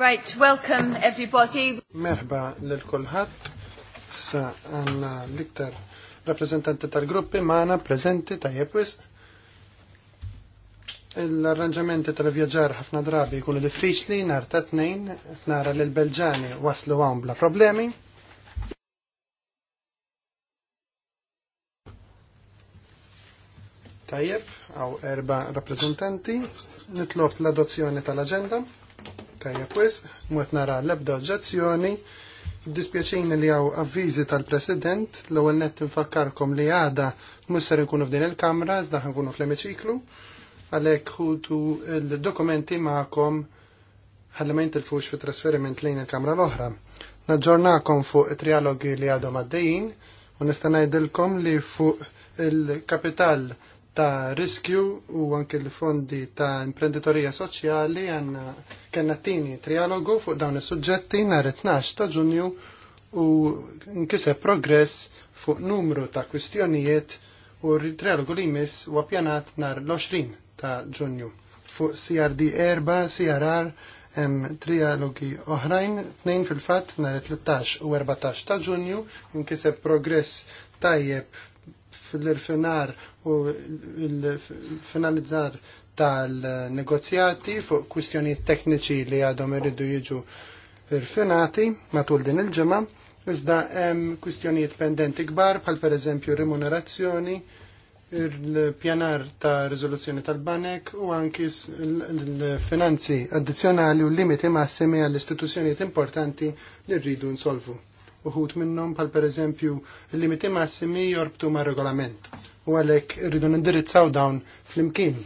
Right, welcome everybody. Merħba l kulħadd Sa għanna l-iktar rappresentanti tal-gruppi maħna prezenti tajjeb wisq. L-arranġamenti tal-vjaġġar ħafna drabi jkunu diffiċli nar ta' tnejn, nara li l-Belġani waslu hawn bla problemi. Tajjeb, għaw erba rappresentanti, nitlob l-adozzjoni tal-agenda. Tajja pwis, mwet nara l-ebda oġġazzjoni. Dispjaċini li għaw avvizi tal-President, l ewwel net nfakkarkom li għada musser nkunu f'din il-Kamra, zdaħ nkunu fl-emiċiklu, għalek ħutu il-dokumenti ma'kom ħallament il-fux fi trasferiment lejn il-Kamra l-oħra. Naġġornakom fuq trialogi li għadhom għaddejjin, u nistanajdilkom li fuq il-kapital il kapital ta' riskju u anke l-fondi ta' imprenditorija soċjali għanna kena tini trialogu fuq dawn is-suġġetti nhar 12 ta' Ġunju u nkiseb progress fuq numru ta' kwistjonijiet u r-trialogu li jmiss u appjanat nhar l-20 ta' Ġunju fuq CRD erba, CRR, hemm trialogi oħrajn, tnejn fil-fatt nar 13 u 14 ta' Ġunju, nkiseb progress tajjeb fil-irfinar u l-finalizzar tal-negozjati fuq kwistjonijiet tekniċi li għadhom irridu jiġu irfinati matul din il-ġemma, iżda hemm kwistjonijiet pendenti kbar bħal pereżempju remunerazzjoni, il-pjanar ta' riżoluzzjoni tal-banek u anki l-finanzi addizzjonali u l limiti massimi għall-istituzzjonijiet importanti li rridu nsolvu uħut minnhom pal pereżempju il-limiti massimi jorbtu ma' regolament u għalhekk irridu nindirizzaw dawn flimkien.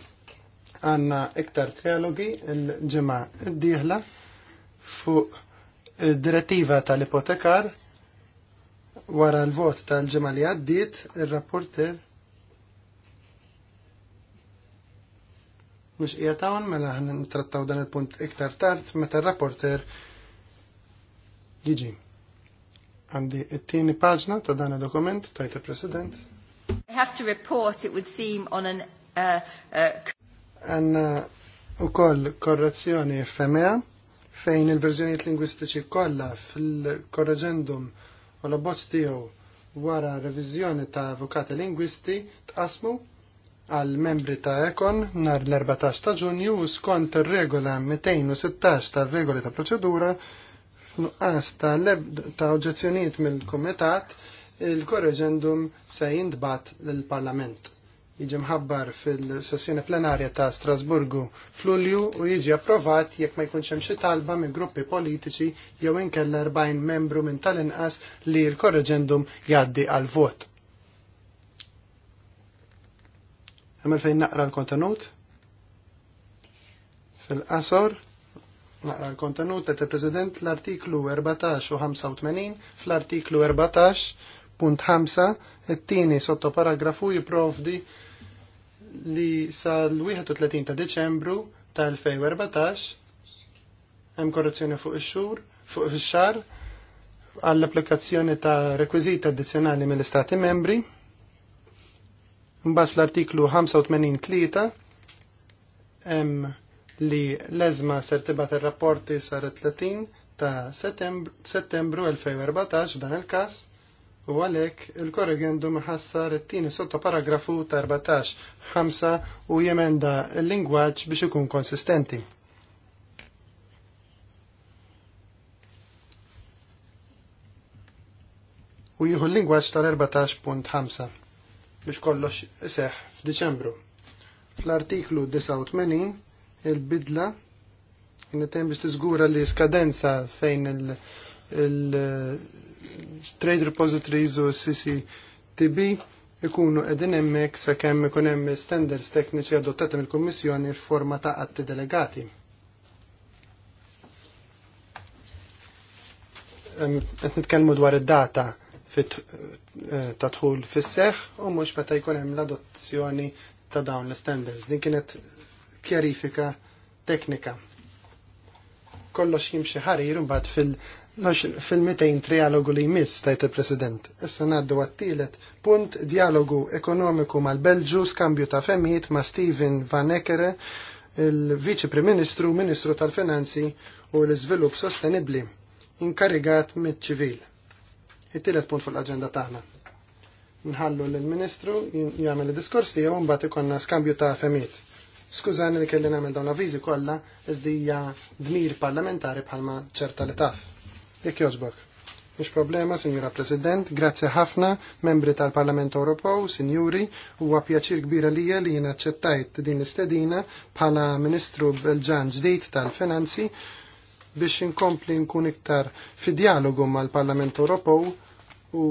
għanna iktar trialogi l-ġimgħa d-dieħla fuq direttiva tal-ipotekar wara l-vot tal-ġimgħa li għaddiet ir-rapporter mux jgħatawn mela ħan trattaw dan il-punt iktar tard meta r-rapporter jiġi. Għandi it-tieni paġna ta' dan dokument tajt il-President. I have to report, it would seem, on an... Għanna uh, uh, uh... u koll korrezzjoni femea fejn il-verżjoniet lingwistiċi kollha fil-korreġendum u l-abbozz tiegħu wara reviżjoni ta' avukati lingwisti tqasmu għal membri ta' Ekon nar l-14 ta' Ġunju skont ir-regola 216 tal-regoli ta' proċedura f'nuqqas ta' oġezzjonijiet mill-Kumitat, il-korreġendum se jindbat l-Parlament. Iġi mħabbar fil-sessjoni plenarja ta' Strasburgu f'Lulju u jiġi approvat jekk ma jkunx hemm xi talba minn gruppi politiċi jew inkell 40 membru minn tal-inqas li l-korreġendum jgħaddi għal vot. Hemm fejn naqra l-kontenut? Fil-qasor Naqra l-kontenut ta' president l-artiklu 14 u 85 fl-artiklu 14.5 it-tieni sotto paragrafu jiprovdi li sal-31 ta' Deċembru ta' 2014 hemm korruzzjoni fuq ix-xhur fuq ix-xar għall-applikazzjoni ta' rekwiżiti addizzjonali mill-Istati membri. Mbagħad fl-artiklu 85 3 hemm li l-ezma ser tibat ir-rapporti sar 30 ta' settembru 2014 f'dan il-każ u għalhekk il-korrigendum ħassar it-tieni sotto paragrafu ta' 14-5 u jemenda l-lingwaġġ biex ikun konsistenti. u jieħu l-lingwaġġ tal-14.5 biex kollox seħ f'Diċembru. Fl-artiklu 89 il-bidla innetem biex tiżgura li skadenza fejn il-Trade Repositories u CCTB ikunu edin emmek sa kem ikun hemm standards tekniċi adottati mill-Kummissjoni f'forma ta' atti delegati. Qed nitkellmu dwar id-data eh, ta' dħul fis-seħħ u mhux meta jkun hemm l-adozzjoni ta' dawn l-standards. Din kienet kjarifika teknika. Kollox jimxie ħarir mbagħad fil- fil mitejn trialogu li jmiss tajt il-President. Issa naddu għattilet punt dialogu ekonomiku mal-Belġu skambju ta' femijiet ma' Steven Van Eckere, il-Viċi Prim Ministru, Ministru tal-Finanzi u l-Izvilup Sostenibli, inkarigat mit-ċivil. It-tielet punt fuq-agenda tagħna. Nħallu l-Ministru jagħmel il diskors tiegħu mbagħad ikonna skambju ta' femijiet. Skużani li kelli nagħmel dawn l-avviżi kollha iżdija dmir parlamentari bħalma ċerta li taf. Jekk jogħġbok. Mhux problema, Sinjura President, grazzi ħafna, membri tal-Parlament Ewropew, Sinjuri, huwa pjaċir kbira lija li jien aċċettajt din l-istedina bħala Ministru Belġan ġdid tal-Finanzi biex inkompli nkun iktar fi dialogu mal-Parlament Ewropew u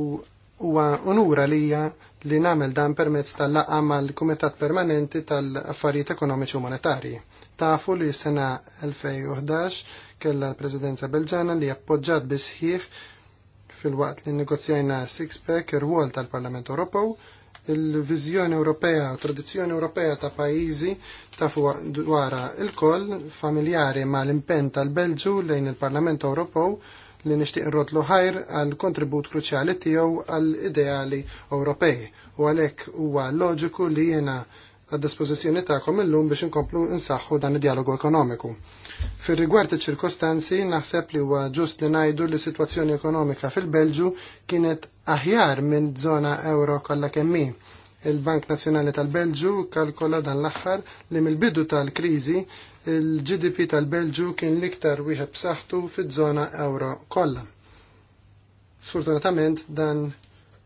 huwa onura lija li namel dan permezz tal-laqqa mal-Kumitat Permanenti tal-Affarijiet Ekonomiċi u Monetarji. Tafu li sena 2011 kella l-Presidenza Belġana li appoġġat bisħiħ fil-waqt li negozjajna six-pack ir-wol tal-Parlament Ewropew il-vizjoni Ewropea, tradizzjoni Ewropea ta' pajizi ta' dwara il-koll familjari ma' l tal-Belġu lejn il-Parlament Ewropew li nixtieq nrodlu ħajr għal kontribut kruċjali tiegħu għal ideali Ewropej u għalhekk huwa loġiku li jiena għad-dispożizzjoni tagħkom illum biex inkomplu nsaħħu dan id-dialogu ekonomiku. Fir rigward iċ-ċirkostanzi, naħseb li huwa ġust li ngħidu li situazzjoni ekonomika fil-Belġu kienet aħjar minn żona euro kollha kemm Il-Bank Nazzjonali tal-Belġu kalkola dan l-aħħar li mill-bidu tal-kriżi il-GDP tal-Belġu kien l-iktar wieħed b'saħħtu fiż-żona euro kollha. Sfortunatament dan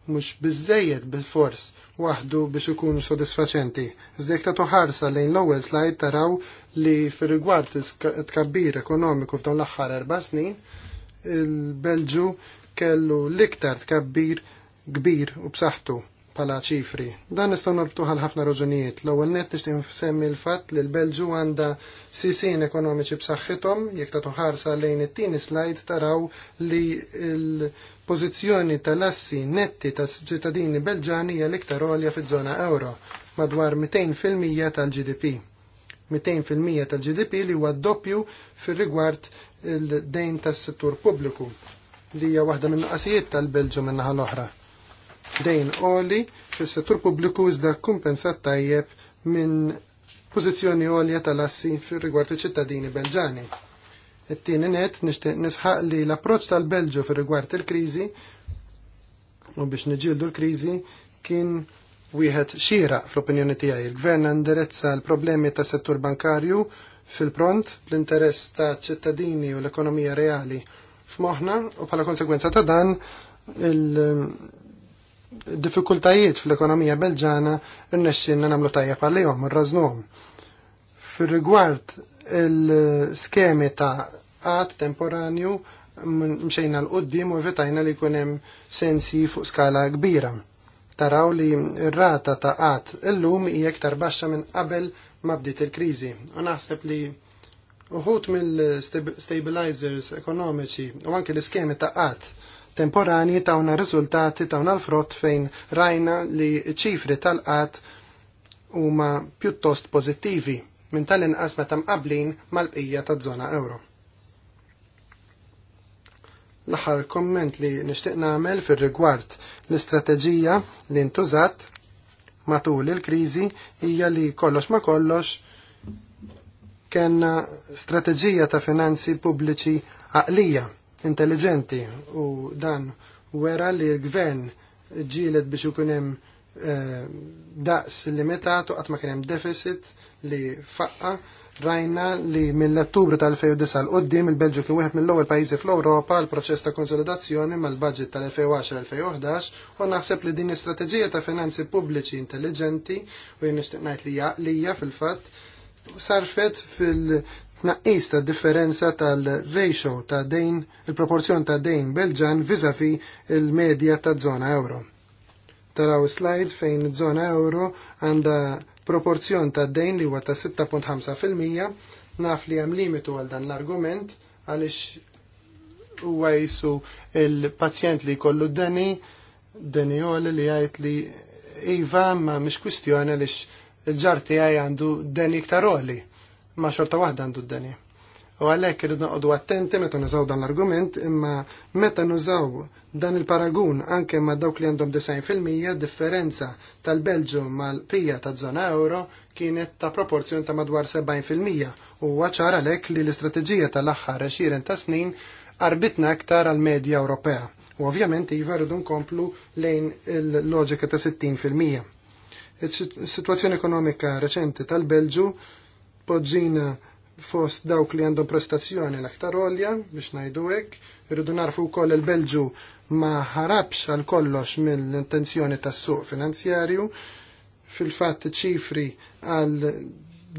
mhux biżejjed bil-fors waħdu biex ikunu sodisfaċenti. jekk ta' toħarsa lejn l-ewwel slide taraw li fir-rigward tkabbir ekonomiku f'dawn l-aħħar erba' snin, il-Belġu kellu l-iktar tkabbir kbir u b'saħħtu bħala ċifri. Dan nistgħu norbtu għal ħafna raġunijiet. L-ewwel nett nixtieq nsemmi l-fatt li l-Belġu għandha sisin ekonomiċi b'saħħithom, jekk tagħtu ħarsa lejn it-tieni slide taraw li l-pożizzjoni tal-assi netti ta' ċittadini Belġani hija l-iktar għolja fiż-żona euro, madwar 200% tal-GDP. 200% tal-GDP li huwa doppju fir-rigward il-dejn tas-settur pubbliku li hija waħda minn nuqqasijiet tal-Belġu minnaħa l-oħra dejn għoli fil-settur pubbliku iżda kumpensat tajjeb minn pożizzjoni għolja tal-assi fil rigward il ċittadini belġani. It-tieni net nixtieq nisħaq li l-approċċ tal-Belġu fil rigward il-kriżi u biex nġildu l-kriżi kien wieħed xira fl-opinjoni tiegħi. Il-gvern għandirezza l-problemi tas settur bankarju fil-pront l-interess ta' ċittadini u l-ekonomija reali f'moħħna u bħala konsegwenza ta' dan il- diffikultajiet fl-ekonomija belġana rnexxinna nagħmlu tajjeb għalihom irrażnuhom. Fir-rigward il-skemi ta' għad temporanju mxejna l-qoddim u vitajna li jkun hemm sensi fuq skala kbira. Taraw li r-rata ta' għad illum hija iktar baxxa minn qabel ma bdiet il-kriżi. U naħseb li uħut mill-stabilizers ekonomiċi u anke l-iskemi ta' għad temporani tawna riżultati tawna l-frott fejn rajna li ċifri tal-qat huma pjuttost pożittivi minn tal-inqas meta mqablin mal-bqija ta' żona euro. L-aħħar komment li nixtieq nagħmel fir-rigward l-istrateġija li ntużat matul il-kriżi hija li kollox ma kollox kenna strateġija ta' finanzi pubbliċi għaqlija intelligenti u dan wera li l-gvern ġilet biex ikun hemm eh, daqs limitatu qatt ma kien hemm deficit li faqqa rajna li mill-Ottubru tal-2009 l-qoddim il-Belġu kien wieħed mill-ewwel pajjiżi fl-Ewropa għal proċess ta' konsolidazzjoni mal-budget tal-2010-2011 u naħseb li din istrateġija ta' finanzi pubbliċi intelligenti u jien nixtieq ngħid li hija fil-fatt sarfet fil tnaqqis ta' differenza tal-ratio ta' dejn, il-proporzjon ta' dejn Belġan vizafi il-medja ta' zona euro. Taraw slide fejn zona euro għanda proporzjon ta' dejn li huwa ta' 6.5% naf li hemm limitu għal dan l-argument għaliex huwa jisu il-pazjent li jkollu deni deni li jgħid li iva ma mhix kwistjoni għaliex il ġarti għaj għandu deni iktar oli ma xorta waħda għandu d-deni. U għalhekk irid noqogħdu attenti meta nużaw dan l-argument, imma meta nużaw dan il-paragun anke ma' dawk li għandhom 90% differenza tal-Belġu mal-pija ta' żona euro kienet ta' proporzjon ta' madwar 70% u għacħar għalhekk li l-istrateġija tal-aħħar 20 ta' snin arbitna aktar għal-medja Ewropea. U ovvjament iva rridu nkomplu lejn il-loġika ta' 60%. Is-sitwazzjoni ekonomika reċenti tal-Belġu poġġina fost dawk li għandhom prestazzjoni l-aktar olja biex najdu hekk, irridu narfu wkoll il-Belġu ma ħarabx għal kollox mill-intenzjoni tas-suq finanzjarju. Fil-fatt ċifri għal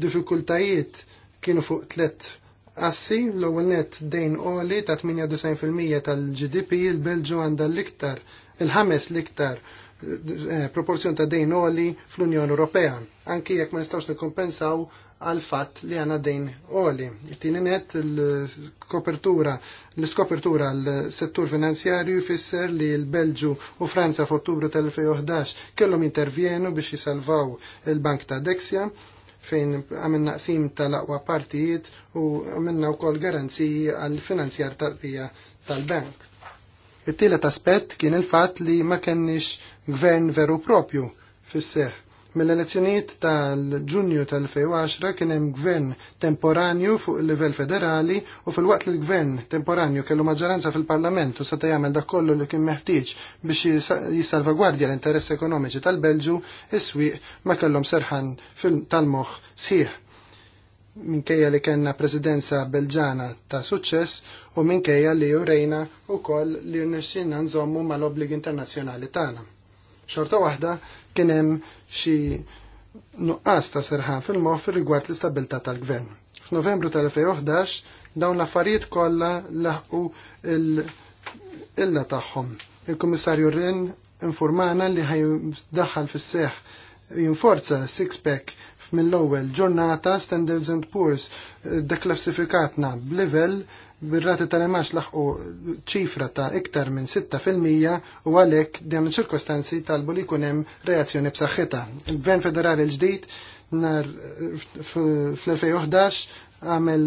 diffikultajiet kienu fuq tlet assi, l-ewwel net dejn oli ta' 98% tal-GDP, il-Belġu għandha l-iktar, il-ħames l-iktar Eh, proporzjon ta' dejn oli fl-Unjoni Ewropea, anki jekk ma nistgħux nikkompensaw għal fatt li għana dejn oli. Tini net l-kopertura, l-skopertura l-settur finanzjarju fisser li l-Belġu u Franza f'Ottubru tal-2011 kellhom intervjenu biex jisalvaw il-Bank ta' Dexia fejn għamil naqsim tal-aqwa partijiet u għamilna u kol garanziji għal finanzjar tal-bija tal-bank. It-tielet aspett kien il-fatt li ma kenniex gvern veru propju fis-seħ. Mill-elezzjonijiet tal-ġunju tal-2010 kien hemm gvern temporanju fuq il-livell federali u fil-waqt li l-gvern temporanju kellu maġġoranza fil-Parlament u seta' jagħmel dak kollu li kien meħtieġ biex jissalvagwardja l-interess ekonomiċi tal-Belġu, is-swieq ma kellhom serħan tal-moħħ sħiħ minkejja li kellna presidenza belġana ta' suċċess u minkejja li jurejna u koll li rnexxinna nżommu mal-obbligi internazzjonali tagħna. Xorta waħda kien hemm xi nuqqas ta' serħan fil-moħħ rigward l-istabilità tal-gvern. F'Novembru tal-2011 dawn l-affarijiet kollha laħqu il-illa tagħhom. Il-Kummissarju Rin informana li ħajdaħħal fis-seħħ jinforza six-pack mill-ewwel ġurnata Standards and Poor's eh, deklassifikatna b'livell bir-rati tal-imax laħqu ċifra ta' iktar minn 6% u għalhekk dem ċirkostanzi talbu li jkun hemm reazzjoni b'saħħitha. Il-Gvern Federali l-ġdid nar fl-2011 għamel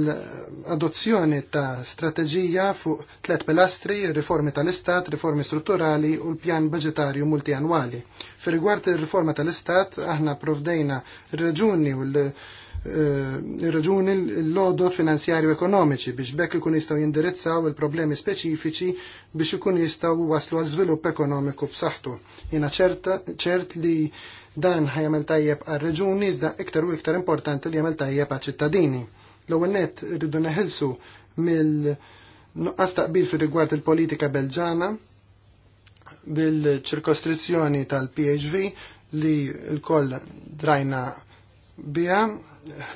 adozzjoni ta' strateġija fuq tlet pilastri, riformi tal-Istat, riformi strutturali u l-pjan budgetarju multianwali. Fi rigward il-riforma tal-Istat, aħna provdejna r-raġuni u l- eh, raġuni l-lodot finanzjarju ekonomiċi biex bekk ikun jistaw jindirizzaw il-problemi speċifiċi biex ikun jistaw waslu għazvilup ekonomiku b'saħħtu. Jena ċert li dan ħajamel tajjeb għal reġuni iżda iktar u iktar importanti li jamel tajjeb għal ċittadini. L-ewwel nett neħilsu mill-nuqqas taqbil fi rigward il-politika Belġana bil-ċirkostrizzjoni tal-PHV li l-koll drajna bija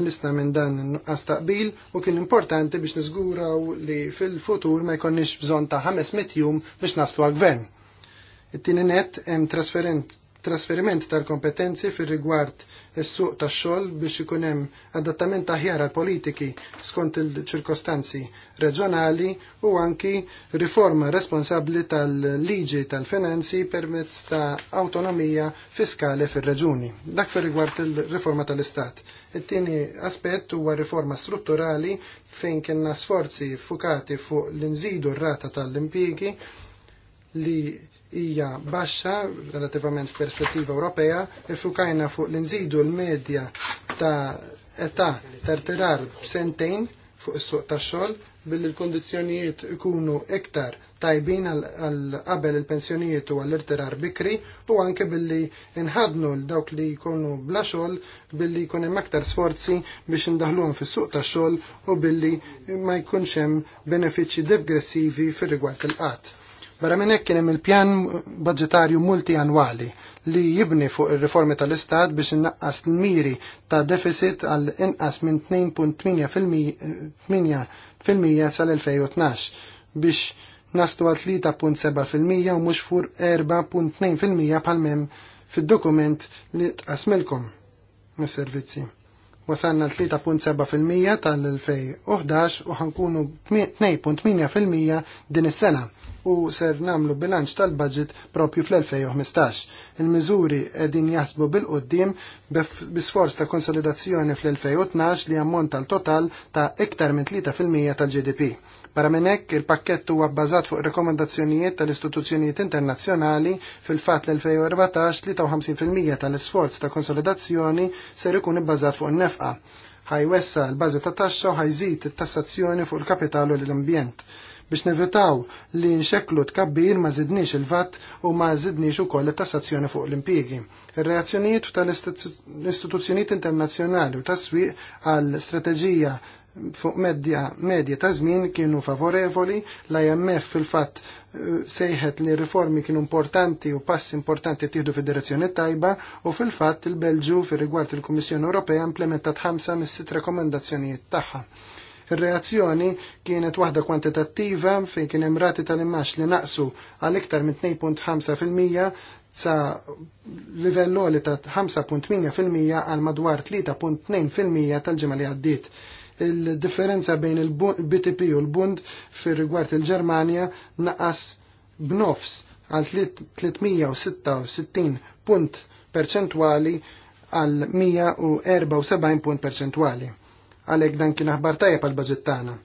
l minn dan nuqqas taqbil u kien importanti biex nizguraw li fil-futur ma jkonniex bżon ta' 500 jum biex naslu għal-gvern. It-tini net hemm trasferiment tal-kompetenzi fir rigward is-suq tax-xogħol biex ikun hemm adattament aħjar għal politiki skont il-ċirkostanzi reġjonali u anki riforma responsabbli tal-liġi tal-finanzi permezz ta' awtonomija fiskali fir-reġuni. Dak fir rigward il-riforma tal-Istat. It-tieni aspett huwa riforma strutturali fejn kienna sforzi fukati fuq l-inżidu r-rata tal-impjiegi li hija baxxa relativament f'perspettiva Ewropea, ifukajna fuq li nżidu l-medja ta' età terterar b'sentejn fuq is-suq tax-xogħol billi l-kondizzjonijiet ikunu iktar tajbin għal qabel il-pensjonijiet u għall irterar bikri u anke billi nħadnu l-dawk li jkunu bla xogħol billi jkun hemm aktar sforzi biex indaħluhom fis-suq tax-xogħol u billi ma jkunx hemm benefiċċji degressivi fir-rigward il-qatt. Vera minn hekk kien hemm il-pjan multi multianwali li jibni fuq ir-riformi tal-Istat biex innaqqas l-miri ta' deficit għal inqas minn 2.8% sal-2012 biex nastu għal 3.7% u mhux fur 4.2% bħal-mem fid-dokument li tqasmilkom mis-servizzi wasanna l-3.7% tal-2011 u ħankunu 2.8% din is-sena u ser namlu bilanċ tal-budget propju fl-2015. Il-miżuri edin jaħsbu bil-qoddim bisforz ta' konsolidazzjoni fl-2012 li ammont tal-total ta' iktar minn 3% tal-GDP. Barra minn hekk il-pakkett huwa bbażat fuq rekomandazzjonijiet tal-istituzzjonijiet internazzjonali fil-fatt l-2014 53% tal-isforz ta' konsolidazzjoni ser ikun ibbażat fuq nefqa nefqa wessa l-bazi ta' taxxa u ħajżid it-tassazzjoni fuq il-kapitalu l-ambjent biex nevitaw li nxeklu tkabbir ma zidnix il-vat u ma zidnix ukoll koll tassazzjoni fuq l-impjiegi. Ir-reazzjonijiet tal-istituzzjonijiet internazzjonali u tas-swieq għal strateġija fuq medja, medja ta' żmien kienu favorevoli, l-IMF fil-fatt eh, sejħet li riformi kienu importanti u pass importanti tieħdu fid-direzzjoni tajba u fil-fatt il-Belġu fir rigward il-Kummissjoni Ewropea implementat ħamsa mis-sitt rekomendazzjonijiet tagħha. Ir-reazzjoni kienet waħda kwantitattiva fejn kien hemm rati tal-imax li naqsu għal iktar minn 2.5% sa livell li ta' 5.8% għal madwar 3.2% tal-ġimgħa li għaddiet il-differenza bejn il-BTP u l-Bund fir rigward il-Germania naqas b'nofs għal 366 punt perċentwali għal 174 punt perċentwali għalhekk dan kien aħbar tajjeb għal budget tagħna.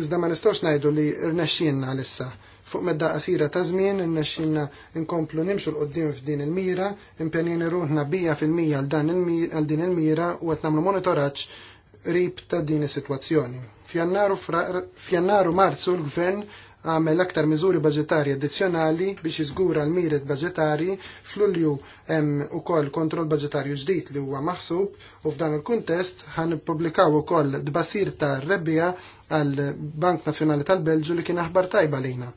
Iżda ma nistgħux ngħidu li rnexxinna issa. Fuq medda qasira ta' żmien irnexxinna nkomplu nimxu l qoddim f'din il-mira, impenjeni ruħna bija fil-mija għal din il-mira u qed nagħmlu monitoraġġ rib ta' din is-sitwazzjoni. F'jannaru Marzu l-Gvern għamel aktar miżuri budgetari addizzjonali biex jiżgura l-miret budġetarji fl-ulju hemm ukoll kontroll budġetarju ġdid li huwa maħsub u f'dan il-kuntest ħan koll ukoll basir ta' rebbija għall Bank Nazzjonali tal-Belġu li kien aħbar tajba lejna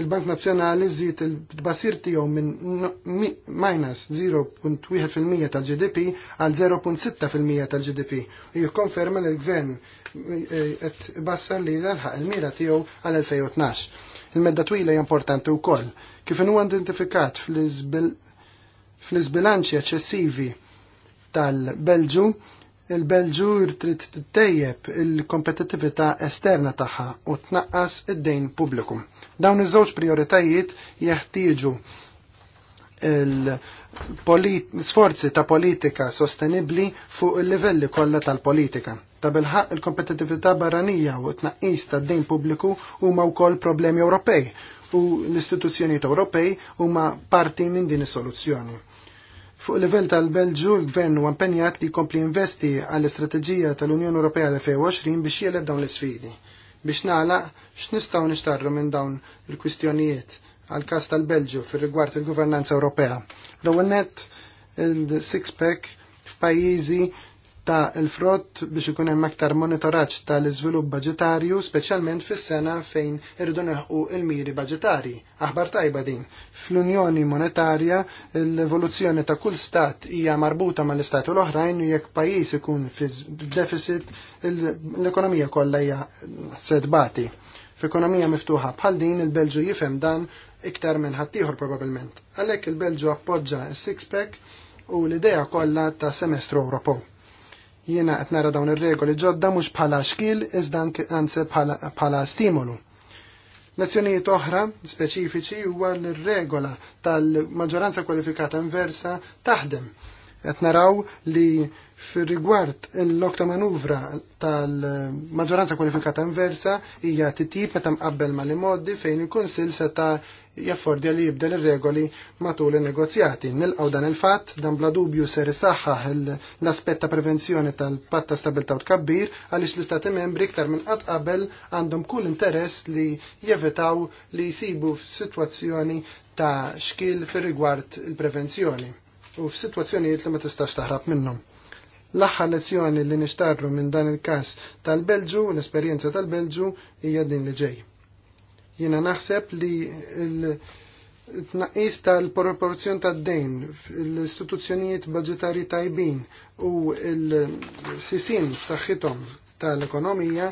il-Bank Nazzjonali żied il-basir tiegħu minn minus 0.1% tal-GDP għal 0.6% tal-GDP. Jikkonferma li l-Gvern eh, qed bassar li l-ħaq il-mira tiegħu għal 2012. Il-medda twila hija importanti wkoll. Kif inhu identifikat fl-isbilanċi eċċessivi tal-Belġu, il-Belġu trid tittejjeb il-kompetittività esterna tagħha u tnaqqas id-dejn pubbliku. Dawn iż-żewġ prioritajiet jeħtieġu sforzi ta' politika sostenibli fuq il-livelli kollha tal-politika. Ta' bilħaq il-kompetitività barranija u t-naqqis ta' d-dejn pubbliku huma wkoll problemi Ewropej u l-istituzzjonijiet Ewropej huma parti minn din is-soluzzjoni Fuq livell tal-Belġu, l-Gvern huwa impenjat li jkompli investi għall-Istrateġija tal-Unjoni Ewropea 2020 biex jieleb dawn l-isfidi. Biex nagħlaq x'nistgħu nixtarru minn dawn il-kwistjonijiet għal każ tal-Belġu fir-rigward il-Governanza Ewropea. L-ewwel net il-six pack f'pajjiżi ta' il-frott biex ikun hemm aktar monitoraġġ tal-iżvilupp budġetarju, speċjalment fis-sena fejn irridu neħqu il-miri budġetarji. Aħbar tajba din. Fl-Unjoni Monetarja l-evoluzzjoni ta' kull stat hija marbuta mal istat u l-oħrajn u jekk pajjiż ikun deficit, l-ekonomija kollha hija sedbati. F'ekonomija miftuħa bħal din il-Belġu jifhem dan iktar minn ħaddieħor probabbilment. Għalhekk il-Belġu appoġġa s-six-pack u l-idea kollha ta' semestru Ewropew jiena qed nara dawn ir-regoli ġodda mhux bħala xkil iżda anzi bħala stimolu. Lezzjonijiet oħra speċifiċi huwa l-regola tal-maġġoranza kwalifikata inversa taħdem. Qed naraw li fir-rigward l-okta manuvra tal-maġġoranza kwalifikata inversa hija titjib meta mqabbel ma' li modi fejn il-Kunsill seta' jaffordja li jibdel ir-regoli matul in-negozjati. Nilqgħu dan il-fatt dan bla dubju ser isaħħaħ l-aspett ta' prevenzjoni tal patta ta' stabilta' u tkabbir għaliex l-istati membri iktar minn qatt qabel għandhom kull interess li jevitaw li jsibu f'sitwazzjoni ta' xkil fir-rigward il-prevenzjoni u f'sitwazzjonijiet li ma tistax taħrab minnhom l-aħħar lezzjoni li nixtarru minn dan il-kas tal-Belġu, l-esperjenza tal-Belġu, hija din li ġej. Jiena naħseb li l-tnaqqis tal-proporzjon tad dejn l-istituzzjonijiet budgetari tajbin u l-sisin b'saħħithom tal-ekonomija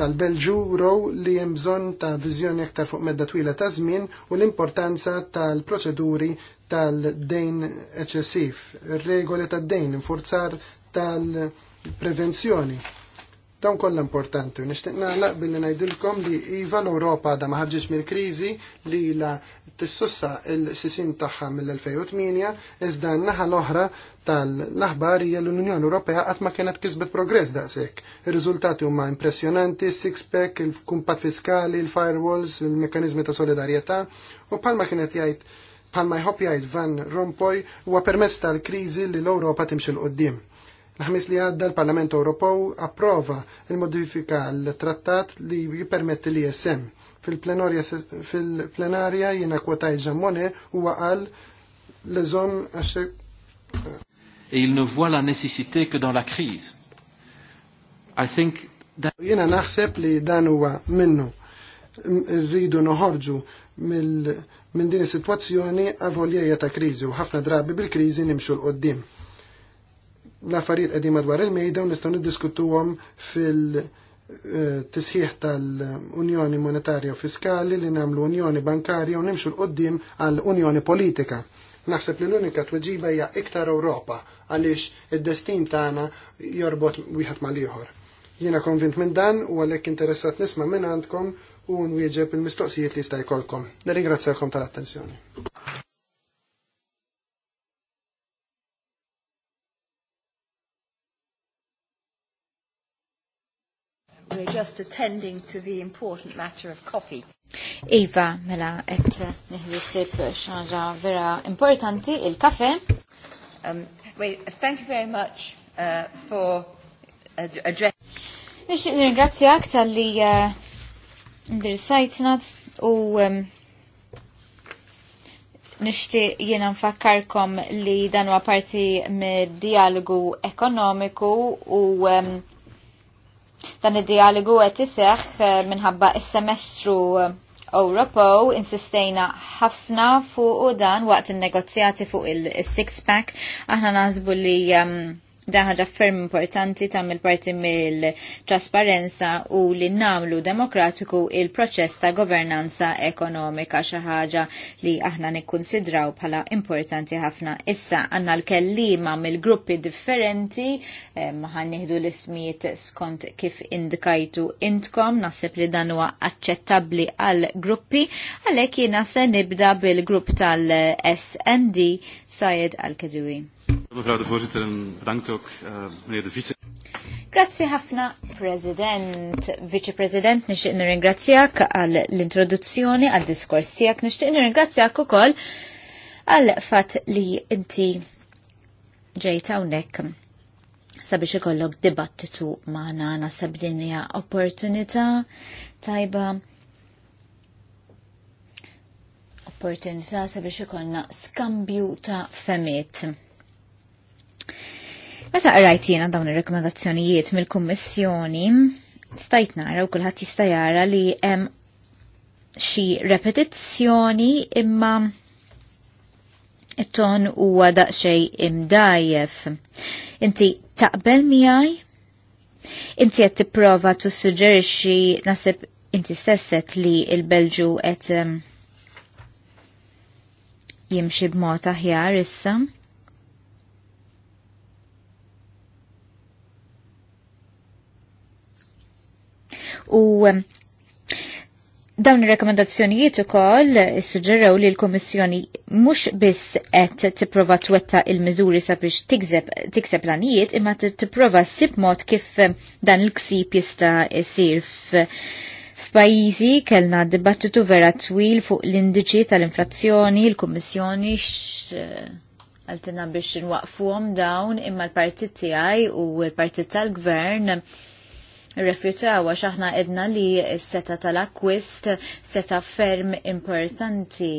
tal-Belġuro li hemm bżonn ta' viżjoni aktar fuq medda twila ta' żmien u l-importanza tal-proċeduri tal-dejn eċessiv, regoli tad-dejn, infurzar tal-prevenzjoni Dawn kollha importanti. Nixtieq naqlaq billi ngħidilkom li iva l-Ewropa da ma ħarġitx mill-kriżi li la tissussa l-sisin tagħha mill-2008 iżda n-naħa l-oħra tal-aħbar hija l-Unjoni Ewropea qatt ma kienet kisbet progress daqshekk. Ir-riżultati huma impressjonanti, six-pack, il-kumpat fiskali, il-firewalls, il-mekkaniżmi ta' solidarjetà u bħalma kienet jgħid bħalma jħobb jgħid Van Rompuy huwa permezz tal-kriżi li l-Ewropa timxi l-qoddim L-ħamis li għadda l-Parlament Ewropew approva il-modifika l-trattat li jipermetti li jessem. Fil-plenarja jina kwotaj ġammone u għal l-eżom għaxe. il ne voit la nécessité que dans la crise. I think that... Jena naħseb li dan huwa minnu rridu noħorġu minn din is-sitwazzjoni avoljeja ta' kriżi u ħafna drabi bil-kriżi nimxu l-qoddim l-affarijiet qegħdin madwar il-mejda u nistgħu niddiskutuhom fil- tisħiħ tal-Unjoni Monetarja u Fiskali li namlu Unjoni Bankarja u nimxu l-qoddim għall-Unjoni Politika. Naħseb li l-unika tweġiba hija iktar Ewropa għaliex id-destin tagħna jorbot wieħed mal-ieħor. Jiena konvint minn dan u għalhekk interessat nisma' minn għandkom u nwieġeb il-mistoqsijiet li jista' jkollkom. Nirringrazzjakom tal-attenzjoni. We're just attending to the important matter of coffee. Iva, mela, et nihlisib eh, xanġa vera importanti, il-kafe. Um, wait, thank you very much uh, for address. Nixtieq għak tal-li eh, ndirizzajtna u nixtieq jena nfakkarkom li danu għaparti me dialogu ekonomiku u um, Dan id-dialogu qed iseħħ eh, minħabba is-semestru Ewropo eh, insistejna ħafna fuq dan waqt in-negozjati fuq il-six pack aħna naħsbu li um, daħġa ferm importanti tamil parti mill-trasparenza u li namlu demokratiku il-proċess ta' governanza ekonomika xaħġa li aħna nikkonsidraw bħala importanti ħafna. Issa għanna l-kellima mill-gruppi differenti maħan nieħdu l-ismijiet skont kif indikajtu intkom nasib li dan huwa aċċettabbli għal gruppi għalhekk jiena se nibda bil-grupp tal-SND Sayed Al-Kedwi. Eh, Grazie Grazzi ħafna, President. Vice President, nixtieq nirringrazzjak għal l-introduzzjoni, għal diskors tiegħek, nixtieq nirringrazzjak ukoll għal fatt li inti ġejt hawnhekk sabiex ikollok dibattitu magħna nasab hija opportunità tajba opportunità sabiex ikollna skambju ta' femiet Meta qrajt jiena dawn ir-rekomendazzjonijiet mill-Kummissjoni, stajt nara u kulħadd jista' jara li hemm xi repetizzjoni imma it-ton huwa daqsxejn imdajjef. Inti taqbel miegħi? Inti qed tipprova tissuġġerixxi nasib inti stesset li il-Belġu qed ehm, jimxi b'mod aħjar issa. u Dawn ir-rekomendazzjonijiet ukoll issuġġeraw li l-Kummissjoni mhux biss qed tipprova twetta il-miżuri sabiex tikseb l-anijiet imma tipprova ssib mod kif dan il-ksib jista' jsir f'pajjiżi kellna dibattitu vera twil fuq l-indiċi tal-inflazzjoni, l-Kummissjoni għaltina biex nwaqfuhom dawn imma l-partit tiegħi u l-partit tal-Gvern rrefjutaw għax aħna edna li s-seta tal-akwist seta ferm importanti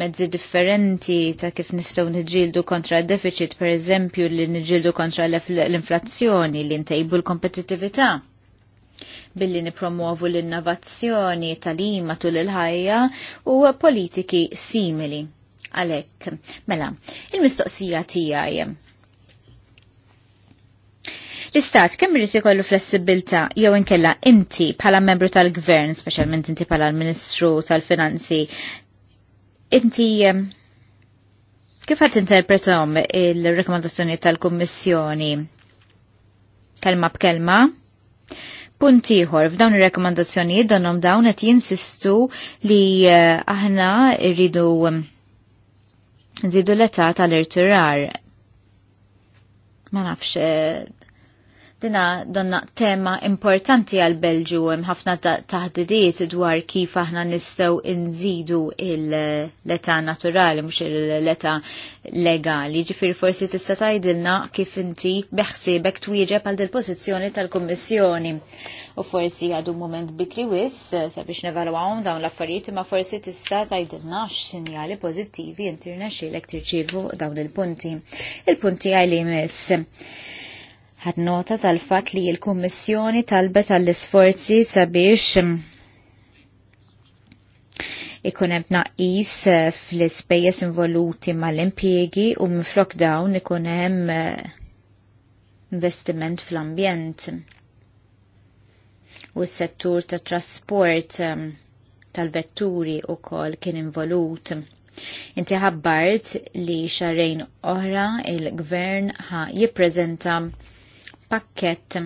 mezzi differenti ta' kif nistgħu nġildu kontra d-deficit, per eżempju li nġildu kontra l-inflazzjoni, li ntejbu l-kompetittività billi nipromuovu l-innovazzjoni tal ima tul il-ħajja u politiki simili. Għalek, mela, il-mistoqsija tijaj L-istat kemm irid ikollu flessibilità jew inkella inti bħala membru tal-gvern, speċjalment inti bħala l-Ministru tal-Finanzi, inti kif qed interpretom il-rekomandazzjoni tal-Kummissjoni kelma b'kelma? Punt ieħor f'dawn ir-rekomandazzjonijiet donhom dawn qed jinsistu li eh, aħna rridu nżidu l-età tal-irtirar ma nafx eh, Dina donna tema importanti għal Belġu hemm ħafna taħdidiet dwar kif aħna nistgħu nżidu l-età naturali mhux l-età legali. Ġifieri forsi tista' tgħidilna kif inti beħsiebek twieġeb għal il pożizzjoni tal-Kummissjoni. U forsi għadu moment bikri wis sabiex nevalwawhom dawn l-affarijiet ma forsi tista' tgħidilna x'sinjali pożittivi inti tirċievu dawn il-punti. Il-punti għajli miss ħad nota tal-fat li l-Kummissjoni talbet għall-isforzi sabiex mm, ikun hemm tnaqqis eh, fl-ispejjeż involuti mal-impjiegi u minflok dawn ikun hemm eh, investiment fl-ambjent. U s-settur tat trasport eh, tal-vetturi u kol kien involut. Inti ħabbart li xarrejn oħra il-gvern ħa jipprezenta pakket.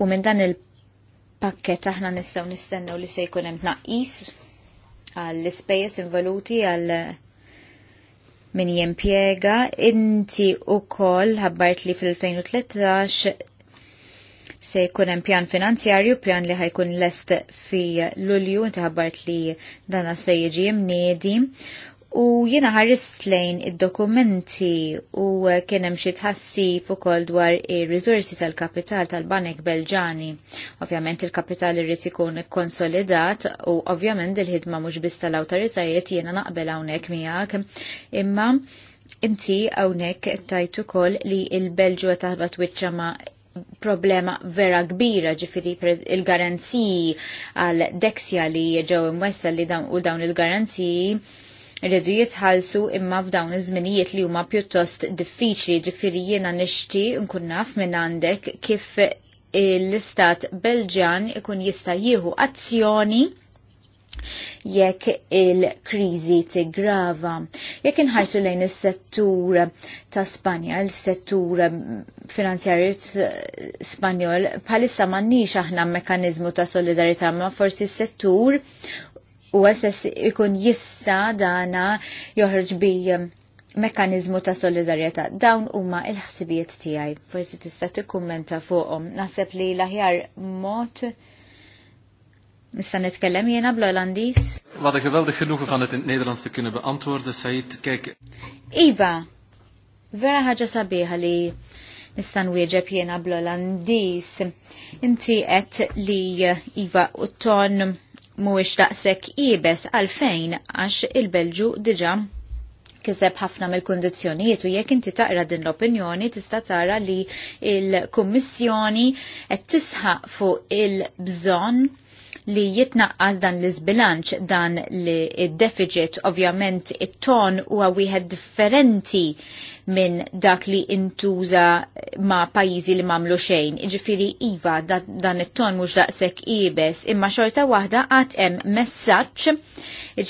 U minn dan il-pakket aħna nistgħu nistennew li se jkun hemm tnaqqis għall-ispejjeż involuti għal min jempjega. Inti wkoll ħabbart li fil-2013 se jkun hemm pjan finanzjarju, pjan li ħajkun lest fi Lulju, inti ħabbart li dana se jiġi mniedi U jiena ħarrist lejn id-dokumenti u kien hemm xi tħassib ukoll dwar ir-riżorsi tal-kapital tal-Banek Belġani. Ovvjament il-kapital irid ikun ikkonsolidat u ovvjament il-ħidma mhux biss tal-awtoritajiet jiena naqbel hawnhekk miegħek, imma inti hawnhekk tajt ukoll li l-Belġu taħbat wiċċa ma' problema vera kbira ġifiri il-garanziji għal deksja li ġew imwessa li dawn dawn il-garanziji irridu jitħallsu imma f'dawn iż-żminijiet li huma pjuttost diffiċli ġifieri jiena nixti nkun naf minn għandek kif l-istat Belġan ikun jista' jieħu azzjoni jekk il-kriżi tigrava. Jekk inħarsu lejn is-settur ta' Spanja, il-settur finanzjarju Spanjol, bħalissa m'għandniex aħna mekkaniżmu ta' solidarità, ma' forsi s-settur u għessess ikun jista dana joħroġ bi mekanizmu ta' solidarjetà. Dawn huma il-ħsibijiet tiegħi. Forsi tista' tikkummenta fuqhom. Naħseb li l-aħjar mod Nista' nitkellem jiena bl-Olandis? Wada ik geweldig er genoeg van het in het Nederlands te kunnen beantwoorden, kek. kijk. Iva, vera ħaġa sabiħa li nista' nwieġeb jiena bl-Olandis. Inti qed li Iva u ton mhuwiex daqshekk ibes għalfejn għax il-Belġu diġà kiseb ħafna mill-kundizzjonijiet u jekk inti taqra din l-opinjoni tista' tara li il-Kummissjoni qed tisħaq fuq il-bżonn li jitnaqqas dan l-izbilanċ dan li deficit ovvjament it-ton huwa wieħed differenti minn dak li intuża ma' pajjiżi li mamlu xejn. Ġifiri iva da, dan it-ton mhux daqshekk ibes, imma xorta waħda għad hemm messaġġ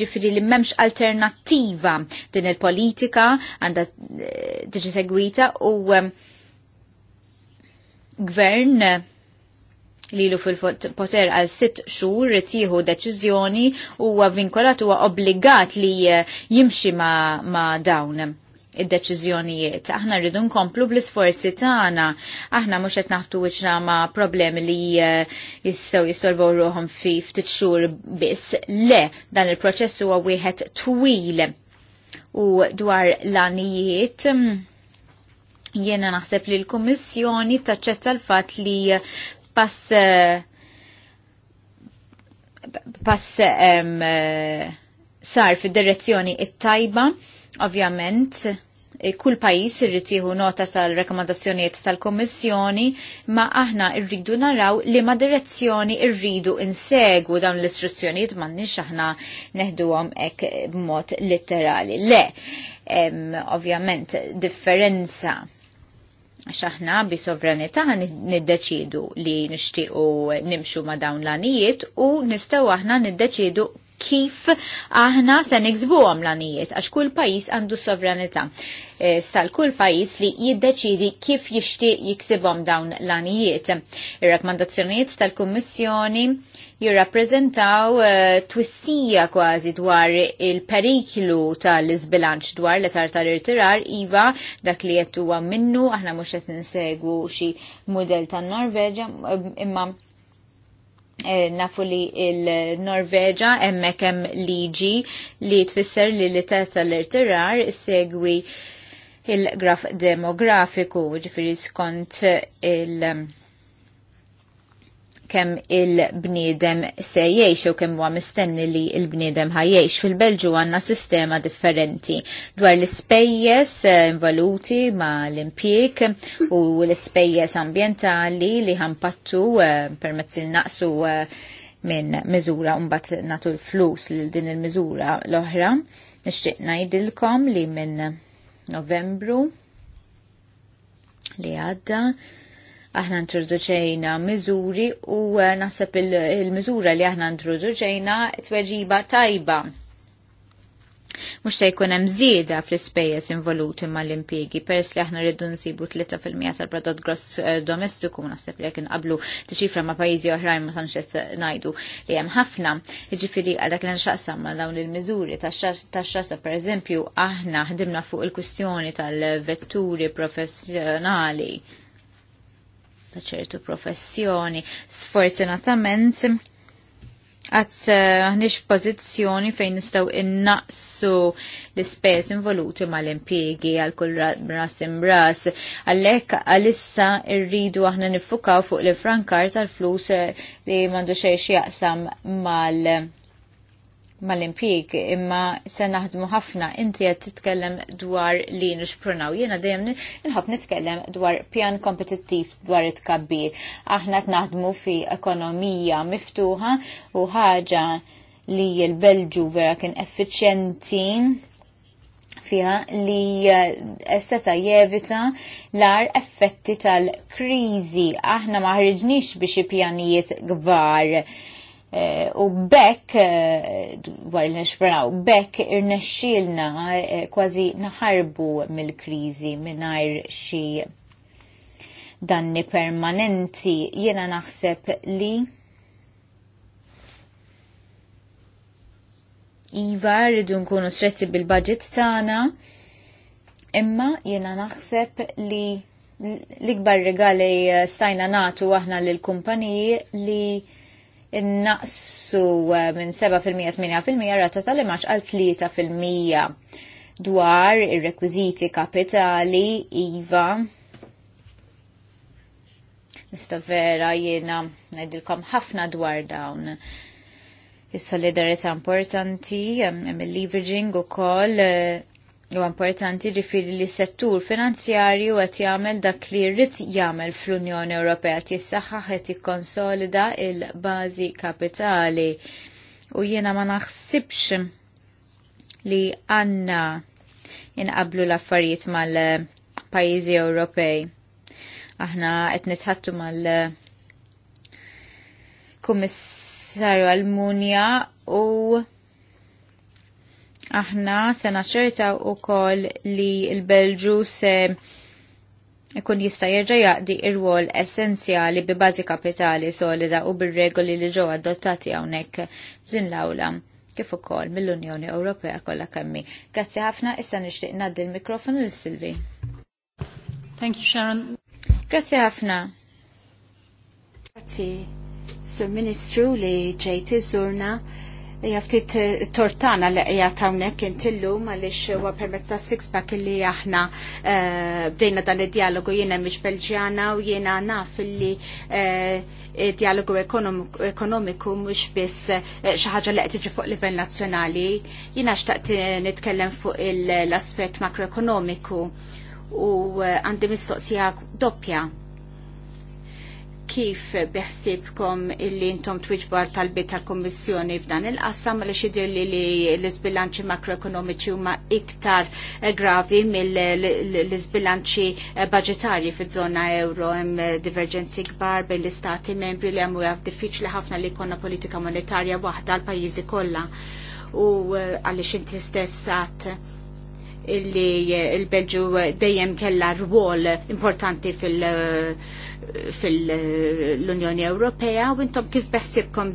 ġifiri li m'hemmx alternattiva din il-politika għandha eh, tiġi segwita u eh, gvern lilu fil-poter għal sitt xhur tieħu deċiżjoni huwa vinkolat huwa obbligat li eh, jimxi ma, ma dawn id-deċiżjonijiet. Aħna rridu nkomplu bl-isforzi tagħna. Aħna mhux qed naħtu wiċċna ma' problemi li eh, jistgħu jistolvu ruhom fi ftit xhur biss. Le, dan il-proċess huwa wieħed twil. U dwar l-anijiet, mm, Jiena naħseb li l-Kummissjoni taċċetta l fatt li pass eh, pass um, sar fid direzzjoni it-tajba, ovvjament, eh, kull pajis irritiħu jieħu nota tal-rekomandazzjonijiet tal-Kommissjoni, ma aħna rridu naraw li ma direzzjoni rridu insegu dawn l-istruzzjonijiet m'għandniex aħna neħduhom hekk b'mod letterali, Le, ovvjament differenza xaħna bi sovranità niddeċidu li nixtiequ nimxu ma dawn l-anijiet u nistgħu aħna niddeċidu kif aħna se niksbuhom l-anijiet għax kull pajjiż għandu sovranità. E, sal kull pajjiż li jiddeċidi kif jixtieq jiksibhom dawn l-anijiet. Ir-rakkomandazzjonijiet tal-Kummissjoni jirrappreżentaw eh, twissija kważi dwar il-periklu tal-izbilanċ dwar l-etar tal-irtirar iva dak li jettu minnu aħna mux qed insegwu xi mudell tan-Norveġa imma eh, nafu li il-Norveġa emmek hemm liġi li tfisser li l-etar tal-irtirar segwi il-graf demografiku, ġifiri skont il- kemm il-bniedem se jgħix u kemm huwa mistenni li il-bniedem jiex. Fil-Belġu għandna sistema differenti dwar l-ispejjeż eh, involuti ma l-impjieg u l-ispejjeż ambjentali li ħampattu eh, permezz il-naqsu eh, minn miżura mbagħad natu l-flus lil din il-miżura l-oħra. Nixtieq ngħidilkom li minn Novembru li għadda aħna introduċejna miżuri u eh, naħseb il-miżura li aħna introduċejna tweġiba tajba. Mux se jkun hemm żieda fl-ispejjeż involuti mal-impjiegi peress li aħna rridu nsibu 3% tal-prodott gross eh, domestiku naħseb li jekk inqablu tiċifra ma' pajjiżi oħrajn ma tantx qed ngħidu li hemm ħafna. Jiġifieri għadak li nxaqsam ma' dawn il-miżuri tax-xaxta pereżempju aħna ħdimna fuq il-kwistjoni tal-vetturi professjonali ta' ċertu professjoni. Sfortunatament, għad m'aħniex eh, pozizjoni fejn nistaw innaqsu l spes involuti ma l-impiegi għal kull ras imbras. Għallek għalissa irridu aħna nifukaw fuq l-frankar tal-flus eh, li mandu xejx jaqsam mal- mal impik imma se naħdmu ħafna inti qed titkellem dwar li nixprunaw jiena dejjem inħobb nitkellem dwar pjan kompetittiv dwar it-kabbir. Aħna qed naħdmu fi ekonomija miftuħa u ħaġa li l-Belġu vera kien effiċjenti fiha li eh, seta jevita l-ar effetti tal-krizi. Aħna ma ħriġniex biex pjanijiet gbar Eh, u bekk, eh, dwar il-nexbraw, bekk irnexxilna eh, kważi naħarbu mill kriżi mingħajr xi danni permanenti jiena naħseb li Iva rridu nkunu stretti bil-budget tagħna, imma jiena naħseb li l-ikbar regali stajna natu aħna lill kumpaniji li innaqsu eh, minn 7%-8% rata tal-imax għal 3% dwar ir-rekwiżiti kapitali IVA nista vera jiena ngħidilkom ħafna dwar dawn. Is-solidarità importanti, hemm il-leveraging ukoll eh, U importanti ġifiri li settur finanzjarju għet jagħmel dak li rrit jagħmel fl-Unjoni Ewropea tissaħħa qed jikkonsolida il-bażi kapitali. U jiena ma naħsibx li għanna inqablu l-affarijiet mal-pajjiżi Ewropej. Aħna qed nitħattu mal- Kummissarju Almunja u Aħna ċerta u kol li l-Belġu se ikun jista' jerġa' jaqdi ir-rwol essenzjali bi bażi kapitali solida u bir-regoli li ġew adottati hawnhekk f'din l-awla kif ukoll mill-Unjoni Ewropea kollha kemmi. Grazzi ħafna, issa nixtieq ngħaddi l-mikrofonu lil Silvi. Thank you, Sharon. Grazzi ħafna. Grazzi, Sur Ministru li ġejt iżurna Ija ftit eh, tortana li ija tawnek intillu ma lix wa permezz ta' sixpack li aħna eh, bdejna dan il-dialogu jiena mix belġjana u jiena naf eh, li dialogu ekonomiku mux biss xaħġa li għetiġi fuq livell nazjonali. Jiena xtaqt nitkellem fuq l-aspet makroekonomiku u għandi mistoqsija doppja kif beħsibkom illi intom twiġbu għal talbiet tal-Kommissjoni f'dan il-qassam li xidir li li l-izbilanċi makroekonomiċi huma iktar eh, gravi mill-izbilanċi eh, budgetarji fil-żona euro hemm eh, divergenzi kbar bejn l-istati membri li għamu għaf diffiċli ħafna li konna politika monetarja waħda l-pajjiżi kollha u għaliex inti stess għat illi il-Belġu dejjem kellha rwol importanti fil- uh, fil-Unjoni Ewropea u intom kif beħsibkom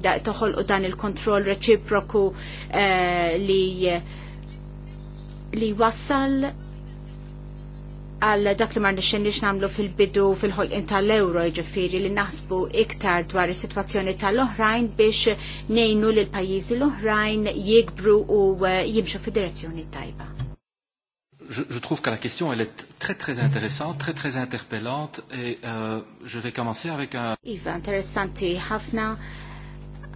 u dan il-kontroll reċiproku eh, li li wassal għal dak li mar nixxenix namlu fil-bidu fil-ħolqin tal-euro ġifiri li naħsbu iktar dwar is-sitwazzjoni tal-oħrajn biex nejnu l-pajjiżi l-oħrajn jikbru u eh, jimxu fil direzzjoni tajba je, je trouve que la question elle est très très intéressante, très très interpellante et euh, je vais commencer avec un Iva interessanti ħafna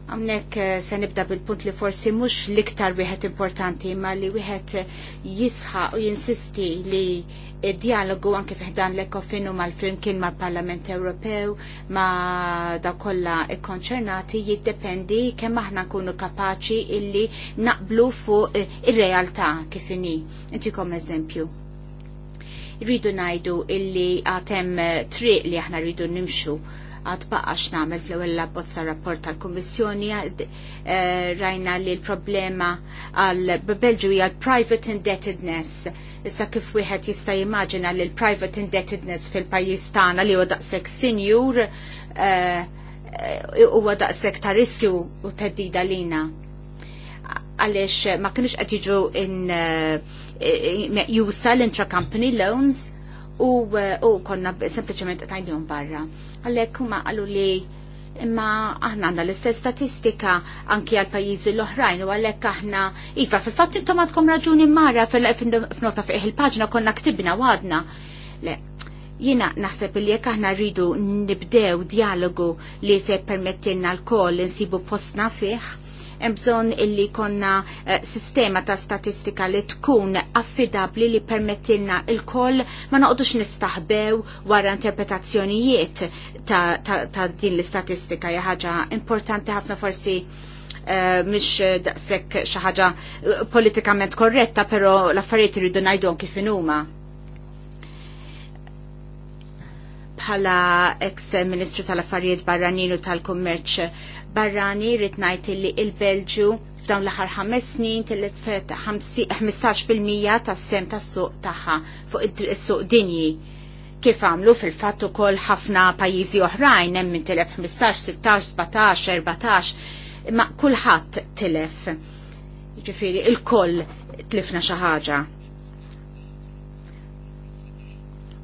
għamnek eh, se nibda bil-punt li forsi mux liktar wieħed importanti ma li wieħed jisħa u jinsisti li Id-dialogu anke fiħdan l-ekofinu mal-film kien mal-Parlament Ewropew ma da kolla konċernati jiddependi kemm aħna nkunu kapaċi illi naqblu fuq eh, ir-realtà kifini. Intikom eżempju. Rridu najdu illi għatem eh, triq li aħna rridu nimxu għad baqax namel fl-ewel labbozza rapport tal-Kommissjoni eh, rajna li l-problema għal-Belġu hija private indebtedness Issa kif wieħed jista' jimmaġina li l-private indebtedness fil-pajjiż tagħna li huwa daqshekk sinjur eh, eh, huwa uh, daqshekk ta' riskju u teddida lina għaliex eh, ma kinux qed jiġu in meqjusa l-intra-company loans u, konna sempliċement qed barra. Għalhekk huma qalu li imma aħna għandna l-istess statistika anki għal pajjiżi l-oħrajn u għalhekk aħna iva fil-fatt intom għadkom raġuni marra f'nota fih il-paġna konna ktibna għadna. Le, jina naħseb li jekk aħna rridu nibdew dialogu li se permettinna l-koll nsibu postna fih, hemm bżonn illi konna eh, sistema ta' statistika li tkun affidabli li permettilna il-koll ma naqdux nistaħbew wara interpretazzjonijiet ta', ta, ta din l-istatistika jaħġa ħaġa importanti ħafna forsi Uh, eh, mish daqsek xaħġa eh, politikament korretta, pero l-affarijiet najdu najdon kif inhuma. Bħala ex-Ministru tal-Affarijiet Barranin u tal-Kummerċ barrani rrit ngħid li il-Belġu f'dawn l-aħħar ħames snin tillet 15% tas-sem tas-suq tagħha fuq is-suq dinji kif għamlu fil-fatt ukoll ħafna pajjiżi oħrajn hemm minn tilef 15, 16, 17, 14 imma kulħadd tilef. Jiġifieri il-koll tlifna xi ħaġa.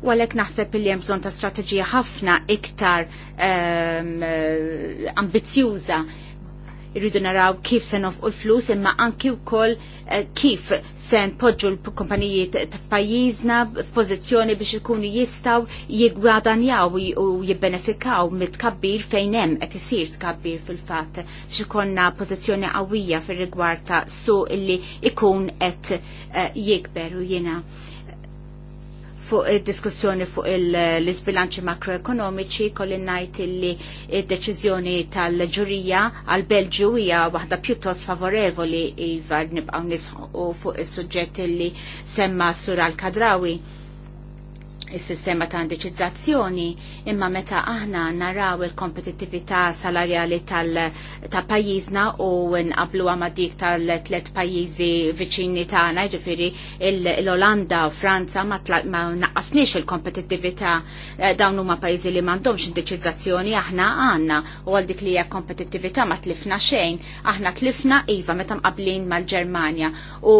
U għalhekk naħseb li hemm bżonn ta' strateġija ħafna iktar Eh, ambizjuża irridu naraw kif se nofqu l-flus imma anki wkoll eh, kif se npoġġu l-kumpanijiet ta' pajjiżna f'pożizzjoni biex ikunu jistgħu jiggwadanjaw u jibbenefikaw mit-tkabbir fejn hemm qed isir tkabbir fil-fatt biex ikonna pożizzjoni qawwija fir-rigward ta' suq illi ikun qed eh, jikber u jiena fuq id-diskussjoni fuq l-isbilanċi makroekonomiċi kolli najt illi il deċizjoni tal-ġurija għal-Belġu hija waħda pjuttost favorevoli iva nibqaw nisħu fuq is-suġġett illi semma sur al-Kadrawi il-sistema ta' indeċizzazzjoni imma meta aħna naraw il-kompetittività salarjali tal ta' pajjiżna u nqablu ma' dik tal-tlet pajjiżi viċini tagħna, ġifiri l-Olanda u Franza ma, ma naqqasniex il-kompetittività eh, dawn huma pajjiżi li m'għandhomx indiċizzazzjoni aħna għandna u għal dik li hija kompetittività ma tlifna xejn, aħna tlifna iva meta mqablin mal-Ġermanja u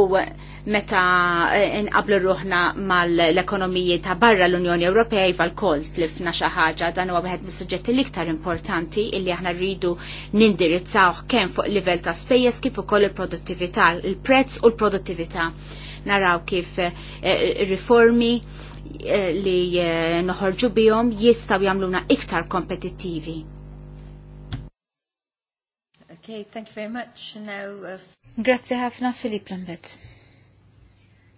meta eh, inqablu ruħna mal-ekonomiji ta' barra l-Unjoni Ewropea jival-kol tlifna xi ħaġa dan huwa wieħed mis-suġġetti l-iktar importanti illi aħna rridu nindirizzawh kemm fuq livell ta' spejjeż kif ukoll il-produttività, il-prezz u l-produttività. Naraw kif eh, riformi eh, li noħorġu bihom jistgħu jagħmluna iktar kompetittivi. Okay, thank you very much. Now, uh... Grazie ħafna Filip Lambert.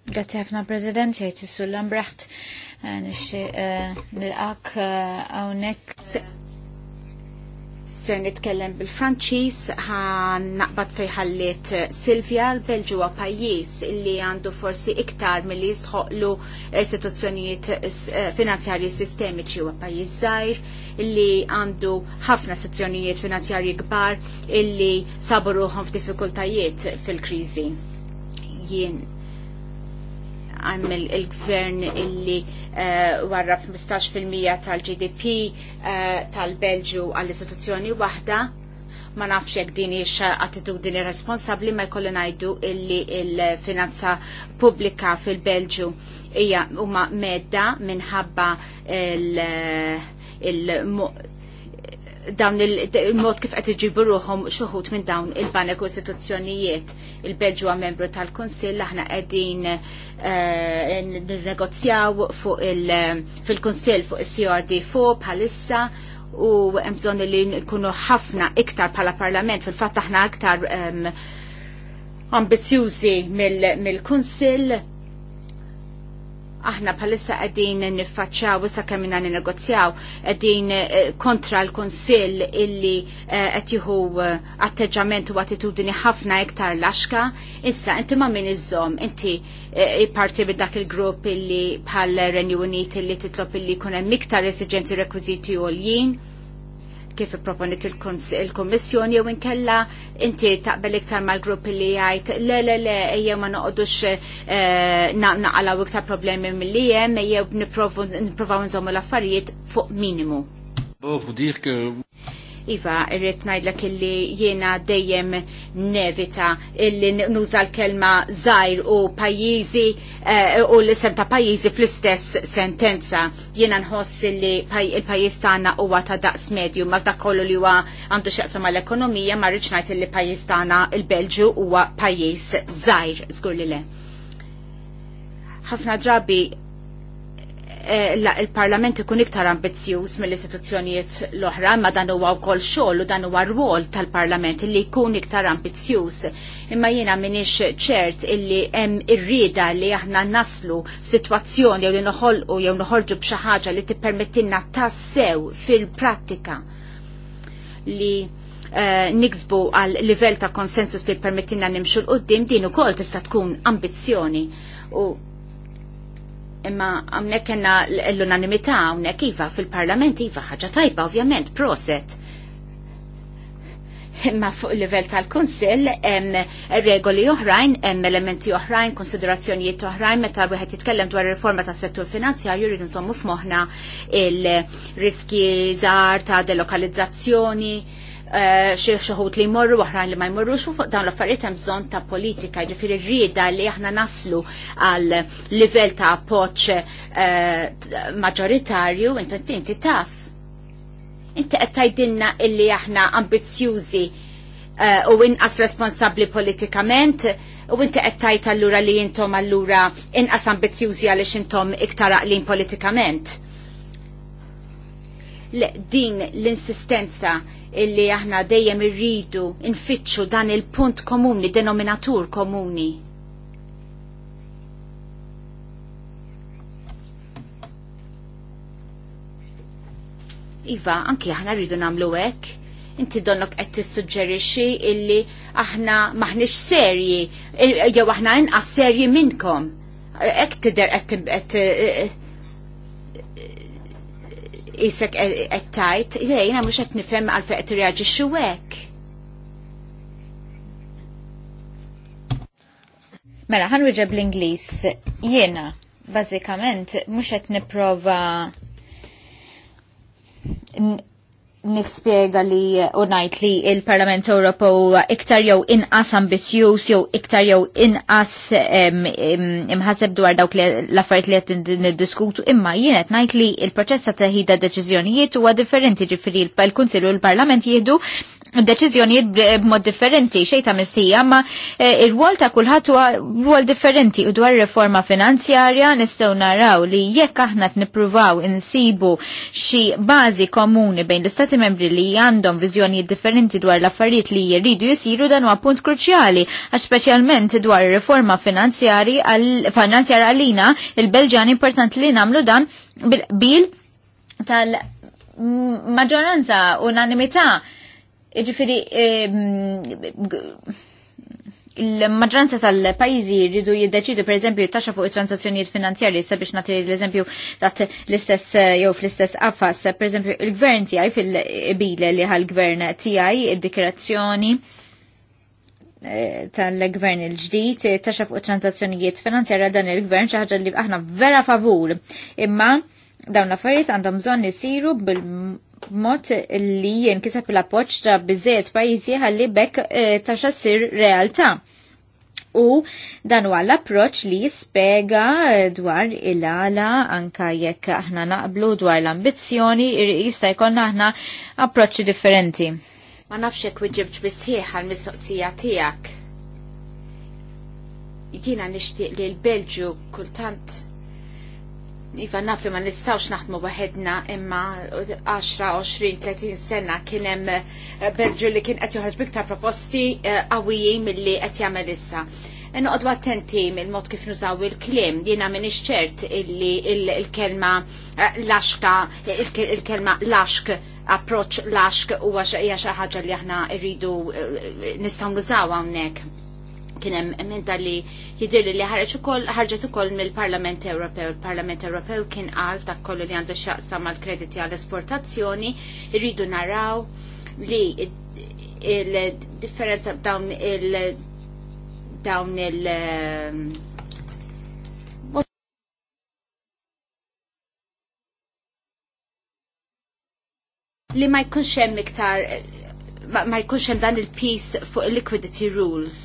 Grazie ħafna President, jgħid issu l-ambraħt eh, eh, nil-għak għawnek. Eh, se nitkellem bil-Franċis, ħan naqbad fejħallit Silvia l-Belġu pajjiż illi għandu forsi iktar mill-li jistħoqlu istituzzjonijiet finanzjarji sistemiċi u pajjiż żgħir illi għandu ħafna sezzjonijiet finanzjarji kbar illi sabu f'diffikultajiet fil-kriżi. Jien għam il-gvern illi warra 15% tal-GDP tal-Belġu għall-istituzzjoni waħda ma nafx jekk din hija attitudini responsabbli ma jkollu ngħidu illi il-finanza pubblika fil-Belġu hija huma medda minħabba il-, il dawn il-mod kif qed iġibu ruhom xuħut minn dawn il-banek u istituzzjonijiet. Il-Belġu membru tal-Kunsill aħna qegħdin eh, nirnegozjaw fuq fil-Kunsill fuq is-CRD4 bħalissa u hemm bżonn li nkunu ħafna iktar bħala Parlament fil-fatt aħna iktar ambizjużi mill-Kunsill aħna bħalissa qegħdin niffaċċjaw issa kemm inna negozjaw qegħdin eh, kontra l-Kunsill illi eh, qed jieħu eh, atteġġament u attitudini ħafna iktar laxka. Issa inti ma min iżżomm, inti parti minn dak il-grupp illi bħal Renju Unit illi titlob illi jkun hemm iktar u rekwiżiti jien kif proponit il-Kommissjoni jew inkella inti taqbel iktar mal-grupp li jgħid le le le ejja ma noqogħdux eh, naqalaw iktar problemi millijem, jew nipprovaw nżommu l-affarijiet fuq minimu. vous dire que Iva, irrit najdlek illi jiena dejjem nevita illi nuża l-kelma zaħir u pajizi eh, u l sem ta' pajizi fl-istess sentenza. Jiena nħoss illi il-pajiz tagħna huwa ta' daqs medju, ma' dak kollu li huwa għandu xaqsa l ekonomija ma' rridx najt illi pajiz tana il-Belġu huwa pajiz zaħir, zgur li le. Ħafna drabi Eh, il-Parlament ikun iktar ambizjuż mill-istituzzjonijiet l-oħra, ma dan huwa wkoll xogħol u dan huwa rwol tal-Parlament li jkun iktar ambizzjuż. Imma jiena m'iniex ċert illi hemm irrieda li aħna naslu f'sitwazzjoni jew li noħolqu jew noħorġu b'xi ħaġa li tippermettilna tassew fil-prattika li eh, niksbu għal livell ta' konsensus li permettina nimxu l-qoddim din ukoll tista' tkun ambizzjoni u Imma għamnek kena l-unanimità għamnek iva fil-parlament iva ħagġa tajba ovvjament proset. Imma fuq il-level tal-Kunsill hemm regoli oħrajn, hemm elementi oħrajn, konsiderazzjonijiet oħrajn meta wieħed jitkellem dwar riforma tas-settur finanzjarju jrid insommu f'moħħna il-riski żgħar ta' delokalizzazzjoni, Eh, xi xaħut li jmorru oħrajn li ma jmorrux u fuq dawn l-affarijiet hemm bżonn ta' politika, jiġifieri rrieda li aħna naslu għal livell ta' appoġġ eh, maġġoritarju, inti inti taf. Inti qed tgħidilna illi aħna ambizzjużi eh, u inqas responsabbli politikament, u inti qed tajt allura li intom allura inqas ambizzjużi għaliex intom iktar aqlin politikament. Le, din l-insistenza illi aħna dejjem irridu nfittxu dan il-punt komuni, denominatur komuni. Iva, anki aħna rridu namlu hekk. Inti donnok qed tissuġġerixxi illi aħna maħniex serji, jew aħna inqas serji minnkom. Hekk tidher qed isek qed e, tajt, jiena mhux qed nifhem għal fejn qed xuwek. hekk. Mela, ħan uġeb l-Ingliż. Jiena, bażikament, mhux qed nipprova nispiega li unajt li il-Parlament Ewropew iktar jew inqas ambizjuż jew iktar jew inqas imħaseb dwar dawk l-affarijiet li qed niddiskutu imma jien qed ngħid li il-proċess ta' teħida deċiżjonijiet huwa differenti ġifieri l-Kunsill u l-Parlament jieħdu deċiżjonijiet b'mod differenti, xej ta' mistija, ma eh, il-wol ta' kulħadd huwa rwol differenti u dwar reforma finanzjarja nistgħu naraw li jekk aħna nippruvaw insibu xi bażi komuni bejn l-istati membri li għandhom viżjonijiet differenti dwar l-affarijiet li jridu jisiru dan huwa punt kruċjali għax speċjalment dwar reforma finanzjarja għalina il belġani importanti li nagħmlu dan bil tal-maġġoranza unanimità Iġifiri, ehm, il-maġranza tal-pajzi rridu jiddeċidu per eżempju taxxa fuq it-transazzjonijiet finanzjarji sabiex nagħti l-eżempju tat l-istess jew fl-istess affas, Per eżempju, il-gvern tiegħi fil-bile li għal gvern tiegħi il dikrazzjoni eh, tal-gvern il-ġdid taxxa fuq transazzjonijiet finanzjarja dan il-gvern xi ħaġa li aħna vera favur. Imma Dawn l-affarijiet għandhom bżonn isiru bil-mod li jinkiseb l-appoġġ ta' biżejjed pajjiżi ħalli bekk eh, taxxa ssir realtà. U dan huwa l-approċ li jispega eh, dwar il-għala anka jekk aħna naqblu dwar l-ambizzjoni jista' jkollna aħna approċċi differenti. Ma nafx jekk wiġibġ bisħieħ għall-mistoqsija tiegħek. Jiena nixtieq li l belġju kultant Iva naf li ma nistawx naħdmu waħedna imma 10-20-30 sena kien hemm eh, Belġu li kien qed joħroġ biktar proposti eh, qawwijin milli qed jagħmel issa. Eh, noqogħdu attenti mill-mod kif nużaw il-kliem, jiena m'iniex ċert illi il-kelma laxka, il-kelma laxk approċ laxk huwa xi ħaġa li aħna rridu nistgħu nużaw hawnhekk. Kien hemm minn li jidir li ħarġet ukoll ħarġet ukoll mill-Parlament Ewropew. Il-Parlament Ewropew kien qal ta' kollu li għandu x'jaqsam mal-krediti għall-esportazzjoni, irridu naraw li il-differenza dawn il- dawn il- li ma jkunx hemm iktar ma jkunx hemm dan il-peace fuq il-liquidity rules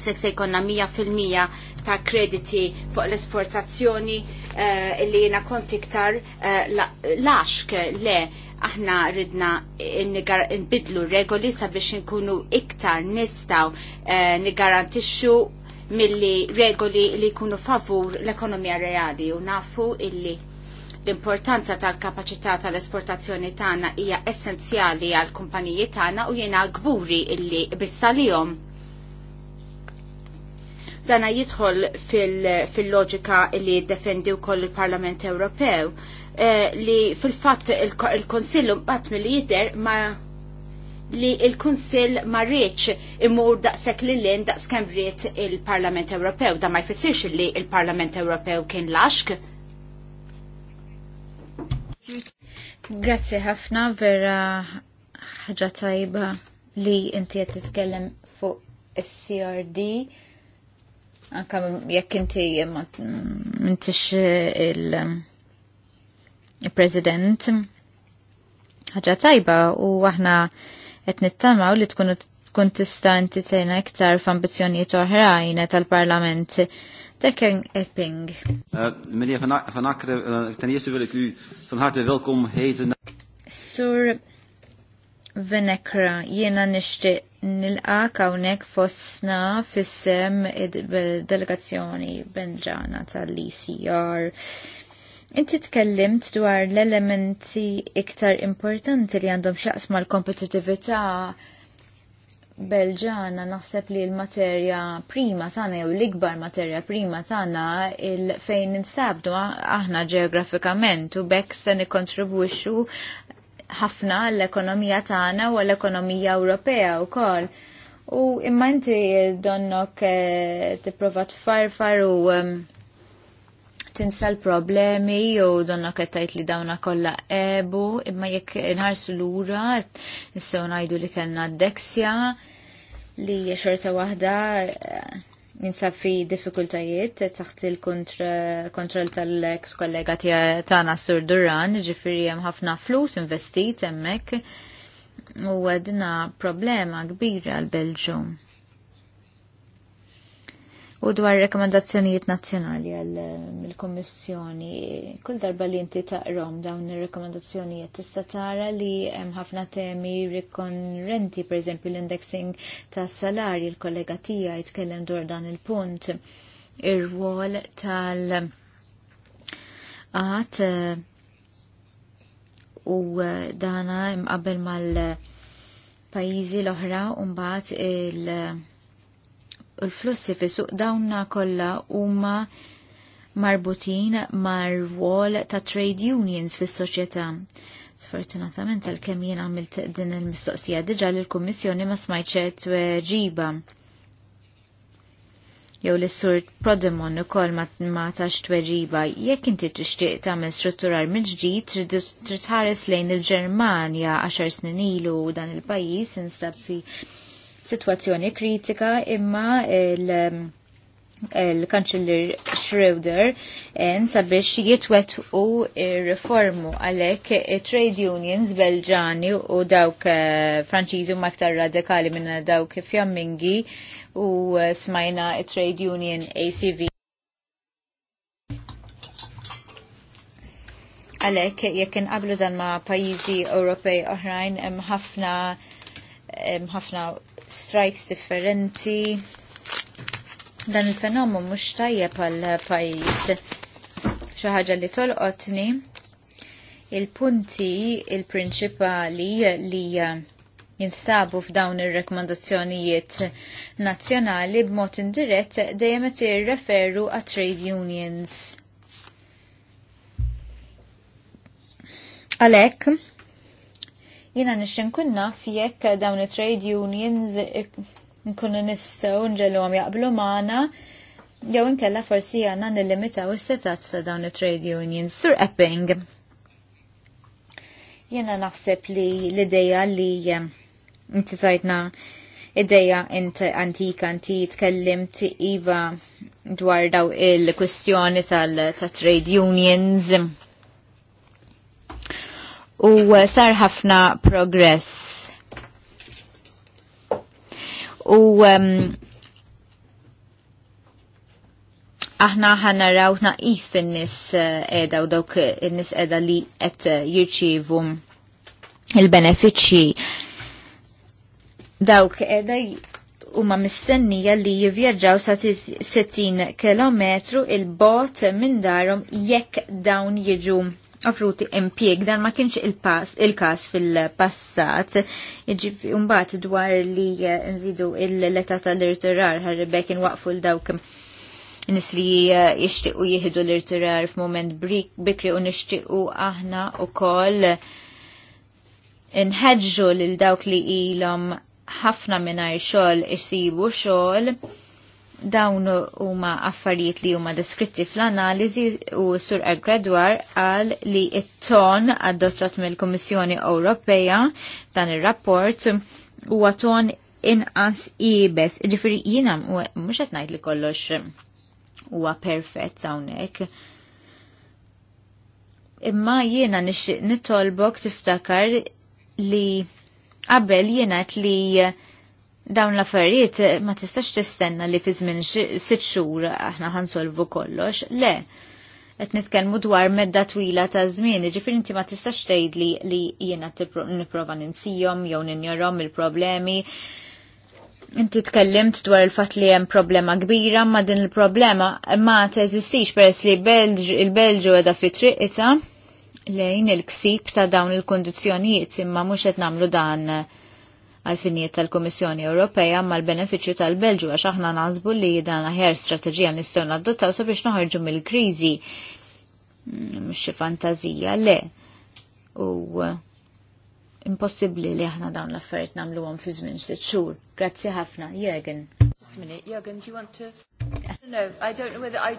se se jkonna 100% ta' krediti fuq l-esportazzjoni uh, eh, li jena konti iktar uh, laxk le aħna ridna nbidlu regoli sabiex nkunu iktar nistaw uh, nigarantixxu milli regoli li jkunu favur l-ekonomija reali u nafu illi l-importanza tal-kapacità tal-esportazzjoni tagħna hija essenzjali għall kumpaniji tagħna u jiena gburi illi bissalihom Dana jidħol fil-loġika fil li defendi wkoll il-Parlament Ewropew eh, li fil-fatt il-Konsillu il bat mill jider ma li il-Kunsill ma rieċ imur daqsek li l-in daqskem riet il-Parlament Ewropew. Da ma jfissirx li il-Parlament Ewropew kien laxk. Grazzi ħafna vera ħaġa tajba li inti qed fuq il crd Anka jekk inti m'intix il-president um, ħaġa tajba u aħna qed nittamaw li tkun tkun tista' inti tgħinna iktar f'ambizzjonijiet oħrajn tal-Parlament. Dekken Epping. Mirja, fanakre, tan ten velik u van welkom Sur Venekra, jiena nixtieq nilqak hawnhekk fosna fissem id delegazzjoni Benġana tal-ECR. Inti tkellimt dwar l-elementi iktar importanti li għandhom ma l-kompetitività Belġana naħseb li l-materja prima tagħna jew l-ikbar materja prima tagħna il fejn ninsabdu aħna ġeografikament u bekk se nikontribwixxu ħafna l-ekonomija tagħna u l-ekonomija Ewropea wkoll. U imma inti donnok eh, tipprova tfarfar u tinsa l-problemi u donnok qed tgħid li dawna kollha ebu imma jekk inħarsu lura ura ngħidu li kellna d-deksja li xorta waħda. Eh, ninsab fi diffikultajiet taħt il-kontroll tal-ex kollega tagħna Sur Duran, ġifieri hemm ħafna flus investit hemmhekk u għedna problema kbira għal-Belġum u dwar rekomendazzjonijiet nazzjonali għall-Kommissjoni. Eh, Kull darba li inti taqrom dawn ir-rekomendazzjonijiet tista' tara li hemm ħafna temi rikonrenti, pereżempju l-indexing tas salari il-kollega tiegħi jitkellem dwar dan il-punt ir-rwol tal għat eh, u eh, dana qabel mal-pajizi l-oħra u mbagħad il- u l-flussi fi suq dawna kollha huma marbutin mar-wol ta' trade unions fis-soċjetà. Sfortunatament tal kemm jien għamilt din il-mistoqsija diġa l kummissjoni ma smajċet ġiba. Jew l sur Prodemon ukoll ma tax tweġiba, jekk inti tixtieq tagħmel strutturar mill-ġdid trid tħares lejn il-Ġermanja għaxar snin ilu dan il-pajjiż instab fi situazzjoni kritika imma il- um, l-kanċellir Schroeder sabiex jitwet u reformu għalek trade unions belġani u dawk uh, franċiżi maktar radikali minna dawk fjammingi u uh, smajna trade union ACV. Għalek jekk inqablu dan ma' pajjiżi Ewropej oħrajn hemm ħafna ħafna strikes differenti. Dan il-fenomenu mhux tajjeb għal pajjiż. Xi ħaġa li tolqotni il-punti il-prinċipali li jinstabu f'dawn ir-rekomandazzjonijiet nazzjonali b'mod indirett dejjem qed jirreferu għat trade unions. Għalhekk, Jina nixin kunna fjekk dawn trade unions eh, nkunu nistaw nġellu għam jaqblu maħna jew inkella forsi għanna nillimitaw is-setat ta' dawn trade unions. Sur Epping, jina naħseb li l-ideja li eh, inti tajtna ideja inti antika inti tkellimt Iva dwar daw il-kwestjoni tal-trade unions u uh, sar ħafna progress. U um, aħna ħana raw naqis fin-nis uh, edha u dawk uh, in-nis edha li qed jirċievu il-benefiċċji. Dawk edha huma mistennija li jivvjaġġaw sa 60 km il-bot minn darhom jekk dawn jiġu offruti impieg dan ma kienx il-pass il-kas fil-passat imbagħad dwar li eh, nżidu il letta tal-irtirar ħarribek in l-dawk nis li eh, jixtiqu jihdu l-irtirar f'moment bikri u nixtiqu aħna u koll nħedġu l-dawk li ilom ħafna mingħajr xol isibu xogħol. xol dawn huma affarijiet li huma deskritti fl-analiżi u sur Gradwar għal li it-ton adottat mill-Kummissjoni Ewropea dan ir-rapport huwa ton inqas ibes. Ġifieri jiena mhux qed ngħid li kollox huwa perfett hawnhekk. Imma jiena nixtieq nitolbok tiftakar li qabel jiena li dawn l-affarijiet eh, ma tistax tistenna li fi żmien sitt xhur aħna ħansolvu kollox, le. Qed nitkellmu dwar medda twila ta' żmien, ġifieri inti ma tistax tgħidli li jiena nipprova ninsihom jew ninjorhom il-problemi. Inti tkellimt dwar il-fatt li hemm problema kbira ma din il-problema ma teżistix peress li il-Belġu qiegħda fi triqita lejn il-ksib ta' dawn il-kondizzjonijiet imma mhux qed nagħmlu dan għal-finijiet tal-Komissjoni Ewropea mal benefiċċju tal-Belġu għax aħna nazbu li dan aħjar strategija nistgħu nadottaw sabiex noħorġu mill-kriżi. Mm, mhux xi fantażija, le. U uh, impossibbli li aħna dawn l-affarijiet nagħmluhom fi żmien sitt xhur. Grazzi ħafna, Jürgen. Jürgen, do you want to? No, I don't know whether I,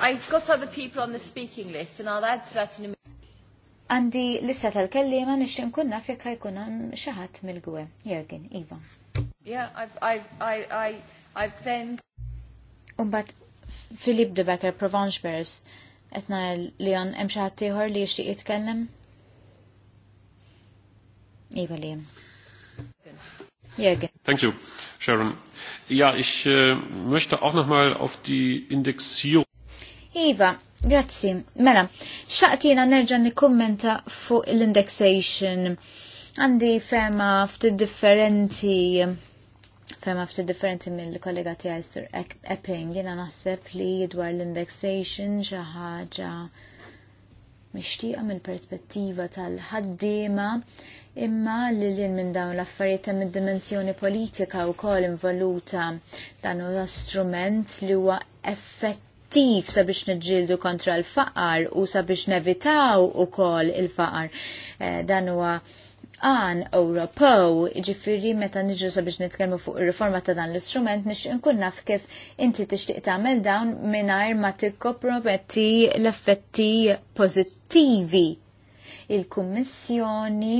I've got other people on the speaking list and I'll add to that in a minute. Għandi lista tal-kellima nixtieq nkun naf jekk ħajkun hemm xi ħadd gwe Jörgin, Iva. Umbat, Filip de Becker, Provence Bears, etna li għan emxaħat tiħor li jixtieq jitkellem? Iva li Jörgin. Thank you, Sharon. Ja, ich äh, möchte auch nochmal auf die Indexierung Iva, grazzi. Mela, xaqtina nerġa' nikkummenta fuq l-indexation. Għandi fema ftit differenti fema ftit differenti mill-kollega tiegħi għajsir Epping, jiena naħseb li dwar l-indexation xi ħaġa mixtieqa mill-perspettiva tal-ħaddiema imma li l-in minn dawn l-affarijiet hemm id-dimensjoni politika wkoll involuta dan huwa strument li huwa effett attiv sabiex nġildu kontra l-faqar u sabiex nevitaw u kol il-faqar. Eh, dan huwa għan Ewropew, ġifiri meta niġu sabiex nitkellmu fuq ir-riforma ta' dan l-istrument nix nkun naf kif inti tixtieq tagħmel dawn mingħajr ma tikkomprometti l-effetti pożittivi. Il-Kummissjoni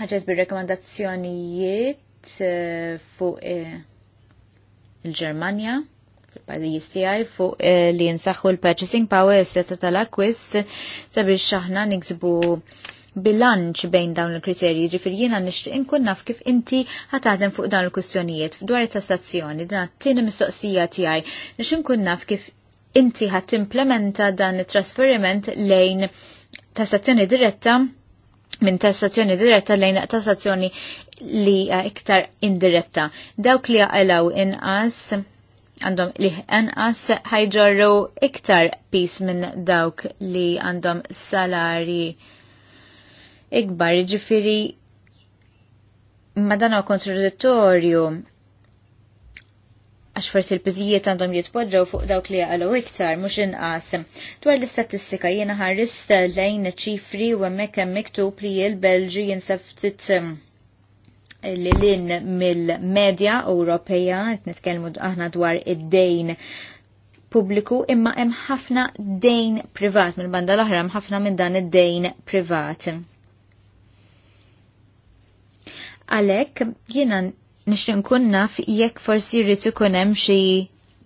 ħagġet bil rekomandazzjonijiet eh, fuq eh, il-Ġermanja fil-pajjiż tiegħi fuq eh, li jinsaħħu l-purchasing power is-seta tal-akwist sabiex aħna niksbu bilanċ bejn dawn il-kriterji ġifir jiena nixtieq inkun naf kif inti ħataħdem fuq dawn il kustjonijiet dwar it-tassazzjoni dan t-tieni mistoqsija tiegħi nix inkun naf kif inti ħat implementa dan il-trasferiment lejn tassazzjoni diretta minn tassazzjoni diretta lejn tassazzjoni li iktar indiretta. Dawk li għalaw inqas għandhom li enqas ħajġorru iktar pis minn dawk li għandhom salari ikbar, ġifiri madana kontradittorju għax forsi l-piżijiet għandhom jitpoġġaw fuq dawk li għalu iktar, mux inqas. Dwar l-istatistika jiena ħarrist lejn ċifri u hemmhekk hemm miktub li l-Belġi jinsab um, li l-in mill-medja Ewropeja, nitkellmu aħna dwar id-dejn pubbliku, imma hemm ħafna dejn privat mill-banda l-oħra hemm ħafna minn dan id-dejn privat. Għalhekk jiena nixtieq nkun naf jekk forsi jrid ikun hemm xi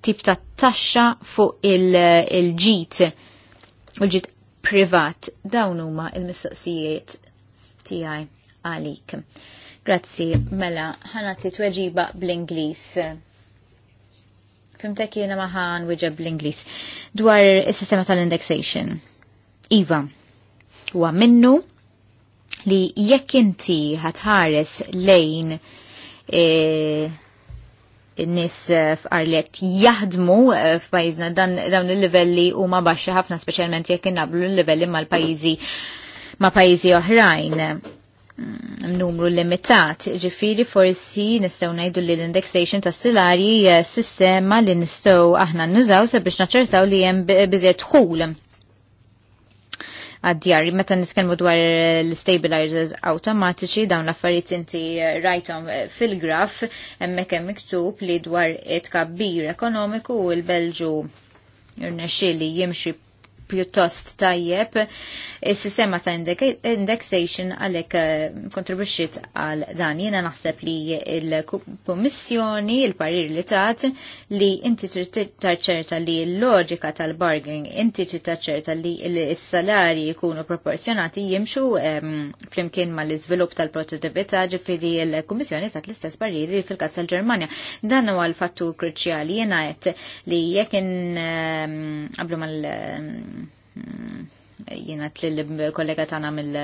tip ta' taxxa fuq il-ġit, il ġit il ġit privat, dawn huma il-mistoqsijiet tiegħi għalik. Grazzi, mela, ti tweġiba bl-Inglis. Fimtek jena maħan wieġeb bl-Inglis. Dwar is-sistema tal-indexation. Iva, huwa minnu li jekk inti ħatħares lejn e, nis e, f'qar jahdmu f'pajizna jaħdmu e, f'pajjiżna dan dawn il-livelli huma baxxi ħafna speċjalment jekk innablu l-livelli mal-pajjiżi ma' pajjiżi oħrajn Mm, numru limitat. Ġifiri forsi nistaw najdu li l-indexation ta' silari sistema li nistaw aħna nużaw sabiex naċertaw li jem bizet xul għad Meta nitkellmu dwar l-stabilizers automatiċi dawn l-affarijiet inti rajtom fil-graf hemmhekk hemm miktub li dwar it-kabbir ekonomiku u l-Belġu irnexxieli li jimxi pjuttost tajjeb. Is-sistema ta' indexation għalhekk eh, kontribuxxiet għal dan. Jiena naħseb li l-Kummissjoni, il-parir li tat li inti trid taċċerta li l-loġika tal-bargaining, inti trid taċċerta li s-salarji jkunu proporzjonati jimxu ehm, flimkien mal-iżvilupp tal-produttività ġifieri l-Kummissjoni tat l-istess li fil-każ tal-Ġermanja. Dan huwa l-fattur kruċjali jiena li jekk ehm, qablu mal ehm, Mm. Jiena l-kollega tagħna mill-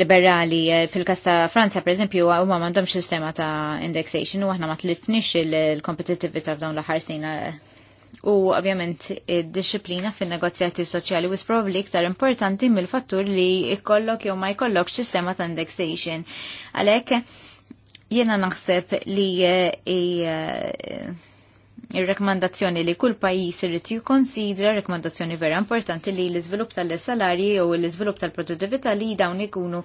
liberali eh, fil kasta ta' Franza, per eżempju, ma m'għandhomx sistema ta' indexation u aħna ma tlitnix il kompetitivit f'dawn l-aħħar sena. Eh. U ovvjament id-disciplina fin negozjati soċjali was probably iktar importanti mill-fattur li jkollok jew ma jkollok sistema ta' indexation. Għalhekk jiena naħseb li eh, ir-rekomandazzjoni li kull pajjiż irid jikkonsidra rekomandazzjoni vera importanti li l-iżvilupp tal-salarji u l-iżvilupp tal-produttività li dawn ikunu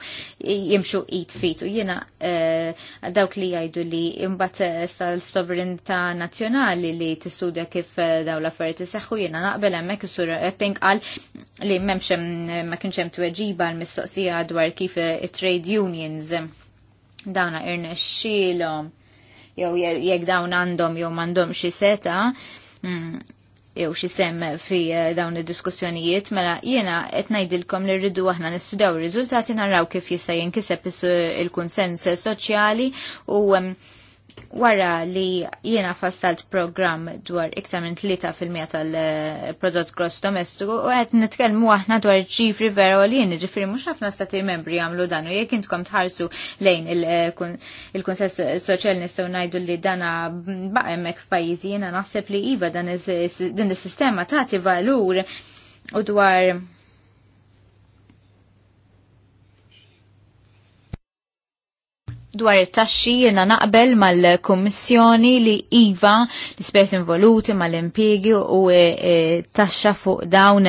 jimxu id fit u jiena eh, dawk li jgħidu li imbagħad tal eh, sovrinta nazzjonali li tistudja kif eh, daw l-affarijiet iseħħu jiena naqbel hemmhekk is-sur Epping qal li m'hemmx ma kienx hemm tweġiba l-mistoqsija dwar kif it-trade unions dawna irnexxielhom jew jekk dawn għandhom jew m'għandhom xi seta mm, jew xi sem fi eh, dawn id-diskussjonijiet mela jiena qed ngħidilkom li rridu aħna nistudaw ir-riżultati naraw kif jista' jinkiseb il-kunsens soċjali u mm, wara li jiena fassalt program dwar iktar minn 3% tal-prodott gross domestiku u għed nitkellmu aħna dwar ċifri vera u li ġifri mux ħafna stati membri għamlu dan u jek intkom tħarsu lejn eh, il-konsess soċjal nistaw najdu li dana baqemmek f'pajizi jiena naħseb li iva dan is-sistema tagħti valur u dwar dwar it-taxxi jiena naqbel mal-Kummissjoni li iva l-ispess involuti mal impiegi u e, e, taxxa fuq dawn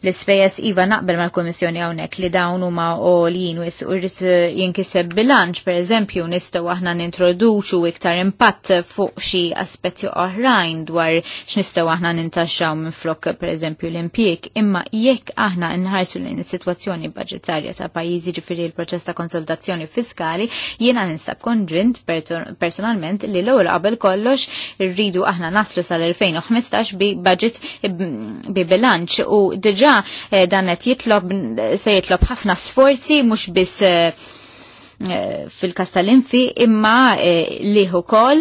L-ispejjeż iva naqbel mal-Kummissjoni hawnhekk li dawn huma għolin wis urrid eh, jinkiseb bilanċ, pereżempju nistgħu aħna nintroduċu iktar impatt fuq xi aspetti oħrajn dwar x'nistgħu aħna nintaxxaw minn flok pereżempju l-impjieg, imma jekk aħna nħarsu lejn is-sitwazzjoni budġetarja ta' pajjiżi ġifieri l-proċess ta' konsultazzjoni fiskali, jiena ninsab konġint personalment li l-ewwel qabel kollox rridu aħna naslu sal-2015 bi budget bi bilanċ u diġà diġa eh, dan qed jitlob se jitlob ħafna sforzi mhux biss eh, eh, fil-kas tal-infi imma liħu kol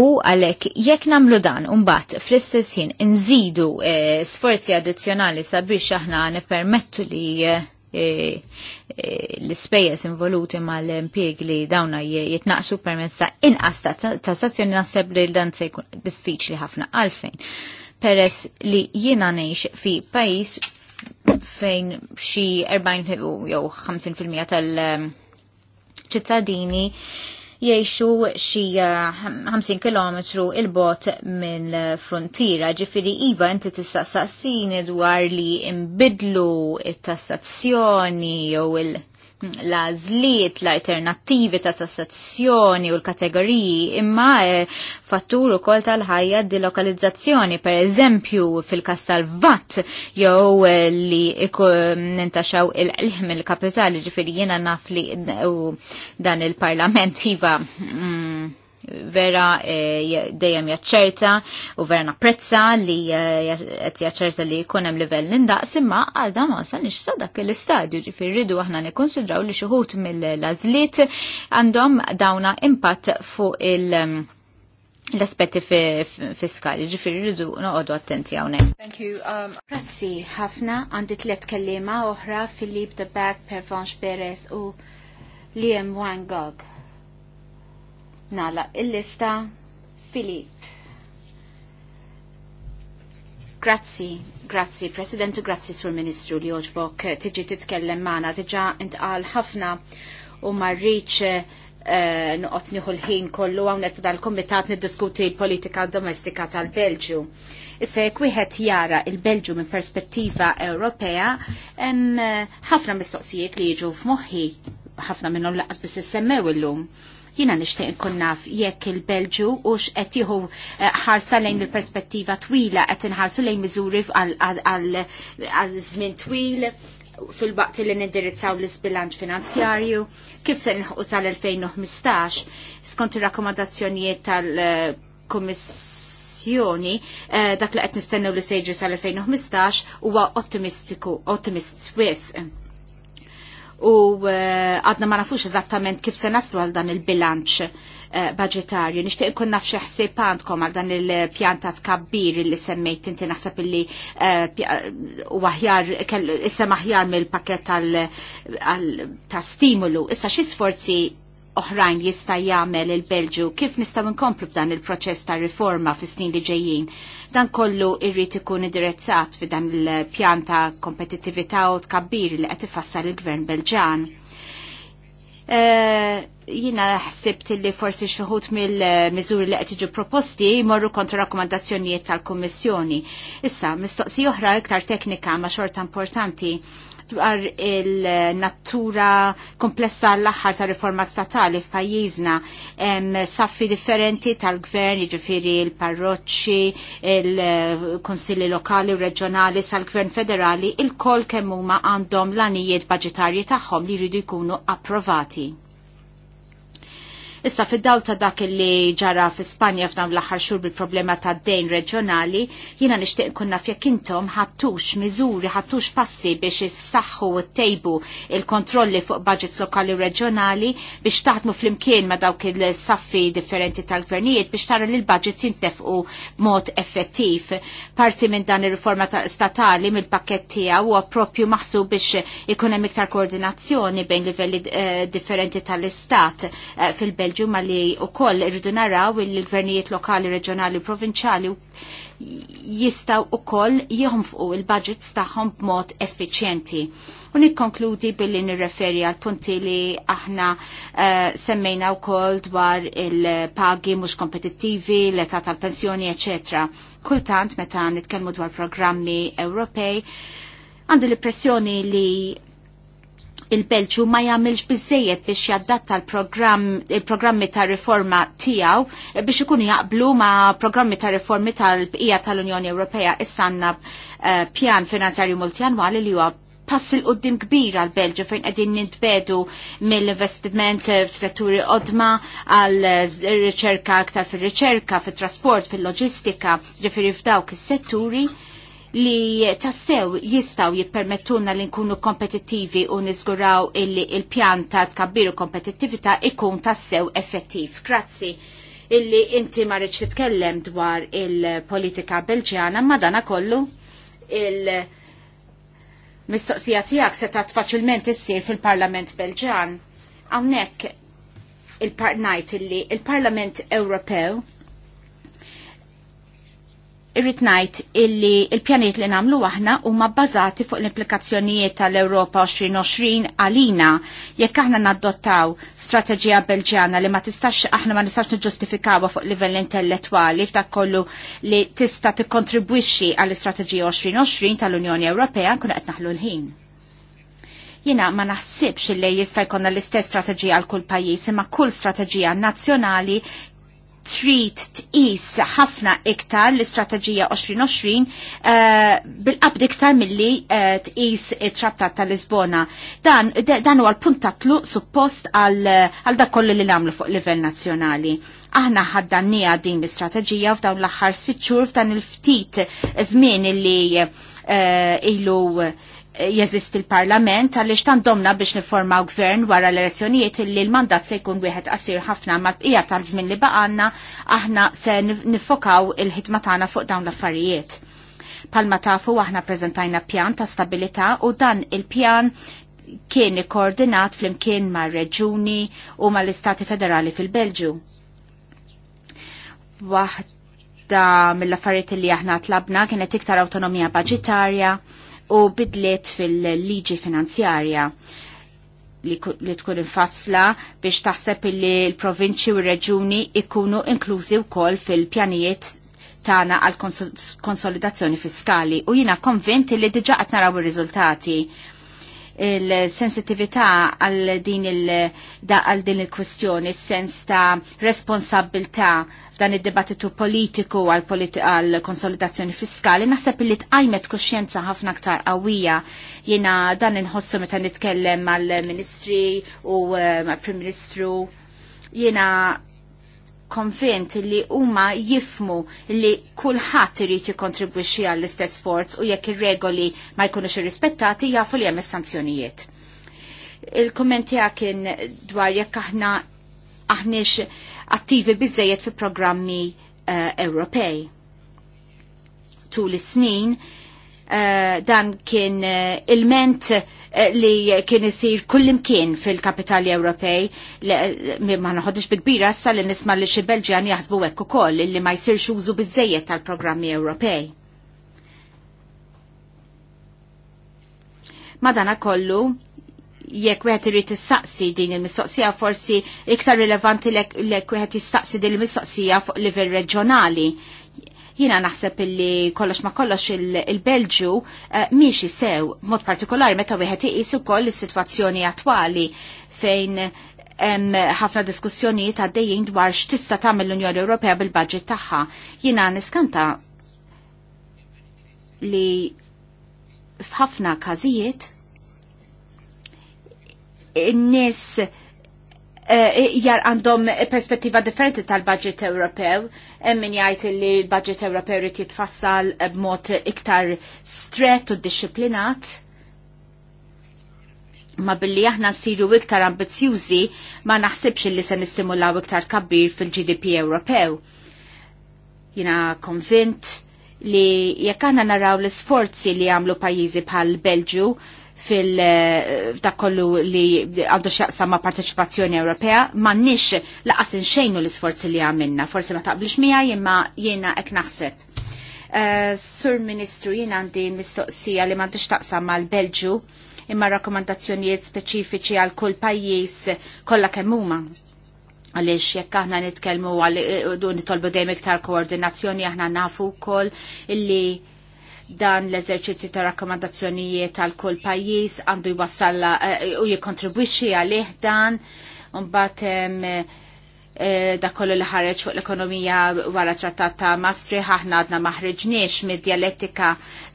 u għalek jekk namlu dan umbat fl-istess ħin nżidu sforzi addizzjonali sabiex aħna nipermettu li l-spejjeż involuti mal-impjeg li dawna jitnaqsu permezz ta' inqas ta' stazzjoni naħseb li dan se jkun diffiċli ħafna għalfejn. Peress li jiena ngħix fi pajjiż fejn xi 40 jew 50% tal-ċittadini um, jiexu xi 50 uh, km il-bot minn frontiera ġifiri iva inti tista' dwar li imbidlu it-tassazzjoni jew il- l zliet, l-alternativi ta' tassazzjoni u l-kategoriji, imma eh, fattur kol tal-ħajja lokalizzazzjoni per eżempju fil kastal tal-vat, jew eh, li mm, nintaxaw il-ilm il-kapitali, ġifir jena naf li eh, dan il-parlament jiva mm, vera eh, dejjem jaċċerta u vera napprezza li eh, qed jaċċerta li jkun hemm livell nindaqs imma għal dan ma wasalniex sa dak l-istadju ġifier rridu aħna nikkonsidraw li xi ħut mill-lażliet għandhom dawna impatt fuq il- mm, l-aspetti fiskali, ġifiri rridu noqodu attenti għawne. Thank you. Um, ħafna, għandi tlet kellima oħra Filip de Bag, Pervanche Perez u Liam Wangog. Nala il-lista Filip. Grazzi, grazzi, Presidentu, grazzi sur Ministru li oġbok eh, tiġi titkellem maħna, tiġa intqal ħafna u marriċ eh, nuqot nieħu l-ħin kollu netta dal-komitat niddiskuti l-politika domestika tal-Belġu. Issa jekk wieħed jara il-Belġu minn perspettiva Ewropea, hemm eh, ħafna mistoqsijiet li jiġu f'moħħi ħafna minnhom laqas biss semmew illum. lum Jina nishtiq nkun naf jekk il-Belġu u qed jieħu eh, ħarsa lejn il-perspettiva twila qed inħarsu lejn miżuri għal żmien twil fil-baqt li nindirizzaw l-isbilanċ finanzjarju, kif se nħu sal-2015, skont ir-rakkomandazzjonijiet tal-Kummissjoni, eh, dak li qed nistennew li sejġu sal-2015 huwa ottimistiku, ottimist wisq u eh, għadna ma nafux eżattament kif se naslu għal dan il-bilanċ eh, budgetarju. Nishtiq kun naf xeħsib għandkom għal dan il pjantat tkabbir li semmejt inti naħseb illi eh, u aħjar, issem aħjar mill-pakket tal stimulu. Issa xi sforzi oħrajn jista' jagħmel il-Belġu kif nistgħu nkomplu b'dan il-proċess ta' riforma fis-snin li ġejjin. Dan kollu irrid ikun iddirezzat f'dan il-pjan ta' kompetittività u tkabbir li qed ifassal il-Gvern Belġan. Uh, jina ħsibt li forsi xuħut mill miżuri li qed jiġu proposti jmorru kontra rakkomandazzjonijiet tal-Kummissjoni. Issa, mistoqsi oħra iktar teknika ma' xorta importanti dwar il-natura komplessa l-aħħar ta' riforma statali f'pajjiżna hemm saffi differenti tal-gvern, jiġifieri l-parroċċi, il-konsilli lokali u reġjonali sal-gvern federali, il-kol kemm huma għandhom l-anijiet budgetarji tagħhom li jridu jkunu approvati. Issa fid-dawl ta' dak li ġara fi Spanja f'dawn l-aħħar xhur bil-problema ta' dejn reġjonali, jiena nixtieq nkun fjek intom ħattux miżuri, ħattux passi biex issaħħu u ttejbu il-kontrolli fuq budgets lokali u reġjonali biex taħdmu flimkien ma' dawk il-saffi differenti tal-gvernijiet biex tara li l-budgets jintefqu mod effettiv. Parti minn dan ir-riforma statali mill-pakket tiegħu huwa proprju maħsub biex ikun hemm iktar koordinazzjoni bejn livelli eh, differenti tal-istat eh, fil il-Belġu li u koll irridu naraw il-gvernijiet lokali, reġjonali u provinċali jistaw u koll jihumfqu il-budgets taħħom b'mod effiċjenti. U nikkonkludi billi nirreferi għal punti li aħna uh, semmejna u koll dwar il-pagi mux kompetittivi, l-età tal-pensjoni, ecc. Kultant meta nitkellmu dwar programmi Ewropej, għandi l-impressjoni li il-Belġu ma jagħmilx biżejjed biex jaddatta l-programmi ta' riforma tiegħu biex ikunu jaqblu ma' programmi ta' riformi tal-bqija tal-Unjoni Ewropea issa għandna eh, pjan finanzjarju multjanwali li huwa pass il qoddim kbir għal Belġu fejn qegħdin nintbedu mill-investiment eh, f'setturi qodma għal eh, riċerka aktar fir-riċerka, fit-trasport, fil-loġistika, ġifieri f'dawk is-setturi li tassew jistaw jippermettuna li nkunu kompetittivi u nizguraw illi il ta' tkabbiru kompetittivita ikun tassew effettiv. Grazzi illi inti marriċ titkellem dwar il-politika belġjana madana kollu il- mistoqsija tijak setat faċilment issir fil-Parlament Belġan. Hawnhekk il-partnajt illi il-Parlament Ewropew irrit ngħid illi il-pjaniet li nagħmlu aħna huma bbażati fuq l-implikazzjonijiet tal-Ewropa 2020 għalina jekk aħna naddottaw strateġija Belġjana li ma tistax aħna ma nistax niġġustifikawha fuq livell intellettwali f'dak kollu li tista' tikkontribwixxi għall-istrateġija 2020 tal-Unjoni Ewropea nkun qed naħlu l-ħin jina ma naħsibx li jista' jkollna l-istess strategija għal kull pajjiż imma kull strateġija nazzjonali trid tqis ħafna iktar l-istrateġija 2020 eh, bil-qabd iktar milli eh, tqis it-trattat ta' lisbona Dan huwa l-punt tatlu suppost għal dak kollu li nagħmlu fuq livell nazzjonali. Aħna ħaddannija din l-istrateġija f'dawn l-aħħar sitt xhur f'dan il-ftit żmien li eh, ilu jeżist il-parlament għaliex tant domna biex niformaw gvern wara l-elezzjonijiet li l-mandat se jkun wieħed qasir ħafna mal bqija tal-żmien li baqanna aħna se nifokaw il-ħidma tagħna fuq dawn l-affarijiet. Palma tafu aħna preżentajna pjan ta' stabilità u dan il-pjan kien ikkoordinat flimkien ma' reġuni u mal istati federali fil-Belġu. Waħda mill-affarijiet li aħna tlabna kienet iktar autonomija budgetarja, u bidliet fil-liġi finanzjarja li tkun infassla biex taħseb li l-provinċi u reġuni ikunu inklużi wkoll fil-pjanijiet tagħna għal konsolidazzjoni fiskali u jiena konvinti li diġa qed naraw ir-riżultati il-sensitività għal din il-kwestjoni, il-sens ta' responsabilta' f'dan id-dibattitu politiku għal, politi konsolidazzjoni fiskali, naħseb li tqajmet kuxjenza ħafna aktar qawwija jiena dan inħossu meta nitkellem mal ministri u eh, mal prim Ministru jiena konvent li huma jifmu li kulħadd irid jikkontribwixxi għall-istess forz u jekk ir-regoli ma jkunux irrispettati jafu li hemm is-sanzjonijiet. Il-kumment kien dwar jekk aħna aħniex attivi biżejjed fi programmi uh, Ewropej. Tul is-snin uh, dan kien uh, il-ment uh, Eh, li kien isir kullimkien fil-kapitali Ewropej ma naħodix kbira sa li nisma li xi Belġjan jaħsbu hekk ukoll li ma jsirx użu biżejjed tal-programmi Ewropej. Madana kollu jekk wieħed irid issaqsi din il-mistoqsija forsi iktar rilevanti lek wieħed issaqsi din il-mistoqsija fuq livell reġjonali Jina naħseb illi kollox ma kollox il-Belġu eh, miexi sew, mod partikolari meta wieħed iqis ukoll is-sitwazzjoni attwali fejn hemm ħafna diskussjonijiet għaddejjin dwar x'tista' tagħmel l-Unjoni Ewropea bil-baġġit tagħha. Jiena niskanta li f'ħafna każijiet in-nies Eh, jar għandhom perspettiva differenti tal-budget Ewropew, eh, min jgħajt li l-budget Ewropew rrit jitfassal eh, b'mod iktar stret u disciplinat. Ma billi aħna nsiru iktar ambizjużi ma naħsibx li se nistimulaw iktar kabbir fil-GDP Ewropew. Jina konvint li jekk aħna naraw l-sforzi li għamlu pajjiżi bħal Belġu fil ta' eh, kollu li għandu xaqsa ma' parteċipazzjoni Ewropea, ma' nix laqas xejnu l-isforzi li għamilna, forse ma' taqblix mija jimma jiena ek naħseb. Uh, Sur Ministru, jien għandi mistoqsija li m'għandux taqsam mal-Belġu imma rakkomandazzjonijiet speċifiċi għal kull pajjiż kollha kemm huma għalix jekk aħna nitkellmu għal nitolbu dejjem iktar koordinazzjoni aħna nafu wkoll illi dan l-eżerċizzju ta' rakkomandazzjonijiet għal kull pajjiż għandu jwassalla eh, u jikontribwixxi għalih dan mbagħad eh, da kollu li ħareġ fuq l-ekonomija wara trattat ta' Maastricht aħna għadna maħreġniex mid-dialettika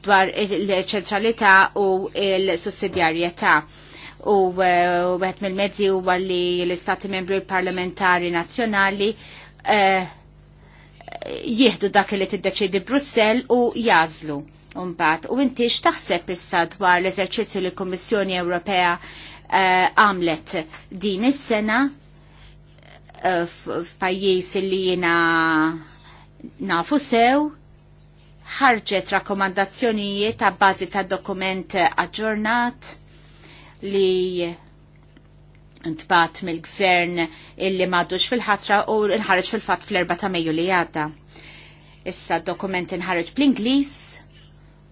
dwar il-ċentralità u l-sussidjarjetà. Eh, u għet mill-mezzi u għalli l-Istati membri parlamentari nazjonali jihdu dak li tiddeċidi Brussel u jazlu. Umbat, u inti x'taħseb issa dwar l-eżerċizzju li l-Kummissjoni Ewropea eh, għamlet uh, din is-sena uh, f'pajjiż li jiena nafu sew ħarġet rakkomandazzjonijiet ta' bażi ta' dokument aġġornat li ntbat mill-gvern illi m'għadux fil-ħatra u nħarġ fil fatt fl erba ta' Mejju li għadda. Issa dokument nħarġ bl-Ingliż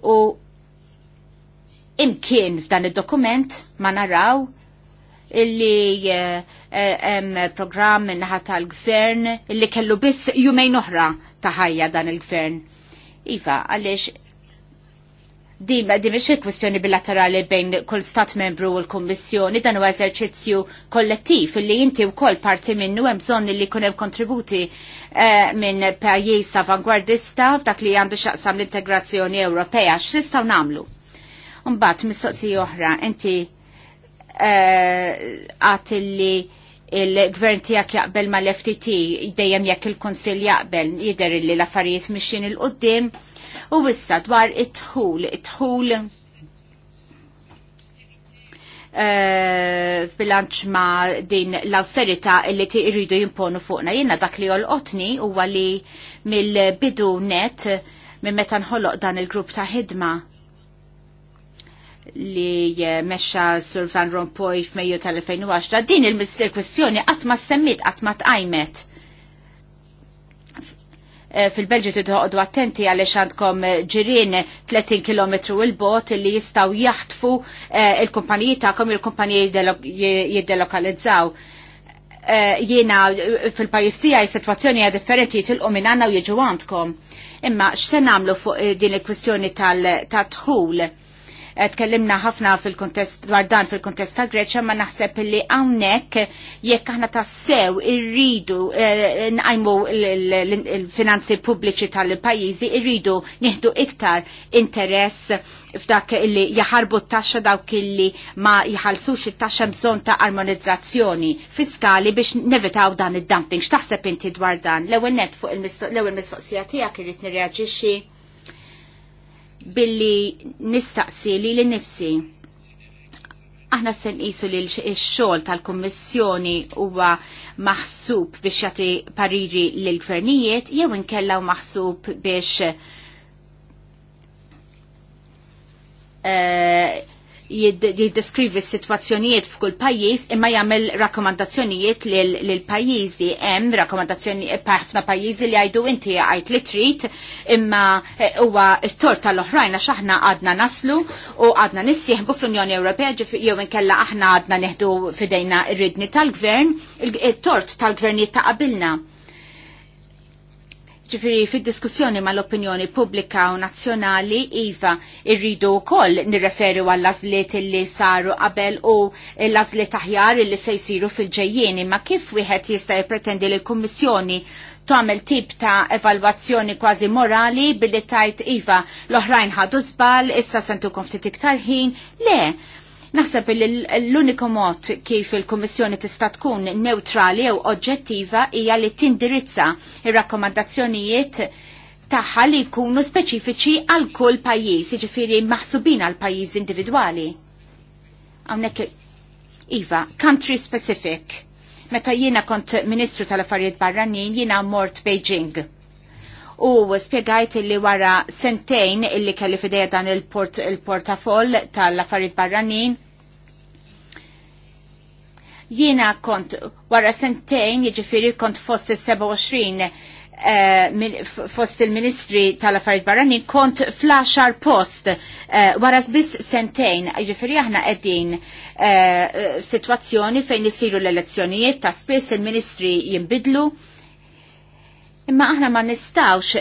u imkien f'dan id-dokument ma naraw illi eh, eh, hemm uh, um, programm minnaħa tal-gvern illi kellu biss jumejn oħra ta' ħajja dan il-gvern. Iva, għaliex Di ma di kwestjoni bilaterali bejn kull stat membru u l-Kummissjoni dan huwa eżerċizzju kollettiv li inti wkoll parti minnu hemm bżonn li jkun hemm kontributi eh, minn pajjiż avangwardista f'dak li għandu xaqsam l-integrazzjoni Ewropea x'nistgħu nagħmlu. Mbagħad mistoqsija oħra inti eh, għat li il-gvern tijak jaqbel ma l-FTT dejjem jekk il-Konsil jaqbel jider li l-affarijiet mixin il-qoddim il il qoddim U issa dwar it-tħul, it-tħul Uh, f'bilanċ ma' din l-austerita li ti irridu jimponu fuqna. Jenna dak li jolqotni u li mill-bidu net minn meta nħoloq dan il-grupp ta' ħidma li eh, mexxa Sur Van Rompuy f'Mejju tal-2010 din il-kwestjoni qatt ma semmit qatt ma tqajmet Eh, fil-Belġu tidħoqdu attenti għaliex għandkom eh, ġirien 30 km il-bot li jistaw jaħtfu eh, il-kumpaniji kom il-kumpaniji jiddelokalizzaw. Jiena fil-pajis tiegħi situazzjoni hija differenti jitilqu minn għandna u jiġu għandkom. Imma x'se nagħmlu fuq din il-kwistjoni tal-tħul? tal tħul Eh, tkellimna ħafna fil-kontest dwar dan fil-kontest tal-Greċja ma naħseb li hawnhekk jekk aħna tassew irridu eh, nqajmu l-finanzi pubbliċi tal-pajjiżi irridu nieħdu iktar interess f'dak li jaħarbu t-taxxa dawk illi ma jħalsux it-taxxa bżonn ta' armonizzazzjoni fiskali biex nevitaw dan id-dumping. X'taħseb inti dwar dan? L-ewwel net fuq l-ewwel mistoqsija tiegħek irrid nirreaġixxi billi nistaqsi li li nifsi Aħna sen isu li l-xol tal-Kommissjoni huwa maħsub biex jati pariri l-gvernijiet, jew inkellaw maħsub biex uh, jiddeskrivi s-situazzjonijiet f'kull pajjiż imma jagħmel rakkomandazzjonijiet lil pajjiżi hemm rakkomandazzjoni eh, ħafna pajjiżi li għajdu inti għajt li trid imma eh, huwa t-tort tal-oħrajn għax aħna għadna naslu u għadna nissieħbu fl-Unjoni Ewropea jew inkella aħna għadna neħdu fidejna r-ridni tal-gvern, it tort tal-gvernijiet ta' qabilna ġifiri fil-diskussjoni ma l-opinjoni pubblika u nazzjonali iva irridu koll nirreferi għall lażliet li saru qabel u l-lażliet aħjar li se jsiru fil-ġejjieni ma kif wieħed jista' jippretendi li l-Kummissjoni tagħmel tip ta' evalwazzjoni kważi morali billi tajt iva l-oħrajn ħadu żball issa sentukom ftit iktar ħin le Naħseb li l-uniku mod kif il-Kummissjoni tista' tkun neutrali jew oġġettiva hija li tindirizza ir-rakkomandazzjonijiet tagħha li jkunu speċifiċi għal kull pajjiż, jiġifieri maħsubin għal pajjiż individwali. Hawnhekk iva, country specific. Meta jiena kont Ministru tal-Affarijiet Barranin jiena mort Beijing u spiegajt li wara sentejn illi kelli fideja dan il il portafoll tal-affarijiet barranin Jiena kont wara sentejn, jiġifieri kont fost il-27 eh, fost il-Ministri tal-Affarijiet Barranin kont fl post eh, wara biss sentejn, jiġifieri aħna qegħdin eh, sitwazzjoni fejn isiru l-elezzjonijiet ta' spiss il-Ministri jinbidlu. Imma aħna ma nistawx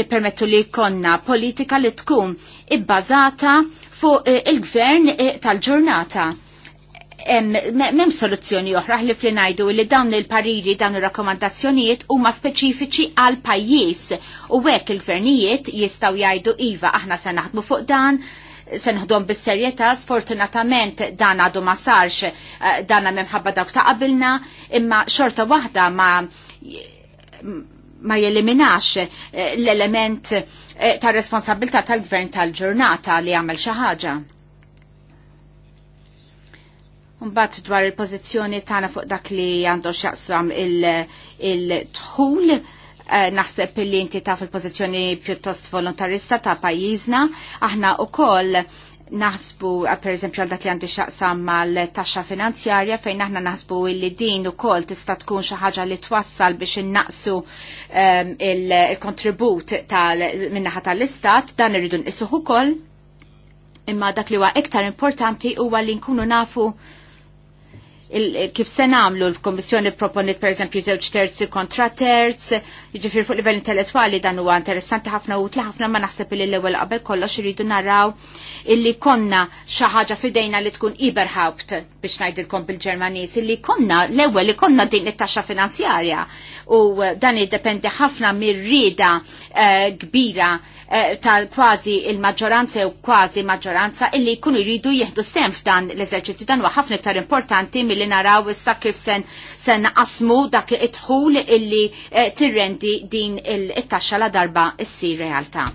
nipermettu li konna politika li tkun ibbażata fuq il-gvern tal-ġurnata. Mem soluzzjoni oħra li flinajdu li dawn il-pariri, dawn il-rakkomandazzjonijiet huma speċifiċi għal pajjiż u hekk il-gvernijiet jistaw jgħidu iva aħna se naħdmu fuq dan, se nħdom bis-serjetà, sfortunatament dan għadu ma sarx eh, dan memħabba dawk ta' qabilna, imma xorta waħda ma ma jeliminax eh, l-element eh, ta' responsabilità tal-gvern tal-ġurnata li għamel xi ħaġa. Mbatt dwar il-pożizzjoni tagħna fuq dak li għandu xaqsam il-tħul eh, naħseb li inti taf il-pożizzjoni pjuttost volontarista ta' pajjiżna, aħna wkoll naħsbu eh, per eżempju għal dak li għandu x'jaqsam mal-taxxa finanzjarja fejn aħna naħsbu li din ukoll tista' tkun xi ħaġa li twassal biex innaqsu eh, il-kontribut min-naħa tal-istat dan irridu nqisuh ukoll imma dak li huwa iktar importanti huwa li nkunu nafu kif se namlu l-Kommissjoni proponit per eżempju żewġ terzi kontra terz, jiġifier fuq livell intellettwali dan huwa interessanti ħafna u ħafna ma naħseb li l-ewwel qabel kollox iridu naraw illi konna xi ħaġa fidejna li tkun iberhaupt biex ngħidilkom bil-Ġermaniż illi konna l-ewwel li konna din it-taxxa finanzjarja u eh, dan jiddependi ħafna mir-rieda eh, kbira uh, Eh, tal-kważi il-maġġoranza u kważi maġġoranza illi jkunu jridu jieħdu sem f'dan l-eżerċizzju dan huwa ħafna iktar importanti milli naraw issa kif sen sen naqasmu dak id-dħul illi eh, tirrendi din it-taxxa la darba issir realtà.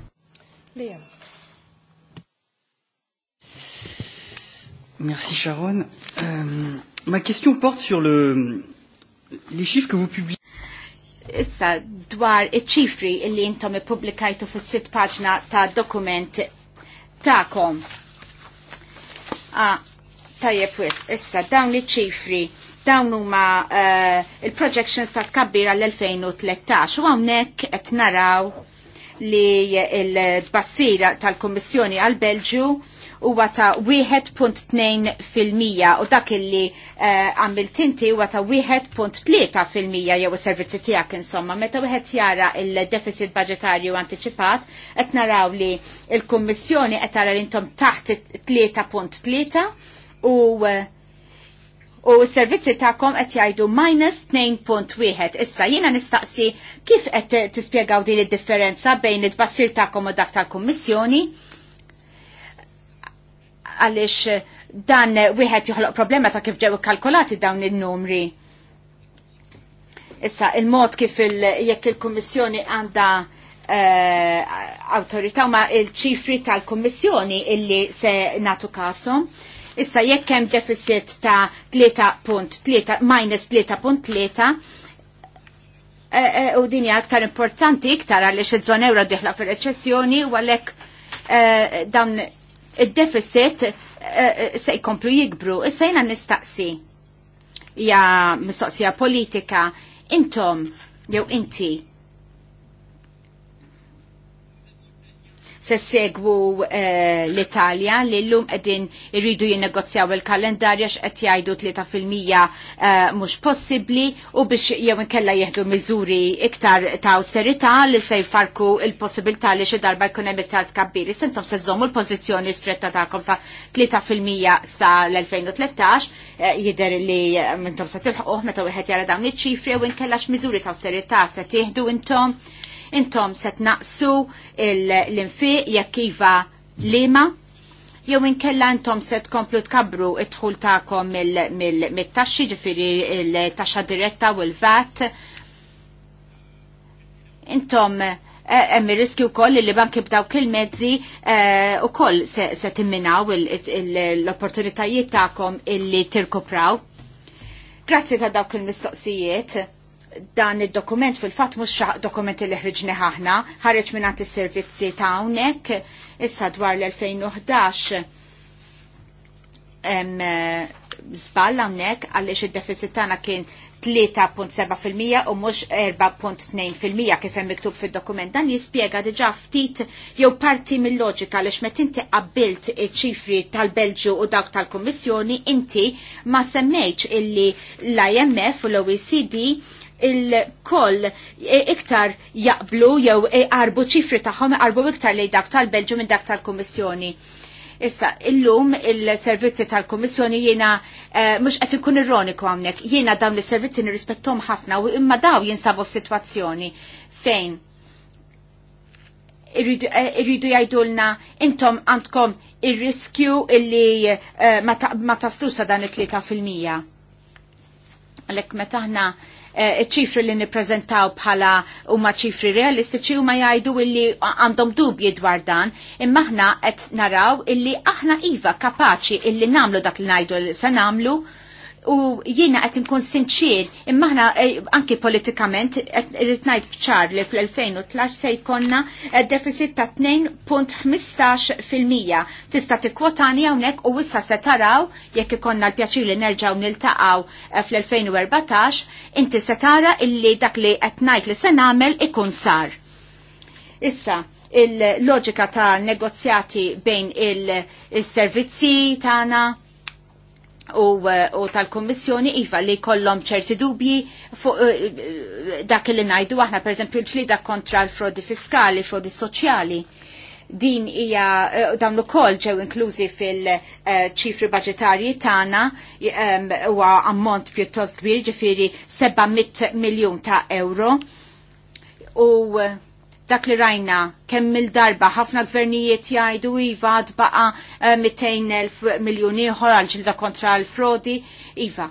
Merci Sharon. Euh, ma question porte sur le, les chiffres que vous publiez issa dwar iċ-ċifri illi intom i-publikajtu fis sit paġna ta' dokument ta'kom. Ah, tajjeb wis, issa dawn iċ-ċifri dawn huma uh, il-projections ta' tkabbira għall-2013 u hawnhekk qed naraw li l-bassira tal-Kommissjoni għal-Belġu huwa ta' 1.2% u dak illi eh, għamilt inti huwa ta' 1.3% fil-Mija jew is-servizzi tiegħek insomma. Meta wieħed jara il-deficit budgetarju antiċipat qed naraw li l-Kummissjoni qed tara intom taħt 3.3 u u s-servizzi ta'kom qed jgħidu minus 2.1. Issa jiena nistaqsi kif qed tispjegaw din id-differenza bejn it-tbassir ta'kom u dak tal-Kummissjoni? għaliex eh, dan eh, wieħed joħloq problema ta' kif ġew ikkalkolati dawn in-numri. Issa, il-mod kif il jekk il-Kummissjoni għandha uh, eh, autorità ma il-ċifri tal-Kummissjoni illi se natu kasom. Issa jekk hemm deficit ta' 3.3 minus 3.3 u din hija aktar importanti iktar għaliex iż-żona euro diħla fir-reċessjoni u għalhekk dawn id-deficit eh, eh, se jkomplu jikbru. Issa jena nistaqsi ja mistoqsija politika intom jew inti se segwu eh, l-Italja li l-lum edin irridu jinnegozjaw il-kalendarja x'qed jgħidu 3% eh, mhux possibbli u biex jew inkella jihdu miżuri iktar ta' austerita li se jfarku il-possibilità li xi darba jkun hemm iktar tkabbiri. Sintom se zomu l-pożizzjoni stretta tagħkom sa 3% sa l-2013 eh, jidher li eh, intom se tilħquh meta wieħed jara dawn iċ-ċifri u inkellax mizuri ta' austerita se tieħdu intom intom set naqsu l-infiq jekk iva lima, jew inkella intom se tkomplu tkabru id-dħul tagħkom mit-taxxi ġifiri l-taxxa diretta u l-VAT. Intom eh, hemm ir-riskju wkoll li banki b'dawk il-mezzi eh, ukoll se timminaw l-opportunitajiet tagħkom illi tirkupraw. Grazzi ta' dawk il-mistoqsijiet dan il-dokument fil-fat mux dokument li ħriġni ħahna, ħarġ minnat il-servizzi ta' unek, issa dwar l-2011 Zballa eh, għonek għalix il-deficit tana kien 3.7% u mux 4.2% kif hemm miktub fil-dokument. Dan jispjega diġa ftit jew parti mill-loġika għaliex met inti qabbilt iċ-ċifri tal-Belġu u dawk tal-Kummissjoni inti ma semmejx illi l-IMF u l-OECD il-koll e iktar jaqblu jew e arbu ċifri tagħhom arbu iktar li dak tal-Belġu minn dak tal-Kummissjoni. Issa, illum il-servizzi tal-Komissjoni jiena eh, mux qed ikun ironiku għamnek, jiena dawn il-servizzi nirrispettom ħafna u imma daw jinsabu f'sitwazzjoni fejn irridu eh, jajdulna intom għandkom ir-riskju illi eh, ma taslusa dan it-3 fil-mija. meta ħna Eh, ċifri li niprezentaw bħala huma ċifri realistiċi huma jgħidu illi għandhom dubji dwar dan, imma aħna qed naraw illi aħna iva kapaċi illi namlu dak li ngħidu li se namlu, u jiena qed inkun sinċir imma aħna eh, anki politikament irrid ngħid bċar li fl-2013 se jkollna eh, deficit ta' 2.15% tista' tikkwotani hawnhekk u issa se taraw jekk ikonna l-pjaċir li nerġgħu niltaqgħu eh, fl-2014 inti se tara illi dak li qed ngħid li se nagħmel ikun sar. Issa, il-loġika ta' negozjati bejn il-servizzi il tagħna Eh, u tal-Kommissjoni iva li kollom ċerti dubji fuq eh, dak li najdu aħna per esempio l-ġlida kontra l-frodi fiskali, frodi soċjali. Din hija eh, dawn ukoll ġew inklużi fil-ċifri budgetarji tagħna huwa ammont pjuttost kbir ġifieri 700 miljun ta' euro. U dak li rajna kemm il-darba ħafna gvernijiet jgħidu iva tbaqa' baqa 200.000 miljoni ieħor għal ġilda kontra l-frodi iva.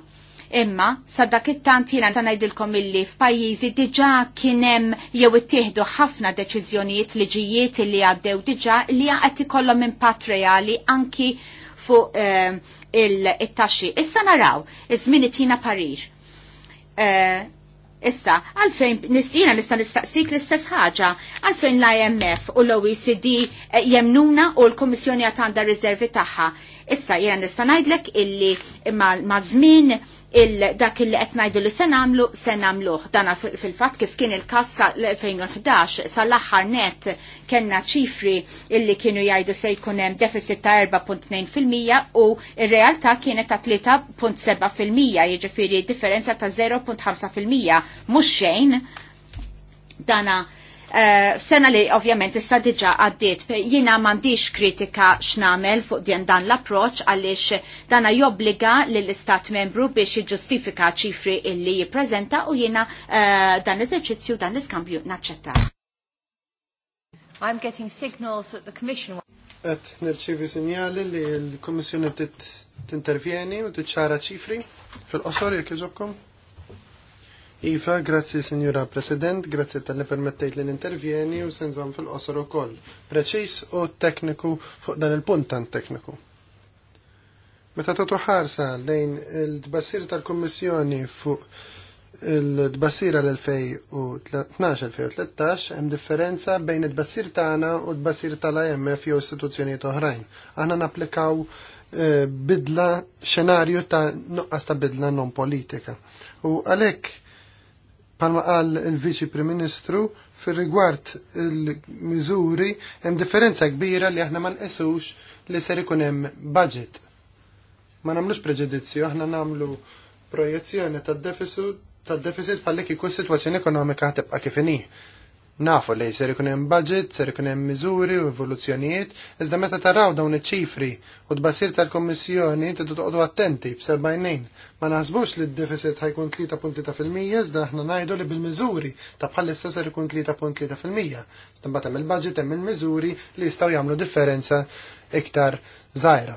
Imma, saddak it-tant jiena ta' ngħidilkom illi f'pajjiżi diġa kienem jew ittieħdu ħafna deċiżjonijiet liġijiet li għaddew diġa li għed ikollhom impatt reali anki fuq eh, il-taxxi. Issa naraw, iż-żmien it-tina parir. Eh, Issa, għalfejn nistina nista nistaqsik l-istess ħaġa, għalfejn l-IMF u l-OECD eh, jemnuna u l-Komissjoni għatanda rizervi taħħa. Issa jena nista' ngħidlek illi ma' żmien dak illi qed ngħidu li se nagħmlu se nagħmluh. Dana fil-fatt kif kien il-każ l-2011 sal-aħħar net kellna ċifri illi kienu jgħidu se jkun hemm deficit ta' 4.2% u r-realtà kienet ta' 3.7% jiġifieri differenza ta' 0.5% mhux xejn dana Eh, f'sena li ovvjament issa diġa għaddiet. Jina mandiġ kritika x'namel fuq dien dan l-approċ għaliex dana jobbliga l-istat membru biex jġustifika ċifri illi jiprezenta u jina eh, dan l-eżerċizzju dan l-iskambju naċċetta. I'm getting signals that the Commission... Għet nirċivi sinjali li l-Kommissjoni t-intervjeni u t-ċara ċifri fil-qosor jek jġobkom? Iva, grazzi Signora President, grazzi tal-li permettejt li l-intervjeni u senżom fil-qosor u koll. Preċis u tekniku fuq dan il-punt tekniku. Meta totu ħarsa lejn il-tbassir tal-Kummissjoni fuq il-tbassira l-2012-2013 hemm differenza bejn it-tbassir tagħna u t-tbassir tal-IMF jew istituzzjonijiet oħrajn. Aħna napplikaw eh, bidla xenarju ta' nuqqas ta' bidla non politika. U għalhekk palma qal il-Viċi Prim Ministru fir rigward il-miżuri hemm differenza kbira li aħna ma nqesux li ser ikun hemm budget. Ma nagħmlux preġudizzju, aħna nagħmlu projezzjoni tad-deficit tad-deficit bħallek ikun sitwazzjoni ekonomika ħatibqa' kif inhi. Nafu li ser ikun hemm budget, ser ikun hemm miżuri u evoluzzjonijiet, iżda meta taraw dawn iċ-ċifri u tbassir tal-Kommissjoni tidu toqgħodu attenti jnejn. Ma naħsbux li d-deficit ħajkun 3.3% iżda aħna ngħidu li bil-miżuri ta' bħalissa ser ikun 3.3%. Iżda mbagħad hemm il-budget hemm il-miżuri li jistgħu jagħmlu differenza iktar żgħira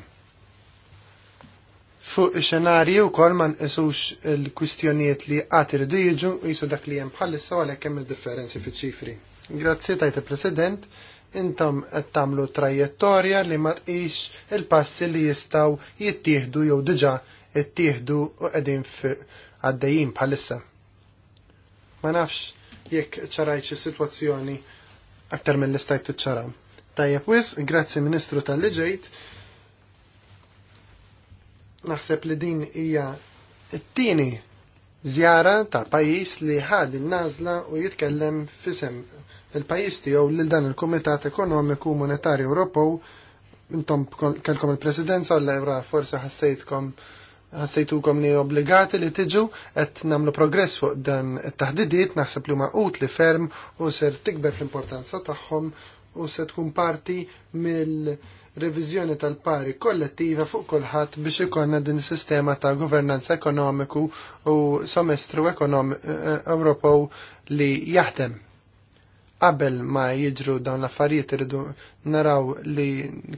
fuq xenarji u kol man isux il-kwistjonijiet li għatir du jiġu u jisu dak li jem bħallissa u għalek jem il-differenzi fi ċifri. Grazzi tajt il-President, intom qed tagħmlu trajettorja li ma tqix il-passi li jistaw jittieħdu jew diġà jittieħdu u qegħdin għaddejjin bħalissa. Ma nafx jekk ċarajċi situazzjoni aktar mill-istajt tiċċaraw. Tajjeb wis, grazzi Ministru tal-liġejt. Naħseb li din hija t-tieni zjara ta' pajis li ħad il-nazla u jitkellem fisem il-pajis tiegħu lil dan il-Kumitat Ekonomiku Monetarju Ewropew intom kellkom il-presidenza u l-evra forsi ħassejtkom ħassejtukom li obbligati li tiġu qed nagħmlu progress fuq dan it-taħdidiet naħseb li huma utli ferm u ser tikber fl-importanza tagħhom u se tkun parti mill- reviżjoni tal-pari kollettiva fuq kulħadd biex ikollna din sistema ta' governanza ekonomiku u semestru eh, Ewropew li jaħdem. Qabel ma jiġru dawn l-affarijiet irridu naraw li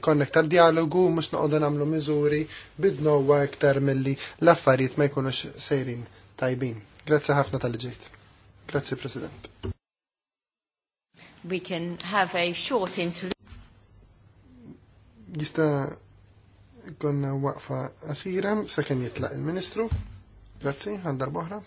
konnektar dialogu mhux noqogħdu nagħmlu miżuri bidnowa iktar milli l-affarijiet ma jkunux sejrin tajbin. Grazzi ħafna tal-ġejt. Grazzi President. We can have a short interview. Jista konna waqfa asira, sa' kem jitlaq il-ministru. Grazzi, għandar boħra.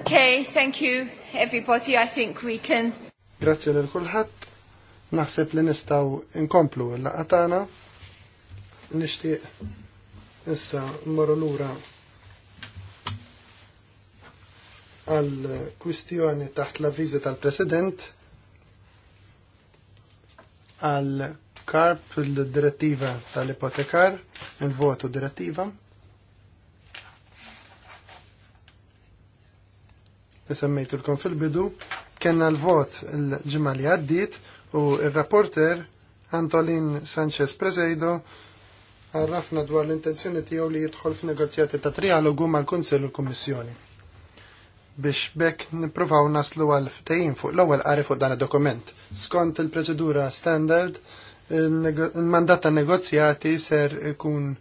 Okay, thank you everybody. I think we can. Grazie lil kulħadd. Naħseb li nistgħu inkomplu l-laqgħa tagħna. Nixtieq issa mmorru lura għal kwistjoni taħt l-avviżi tal-President għal karp l-direttiva tal-ipotekar, il-votu direttiva. li semmejtulkom fil-bidu, kena l-vot l ġimali li għaddit u il-rapporter Antolin Sanchez Preseido għarrafna dwar l-intenzjoni tiegħu li jidħol f'negozjati ta' trialogu mal kunsell u l-Kummissjoni. Biex bekk nippruvaw naslu għal ftehim fuq l-ewwel qari fuq dan id-dokument. Skont il-proċedura standard, il-mandat ta' negozjati ser ikun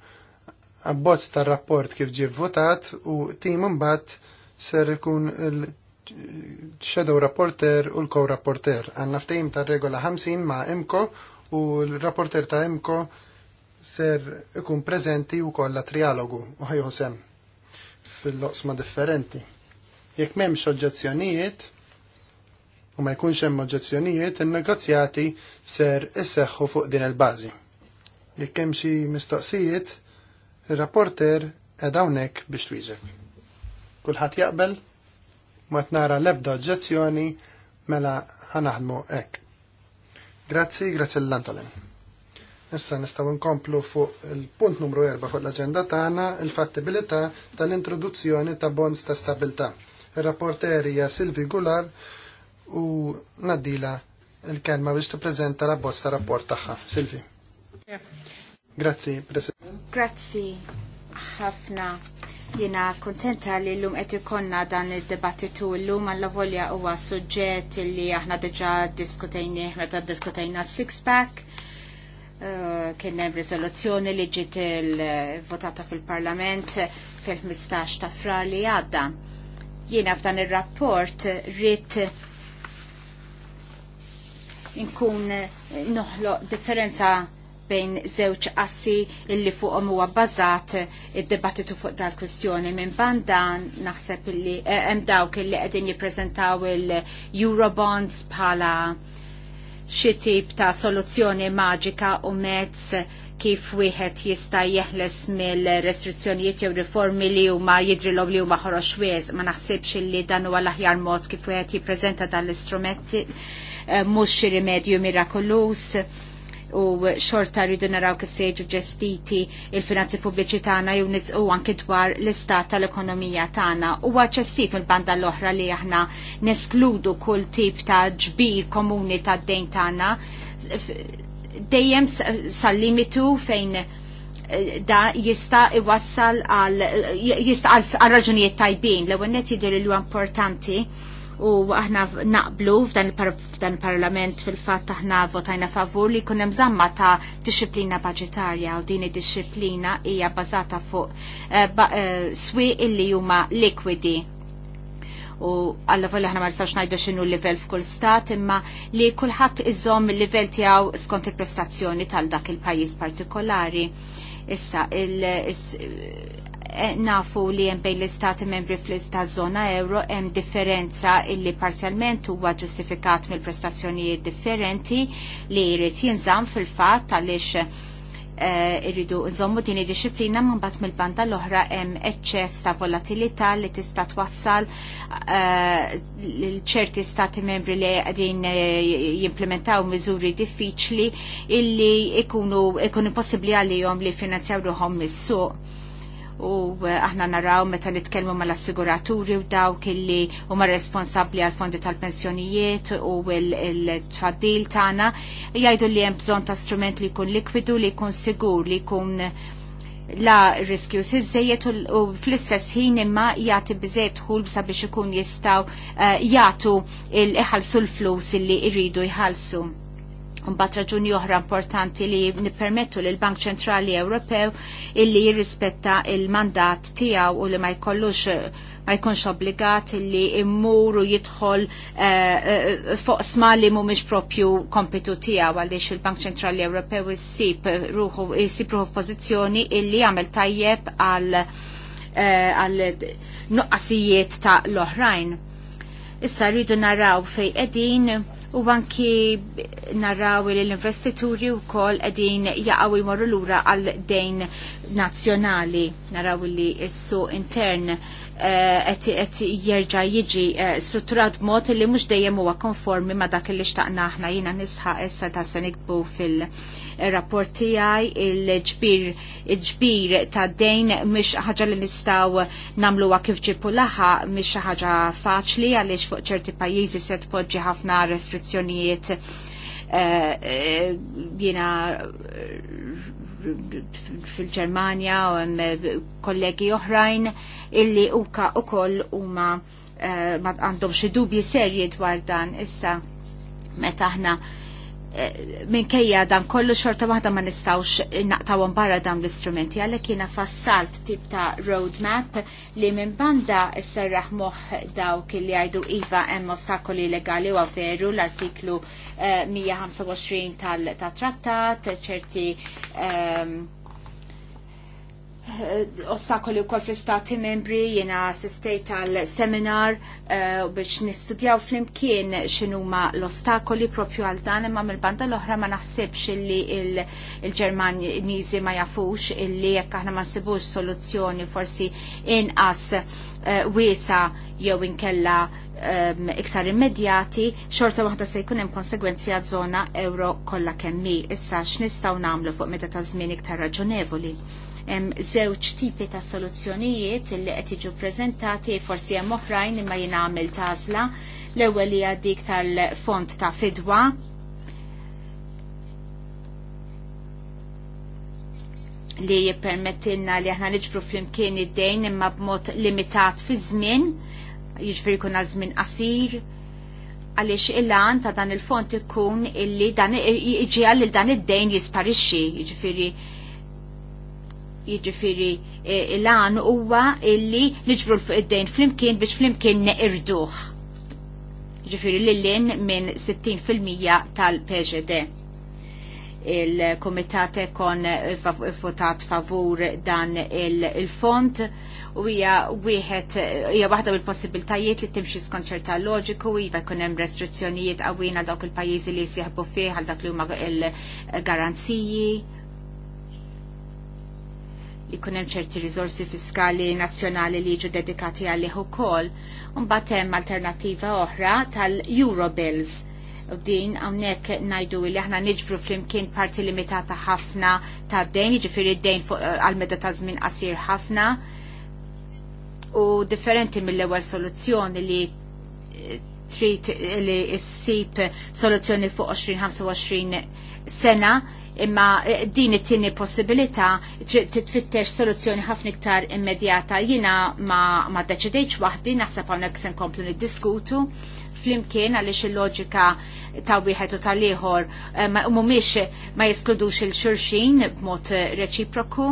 abbozz tar rapport kif ġie votat u tim imbagħad ser ikun il-shadow rapporter u l-co-rapporter. Għanna ftejm ta' regola 50 ma' Emko u l-rapporter ta' Emko ser ikun prezenti u kolla trialogu u sem fil-loqsma differenti. Jekk memx oġġezzjonijiet, u ma jkunx hemm oġġezzjonijiet, in-negozjati ser isseħħu fuq din il-bażi. Jekk hemm xi mistoqsijiet, ir-rapporter qed hawnhekk biex twieġeb. Kulħadd jaqbel? Ma tnara l-ebda oġġezzjoni mela ħanaħdmu hekk. Grazzi, grazzi l-Antolin. Issa nistgħu nkomplu fuq il-punt numru 4 fuq l-aġenda tagħna il-fattibilità tal-introduzzjoni ta' bonds ta' stabilità. Ir-rapporterija Silvi Gular u nadila il-kelma biex tippreżenta la bosta rapport tagħha. Silvi. Grazzi, President. Grazzi ħafna Jina kontenta li l-lum qed ikonna dan id-debattitu l-lum għalla volja huwa suġġett li aħna diġà diskutajni, meta diskutajna six-pack. Uh, kien hemm rizoluzzjoni li ġiet votata fil-Parlament fil-15 ta' frar li għadda. Jiena f'dan ir-rapport rrit inkun noħloq differenza bejn żewġ assi illi fuqhom huwa bbażat id-dibattitu fuq dal-kwistjoni minn bandan naħseb illi eh, hemm dawk illi qegħdin jippreżentaw il-Eurobonds bħala xi tip ta' soluzzjoni maġika u mezz kif wieħed jista' jeħles mill-restrizzjonijiet jew riformi li huma jidrilhom li huma ħorox wiez, ma naħsibx illi dan huwa l-aħjar mod kif wieħed jippreżenta dan l-istrumenti eh, mhux xi rimedju mirakulus u xorta rridu naraw kif se jiġu ġestiti il-finanzi pubbliċi tagħna jew nitqu anki dwar l-istat tal-ekonomija tagħna. Huwa ċessif il-banda l-oħra li aħna neskludu kull tip ta' ġbir komuni tad dejn tagħna dejjem sal-limitu fejn eh, da jista iwassal għal jista għal raġunijiet tajbin l-ewwel nett jidher li huwa importanti u aħna naqblu f'dan il-parlament fil-fatt aħna votajna favur li kunem zamma ta' disciplina budgetarja u din id-disciplina hija bazata fuq eh, eh, swi illi huma likwidi u għalla volli ħna marsax najdu xinu level f'kull stat imma li kullħat iżom il-level tijaw skont il-prestazzjoni tal dak il-pajis partikolari issa il Eh, nafu li hemm bejn l-istati membri fl-ista zona euro hemm differenza illi parzjalment huwa ġustifikat mill-prestazzjonijiet differenti li jrid jinżamm fil-fatt għaliex eh, irridu nżommu din id-disciplina minn bat mill-banda l-oħra hemm eċċess ta' volatilità li tista' twassal eh, ċerti stati membri li qegħdin jimplementaw miżuri diffiċli illi ikunu ikunu possibbli għalihom li finanzjaw ruħhom mis-suq u eh, aħna naraw meta nitkellmu mal-assiguraturi u dawk illi huma responsabbli għal fondi tal-pensjonijiet u l-tfaddil tagħna jgħidu li hemm bżonn ta' strument li jkun likwidu li jkun sigur li jkun la riskju sizzejiet u fl-istess ħin imma jagħti biżejt ħul sabiex ikun jistgħu eh, jagħtu il ħalsu l-flus illi jridu jħallsu Mbagħad raġuni oħra importanti li nippermettu l bank Ċentrali Ewropew illi jirrispetta il-mandat tiegħu u li ma jkollux ma jkunx obbligat li immur u jidħol eh, eh, fuq sma li mhumiex propju kompitu tiegħu għaliex il-Bank Ċentrali Ewropew issib ruħu issib ruħu illi jagħmel tajjeb għal eh, għal nuqqasijiet ta' l-oħrajn. Issa rridu naraw fej qegħdin u anki narraw li l-investituri u kol għedin jaqaw jmorru l-ura għal dejn nazjonali. Naraw li issu intern Eh, qed jerġa' jiġi eh, strutturat b'mod li mhux dejjem huwa konformi ma' dak li xtaqna aħna jiena nisħa issa ta' se nikbu fil-rapport tiegħi il-ġbir il-ġbir ta' dejn mhix ħaġa li nistgħu nagħmluha kif ġipu laħa mhix xi ħaġa faċli għaliex fuq ċerti pajjiżi se tpoġġi ħafna restrizzjonijiet eh, jiena fil-Ġermanja u eh, kollegi oħrajn illi uka u koll huma eh, għandhom xi dubji serji dwar dan issa meta aħna minkejja dan kollu xorta waħda ma nistawx naqtawon barra dan l-istrumenti għalli kiena fassalt tip ta' roadmap li minn banda s-serraħ moħ dawk li għajdu iva hemm ostakoli legali u veru l-artiklu 125 eh, tal-trattat ċerti ehm, Eh, ostakoli u kol fl-istati membri jena assistejt għal seminar uh, biex nistudjaw fl-imkien ma l-ostakoli propju għal dan imma mill-banda l-oħra ma naħsibx illi il-Ġermaniżi il ma jafux illi jekk aħna ma nsibux soluzzjoni forsi inqas uh, wiesa jew inkella um, iktar immedjati, xorta waħda se jkun hemm konsegwenzi għad żona euro kollha kemmi. Issa x'nistgħu nagħmlu fuq meta ta' żmien iktar raġunevoli hemm żewġ tipi ta' soluzzjonijiet li qed jiġu preżentati forsi hemm oħrajn imma jien għamil tażla. L-ewwel hija dik tal-font ta' fidwa li jippermettilna li aħna niġbru flimkien id-dejn imma b'mod limitat fi żmien, jiġifieri jkun għal żmien qasir, għaliex il-lan ta' dan il-font ikun illi dan iġi għal dan id-dejn jisparixxi, jiġifieri jiġifiri e, l-għan huwa illi niġbru l-fuq flimkien biex flimkien neqirduħ. Ġifiri l-lin minn 60% tal-PGD. Il-komitat kon votat favur dan il-font u hija wieħed hija waħda mill-possibiltajiet li timxi skonċerta loġiku iva jkun hemm restrizzjonijiet qawwina dawk il-pajjiżi li jsieħbu fih għal dak li huma il-garanziji jkun hemm ċerti riżorsi fiskali nazzjonali li jiġu dedikati għalih ukoll, un hemm alternattiva oħra tal-Eurobills. U din hawnhekk ngħidu li aħna niġbru flimkien parti limitata ħafna ta' dejn, jiġifieri d-dejn eh, għal meda ta' żmien qasir ħafna. U differenti mill-ewwel soluzzjoni li eh, trid li ssib soluzzjoni fuq 20-25 sena imma eh, din it-tieni possibilità titfittex soluzzjoni ħafna iktar immedjata. Jiena ma, ma deċidejx waħdi naħseb hawnhekk se nkomplu niddiskutu. diskutu flimkien għaliex il-loġika ta' wieħed u tal-ieħor eh, mhumiex ma jeskludux il-xurxin b'mod eh, reċiproku.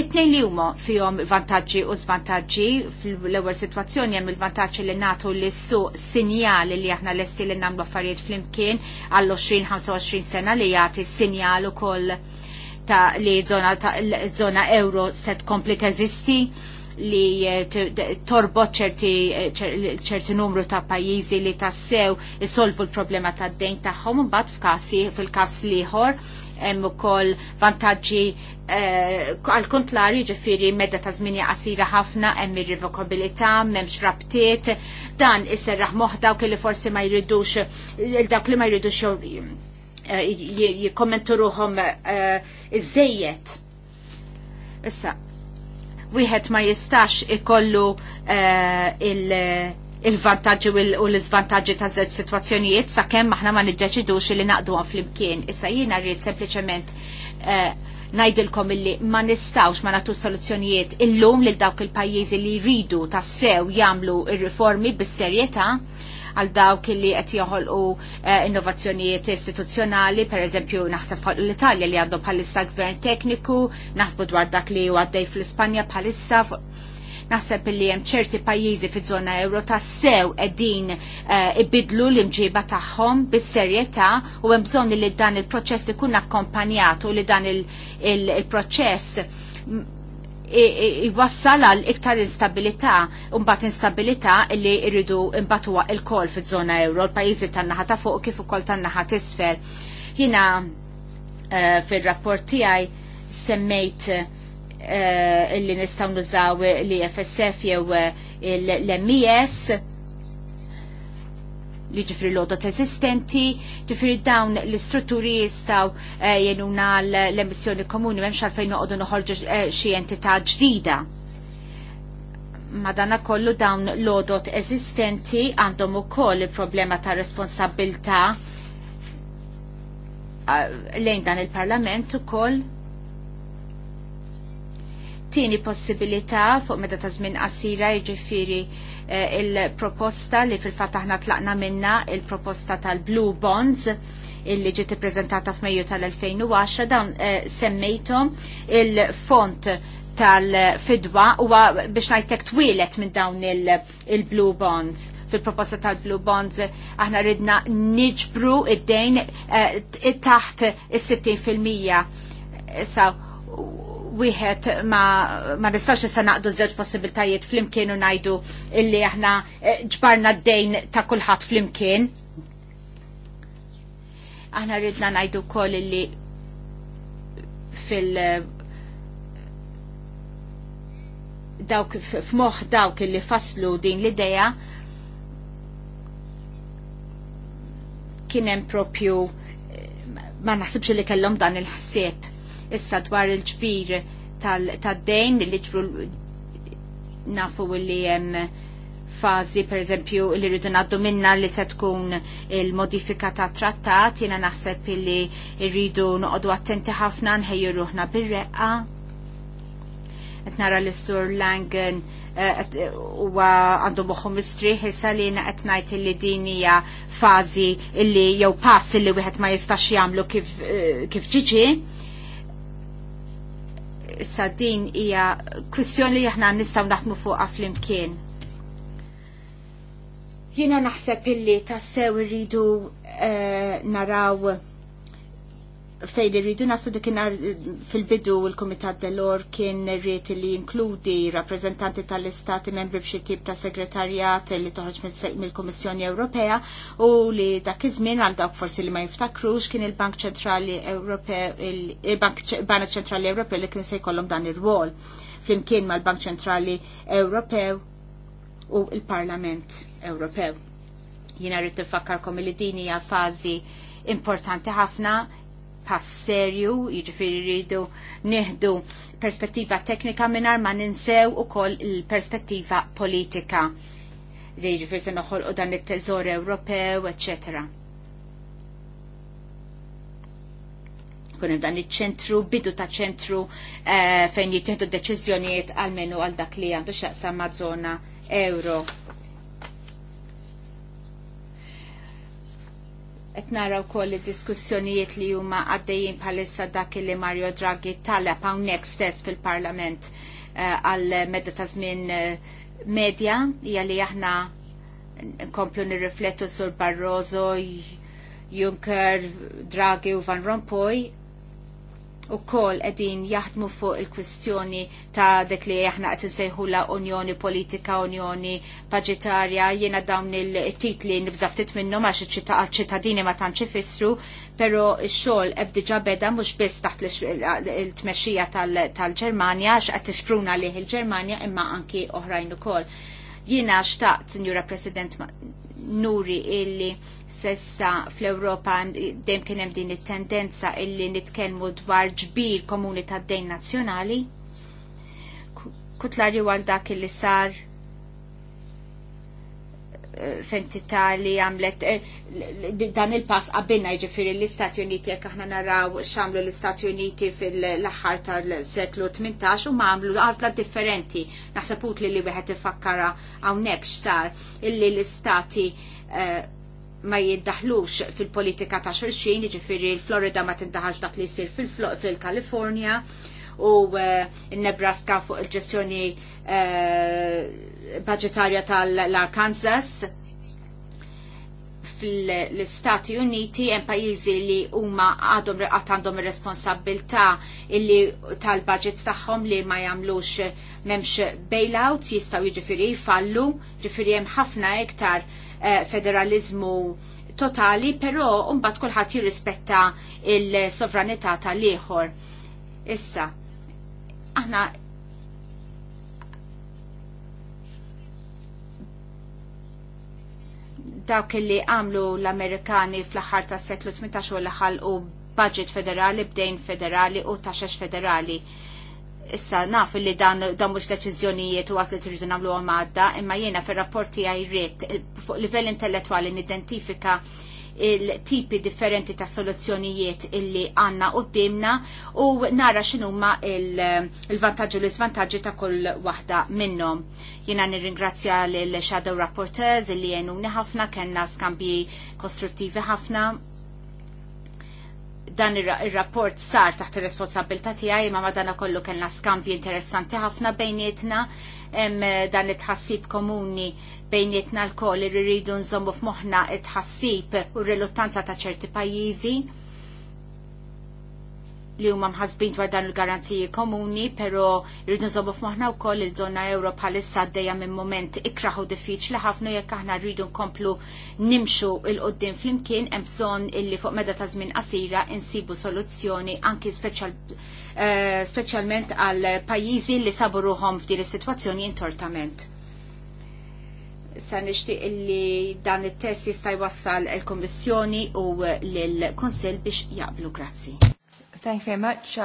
It-tnejn li huma fihom vantaġġi u zvantaġġi fl-ewwel sitwazzjoni hemm il-vantaġġi li nagħtu li suq sinjali li aħna lesti li nagħmlu affarijiet flimkien għall-20-25 sena li jagħti sinjal ukoll ta' li zona, ta, zona euro set kompli teżisti li eh, torbot eh, ċerti numru ta' pajjiżi li tassew isolvu l-problema tad dejn tagħhom imbagħad f'kasi fil-każ liħor hemm ukoll vantaġġi eh, għal kontlari ġifiri medda ta' żmien qasira ħafna hemm irrevokabilità, m'hemmx rabtiet, dan isserraħ moħħ dawk li forsi ma jridux dawk li ma jridux jikkommentu ruhom żejjed Issa, wieħed ma jistax ikollu uh, il- il u l iżvantaġġi ta' żewġ situazzjonijiet sakemm aħna ma niġġeċidux li naqduhom flimkien. Issa jiena rrid sempliċement eh, ngħidilkom illi ma nistawx ma nagħtux soluzzjonijiet illum lil dawk il-pajjiżi li jridu tassew jagħmlu r riformi bis-serjetà għal dawk li qed joħolqu eh, innovazzjonijiet istituzzjonali, pereżempju naħseb fuq l-Italja li għandhom bħalissa gvern tekniku, naħsbu dwar dak li għaddej fl-Ispanja bħalissa naħseb li hemm ċerti pajjiżi fiż-żona euro tassew qegħdin eh, ibidlu l-imġiba tagħhom bis-serjetà u hemm bżonn li dan il-proċess ikun akkompanjat u li dan il-proċess jwassal għal iktar instabilità, mbagħad instabilità li jridu imbatuwa il-kol fiż-żona euro, l-pajjiżi tan-naħa ta' fuq kif ukoll tan-naħa t'isfel. Jiena uh, eh, fir-rapport tiegħi semmejt eh, illi li nistgħu nużaw l-FSF jew eh, l mis li ġifri l-odot eżistenti, ġifri dawn l-istrutturi jistaw eh, jenuna l-emissjoni komuni, memx għalfejn noqodu noħorġu eh, xie entità ġdida. Madana kollu dawn l-odot eżistenti għandhom ukoll il-problema ta' responsabilta eh, lejn dan il-parlament ukoll tini possibilita fuq meta ta' zmin qasira jiġifieri Eh, il-proposta li fil-fatt aħna tlaqna minna il-proposta tal-Blue Bonds illi ġiet ippreżentata f'Mejju tal-2010 dawn eh, semmejtom il-font tal-fidwa huwa biex ngħidlek twilet minn dawn il-blue bonds fil-proposta tal-blue bonds aħna ridna niġbru id-dejn eh, taħt is-60 fil-mija wieħed ma, ma nistax issa naqdu żewġ possibiltajiet flimkien u ngħidu illi aħna eh, ġbarna d-dejn ta' kulħadd flimkien. Aħna ridna ngħidu wkoll illi fil dawk f'moħħ dawk illi faslu din l-idea kien hemm propju ma naħsibx li kellhom dan il-ħsieb Issa dwar il-ġbir tad-dejn li ġbru nafu li hemm fazi per eżempju li rridu naddu minna li se tkun il-modifika ta' trattat jiena naħseb li rridu noqogħdu attenti ħafna nħejju ruħna bir-reqqa. Qed nara l sur Langen eh, huwa għandu moħħu mistri ħisa li jena qed ngħid li din hija fażi li jew pass li wieħed ma jistax jagħmlu kif eh, ġiġi issa din hija kwistjoni li aħna nistgħu naħdmu fuqha flimkien. Jiena naħseb illi tassew irridu uh, naraw Fejn irridu rridu nasu dikin fil-bidu il-Komitat dell-Or kien rrieti li inkludi rappresentanti tal-Istati membri b'xi tip ta' segretarjat li toħroġ mill-Komissjoni Ewropea u li dak iż-żmien għal dawk forsi li ma jiftakrux kien il-Bank Ċentrali Ewropew il-Bank Ċentrali Ewropew li kien se jkollhom dan ir-rwol flimkien mal-Bank Ċentrali Ewropew u il-Parlament Ewropew. Jina rrid tifakkarkom li din hija fażi importanti ħafna pass serju, jiġifieri rridu nieħdu perspettiva teknika mingħajr ma ninsew ukoll il-perspettiva politika li jiġifieri se noħolqu dan it-teżor Ewropew, eċċetera. Kun hemm dan iċ-ċentru, bidu ta' ċentru eh, fejn jittieħdu deċiżjonijiet għall-menu għal dak li għandu x'aqsam ma' żona euro Et naraw koll diskussjonijiet li huma għaddejjin bħalissa dak li Mario Draghi talab hawnhekk stess fil-Parlament eh, għal medda ta' żmien eh, medja hija li aħna nkomplu nirriflettu sur Barroso, Juncker, Draghi u Van Rompuy u kol edin jaħdmu fuq il-kwistjoni ta' dik li aħna qed la Unjoni Politika, Unjoni Paġitarja, jiena dawn il-titli nibżaf ftit minnhom għax iċ-ċittadini ma tantx ifissru, però x-xogħol qed diġà beda mhux biss taħt il-tmexxija tal-Ġermanja għax qed tispruna lih il-Ġermanja imma anki oħrajn ukoll. Jiena xtaqt, Sinjura President, nuri illi sessa fl-Europa dejjem kien hemm din it-tendenza illi nitkellmu dwar ġbir komuni tad-dejn nazzjonali kutlarju għal dak li sar eh, fentità li għamlet eh, dan il-pass għabbina ġifiri l-Istati Uniti jek aħna naraw xamlu l-Istati Uniti fil laħħar tal-seklu 18 u ma għamlu għazla differenti naħseput li li wieħed ifakkara għawnek x'sar illi l-Istati eh, ma jiddaħlux fil-politika ta' xulxin, ġifiri l-Florida ma tindaħax dak li jisir fil-Kalifornia, fil u eh, Nebraska fuq il-ġestjoni eh, budgetarja tal-Arkansas fl-Istati Uniti hemm pajjiżi li huma għadhom għandhom ir-responsabilità illi tal-budgets tagħhom li ma jagħmlux m'hemmx bailouts jistgħu jiġifieri jfallu, jiġifieri hemm ħafna iktar eh, federalizmu totali, però mbagħad kulħadd jirrispetta il-sovranità tal-ieħor. Issa, aħna dawk li għamlu l-Amerikani fl-aħħar tas seklu 18 u l-ħal u budget federali, bdejn federali u taxex federali. Issa naf li dan dan mhux deċiżjonijiet u li tridu namlu għadda, imma jiena fir-rapporti għajrit fuq livell intellettwali nidentifika il-tipi differenti ta' soluzzjonijiet illi għanna u dimna u nara xinumma il-vantagġu il l-svantagġi ta' kull wahda minnom. Jina nirringrazzja l-Shadow Rapporteurs illi jenu ħafna, kenna skambji kostruttivi ħafna dan il-rapport sar taħt il-responsabilta tijaj ma madana kollu kellna skambi interessanti ħafna bejnietna eh, dan it-ħassib komuni bejnietna l-koll li rridu nżommu f'moħħna it-ħassib u r-reluttanza ta' ċerti pajjiżi li huma mħasbin dwar dan il-garanziji komuni, pero rridu nżommu f'moħħna wkoll il-żona Ewropa bħalissa għaddejja minn moment ikraħu diffiċli ħafna jekk aħna rridu nkomplu nimxu il qoddim flimkien hemm bżonn illi fuq meda ta' żmien qasira insibu soluzzjoni anki eh, speċjalment għal pajjiżi li sabu ruhom f'din is-sitwazzjoni intortament. Se nixtieq li dan it-test jista' jwassal il-Kummissjoni u lill-Kunsill biex jaqblu. Grazzi. Thank you very much.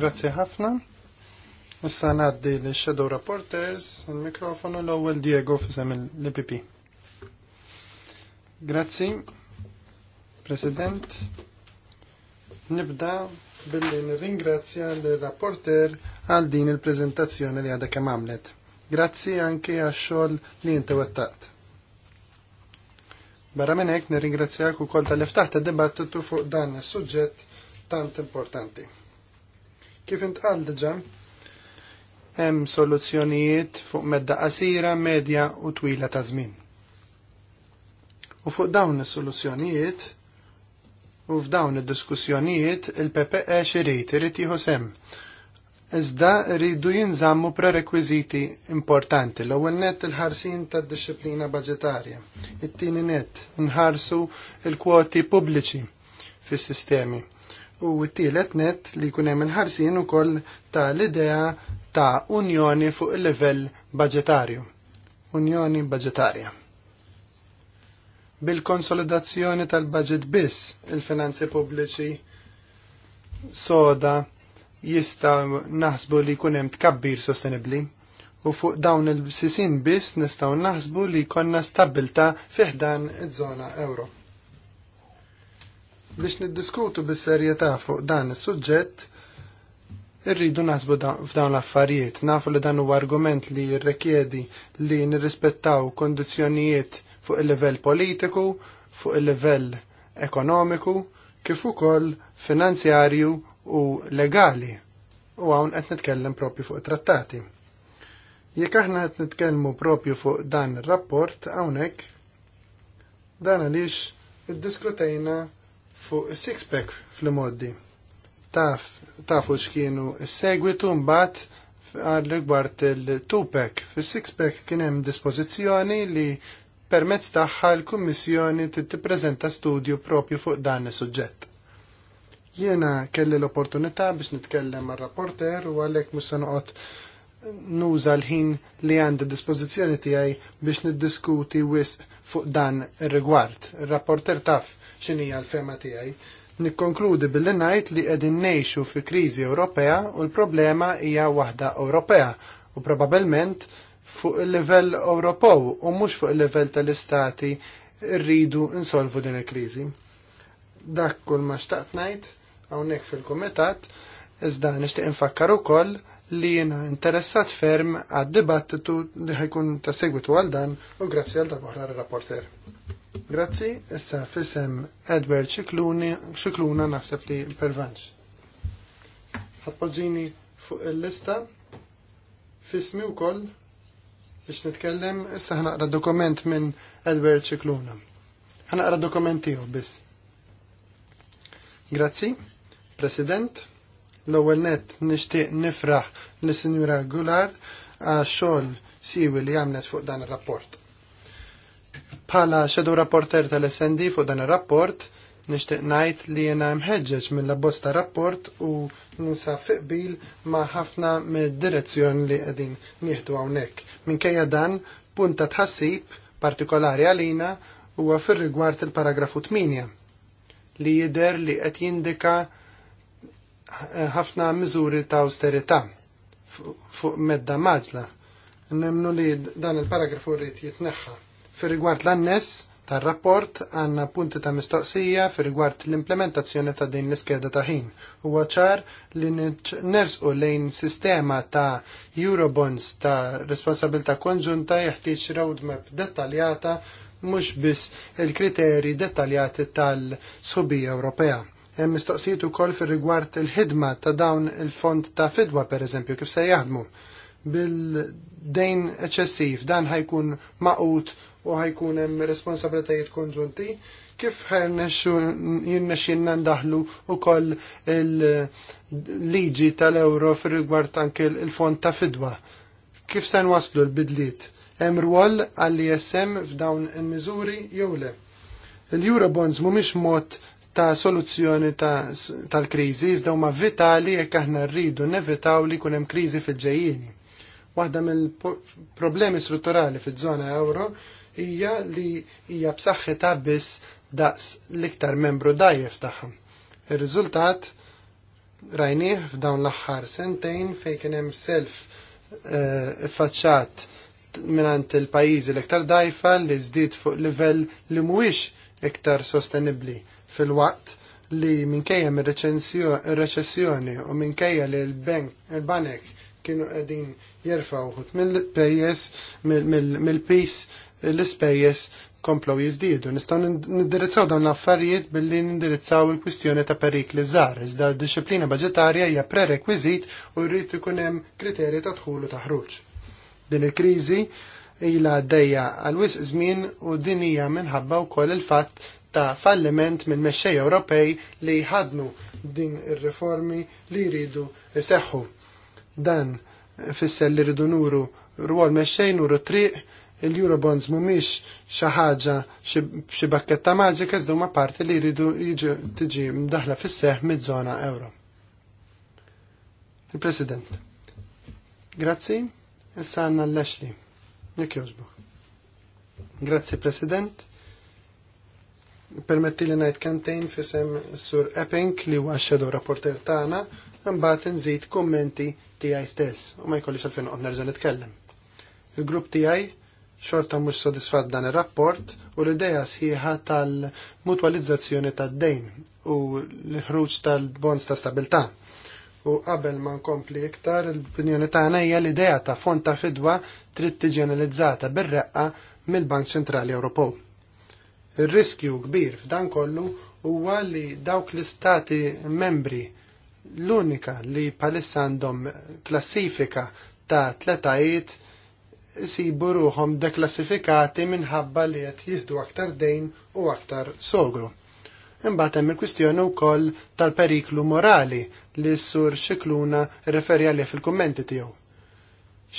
Grazzi ħafna. Issa ngħaddi li shadow Reporters il-mikrofonu l-ewwel Diego fisem l-IPP. Grazzi, President. Nibda billi nirringrazzja l-rapporter għal din il-prezentazzjoni li għadha kemm għamlet Grazzi anke għax-xogħol li inti wettaqt. Barra minn hekk nirringrazzjak ukoll tal-iftaħ ta' dibattitu fuq dan is-suġġett tant importanti. Kif intqal diġà, hemm soluzzjonijiet fuq medda qasira, medja u twila ta' żmien. U fuq dawn is-soluzzjonijiet u f'dawn id-diskussjonijiet il-PPE xirid irid jieħu sem iżda rridu jinżammu prerekwiżiti importanti. L-ewwel net il-ħarsin tad-disciplina baġetarja. It-tieni net nħarsu l-kwoti pubbliċi fis-sistemi. U t-tielet net li jkun hemm il-ħarsin ukoll ta' l-idea ta' unjoni fuq il-livell baġetarju. Unjoni budġetarja. Bil-konsolidazzjoni tal-budget biss il-finanzi pubbliċi soda jista naħsbu li jkun hemm tkabbir sostenibbli u fuq dawn il-sisin biss nistgħu naħsbu li jkollna stabilta fiħdan iż-żona euro. Biex niddiskutu bis-serjetà fuq dan is-suġġett, irridu naħsbu f'dawn l-affarijiet. Nafu li dan huwa argument li jirrekjedi li nirrispettaw kondizzjonijiet fuq il-livell politiku, fuq il-livell ekonomiku, kif ukoll finanzjarju u legali u għawn qed nitkellem propju fuq trattati. Jekk aħna qed nitkellmu propju fuq dan ir-rapport hawnhekk dan għaliex iddiskutejna fuq six-pack fl-moddi. Taf, tafu x'kienu s-segwitu mbagħad għal rigward il-two-pack. Fis-six-pack kien hemm dispożizzjoni li permezz tagħha l-Kummissjoni tippreżenta studju propju fuq dan is-suġġett. Jiena kelli l-opportunità biex nitkellem ar rapporter u għalhekk mhux se nuża l-ħin li għandi dispożizzjoni tiegħi biex niddiskuti wisq fuq dan ir-rigward. Ir-rapporter taf x'inhija l-fema tiegħi. Nikkonkludi billi ngħid li qegħdin ngħixu fi kriżi Ewropea u l-problema hija waħda Ewropea u probabbilment fuq il-livell Ewropew u mhux fuq il-livell tal-istati rridu insolvu din il-kriżi. Dak kull ma xtaqt ngħid hawnhekk fil-kumitat, iżda nixtieq infakkar ukoll li jena interessat ferm għad-dibattitu li ħajkun ta' segwitu għal dan u grazzi għal darbohra rapporter. Grazzi, issa fisem Edward Xikluna naħseb li pervanċ. Appoġġini fuq il-lista fismi wkoll biex nitkellem, issa ħnaqra dokument minn Edward Xikluna. Ħnaqra dokument tiegħu biss. Grazzi. President. L-ewwel net nixtieq nifraħ lis sinjura Gular għax xogħol siwi li għamlet fuq dan ir-rapport. Bħala xedu rapporter tal-SND fuq dan ir-rapport, nixtieq ngħid li jiena mħeġġeġ mill-abbozz ta' rapport u ninsa fiqbil ma' ħafna mid-direzzjoni li qegħdin nieħdu hawnhekk. Minkejja dan, punta tħassib partikolari għalina huwa fir-rigward il-paragrafu 8 li jidher li qed jindika ħafna miżuri ta' austerità fuq medda maġla. Nemnu li dan il-paragrafu rrit jitneħħa. Fi rigward l-annes tar-rapport għanna punti ta' mistoqsija fi rigward l-implementazzjoni ta' din l-iskeda ta' ħin. Huwa ċar li nersqu lejn sistema ta' Eurobonds ta' responsabilta' konġunta jeħtieġ roadmap dettaljata mhux biss il-kriteri dettaljati tal-sħubija Ewropea Hemm mistoqsijiet ukoll fir-rigward il-ħidma ta' dawn il-fond ta' fidwa pereżempju kif se jaħdmu bil-dejn eċessiv dan ħajkun maqut u ħajkun hemm responsabilitajiet konġunti kif jinnexxinna ndaħlu ukoll il-liġi tal-euro fir-rigward anke il-fond ta' fidwa. Kif se nwaslu l-bidliet? Hemm rwol għall-ISM f'dawn il-miżuri jew le? Il-Eurobonds mhumiex mod ta' soluzzjoni tal-kriżi ta iżda huma vitali jekk aħna rridu nevitaw li jkun hemm kriżi fil ġejjini Waħda mill-problemi strutturali fiż-żona euro hija li hija b'saħħitha biss daqs l-iktar membru dajjef tagħha. Ir-riżultat rajnieh f'dawn l-aħħar sentejn fejn kien hemm self iffaċċat eh, minant il-pajjiżi l-iktar dajfa li żdied fuq livell li mhuwiex iktar sostenibbli fil-waqt li minkejja ir-reċessjoni u minkejja li l-banek kienu qegħdin jerfaw uħut mill-pejjes, mill-pis, l spejjes komplow jizdiedu. Nistaw nindirizzaw dawn l-affarijiet billi nindirizzaw il-kwistjoni ta' perikli żgħar, iżda d-disciplina budgetarja hija prerekwizit u jrid ikun hemm kriterji ta' dħul ta' ħruġ. Din il-kriżi ilha għaddejja għal wisq żmien u din hija minħabba wkoll il-fatt ta' falliment minn mexxej Ewropej li jħadnu din ir-riformi li jridu iseħħu. Dan fisser li rridu nuru rwol mexxej nuru triq il-Eurobonds mumiex xi ħaġa xi bakketta maġika iżda ma parti li jridu jiġu tiġi mdaħla fis-seħ miż-żona euro. Il-President. Grazzi, issa għanna l-Lexli. Jek Grazzi, President. Permetti li najt kantejn fisem sur Epping li huwa xedo rapporter tagħna, mbagħad nżid kummenti tiegħi stess u ma jkollix għalfejn qod nerġa' nitkellem. Il-grupp tiegħi xorta mhux sodisfatt dan ir-rapport u l-idea sħiħa tal-mutwalizzazzjoni tad-dejn u l-ħruġ tal-bonds ta' stabilità. U qabel ma nkompli iktar, l-opinjoni tagħna hija l-idea ta' fond ta' fidwa trid tiġi analizzata bir-reqqa mill-Bank Ċentrali Ewropew. Ir-riskju kbir f'dan kollu huwa li dawk l-istati membri l-unika li palissa għandhom klassifika ta' tletajiet sibu ruħom deklassifikati minħabba li qed jieħdu aktar dejn u aktar sogru. Imbagħad hemm il-kwistjoni wkoll tal-periklu morali li s-sur xikluna referja li fil-kummenti tiegħu.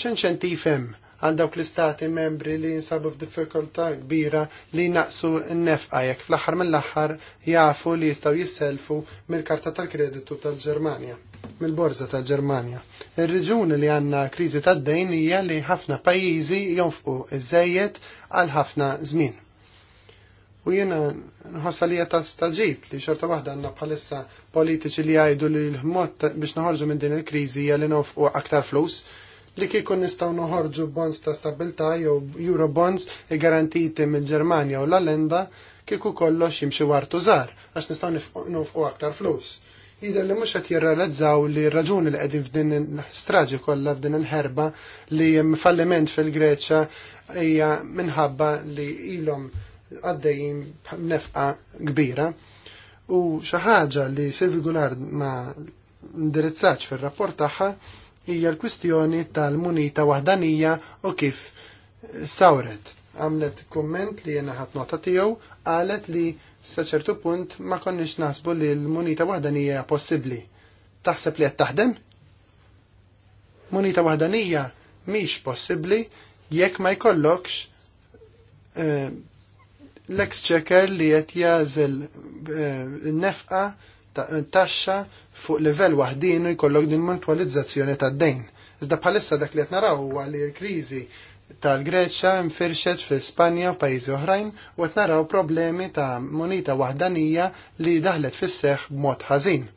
X'inċentiv hemm għal dawk l-istati membri li jinsabu f'diffikultà kbira li naqsu n-nefqa jek fl-aħħar mill-aħħar jafu li jistgħu jisselfu mill-karta tal-kreditu tal-Ġermanja mill-borza tal-Ġermanja. Ir-riġuni li għandna kriżi tad-dejn hija li ħafna pajjiżi jonfqu iżejjed għal ħafna żmien. U jena nħossa li jata staġib li xorta wahda għanna bħalissa politiċi li għajdu li l-ħmot biex naħorġu minn din il-krizi li nofqu aktar flus li kieku nistgħu noħorġu bonds ta' stabilta' jew euro bonds garantiti mill-Ġermanja u l-Alenda kieku kollox jimxi wartu żgħar għax nistgħu nofqu aktar flus. Jider li mhux qed jirrealizzaw li r-raġuni li qegħdin f'din il-straġi kollha f'din il-ħerba li falliment fil-Greċja hija minħabba li ilhom għaddejjin nefqa kbira. U xi ħaġa li Silvi Gulard ma ndirizzax fir-rapport tagħha hija l-kwistjoni tal-munita waħdanija u kif sawret. Għamlet komment li jena ħat nota tiegħu qalet li saċertu punt ma konniex nasbu li l-munita waħdanija possibbli. Taħseb li qed taħdem? Munita waħdanija mhix possibbli jekk ma jkollokx eh, l-exchequer li qed jażel eh, nefqa' taxxa fuq livell waħdinu jkollok din mutwalizzazzjoni tad-dejn. Iżda bħalissa dak li qed naraw huwa li l-kriżi tal-Greċja infirxet fil spanja u pajjiżi oħrajn u qed naraw problemi ta' moneta waħdanija li daħlet fis-seħħ b'mod ħażin.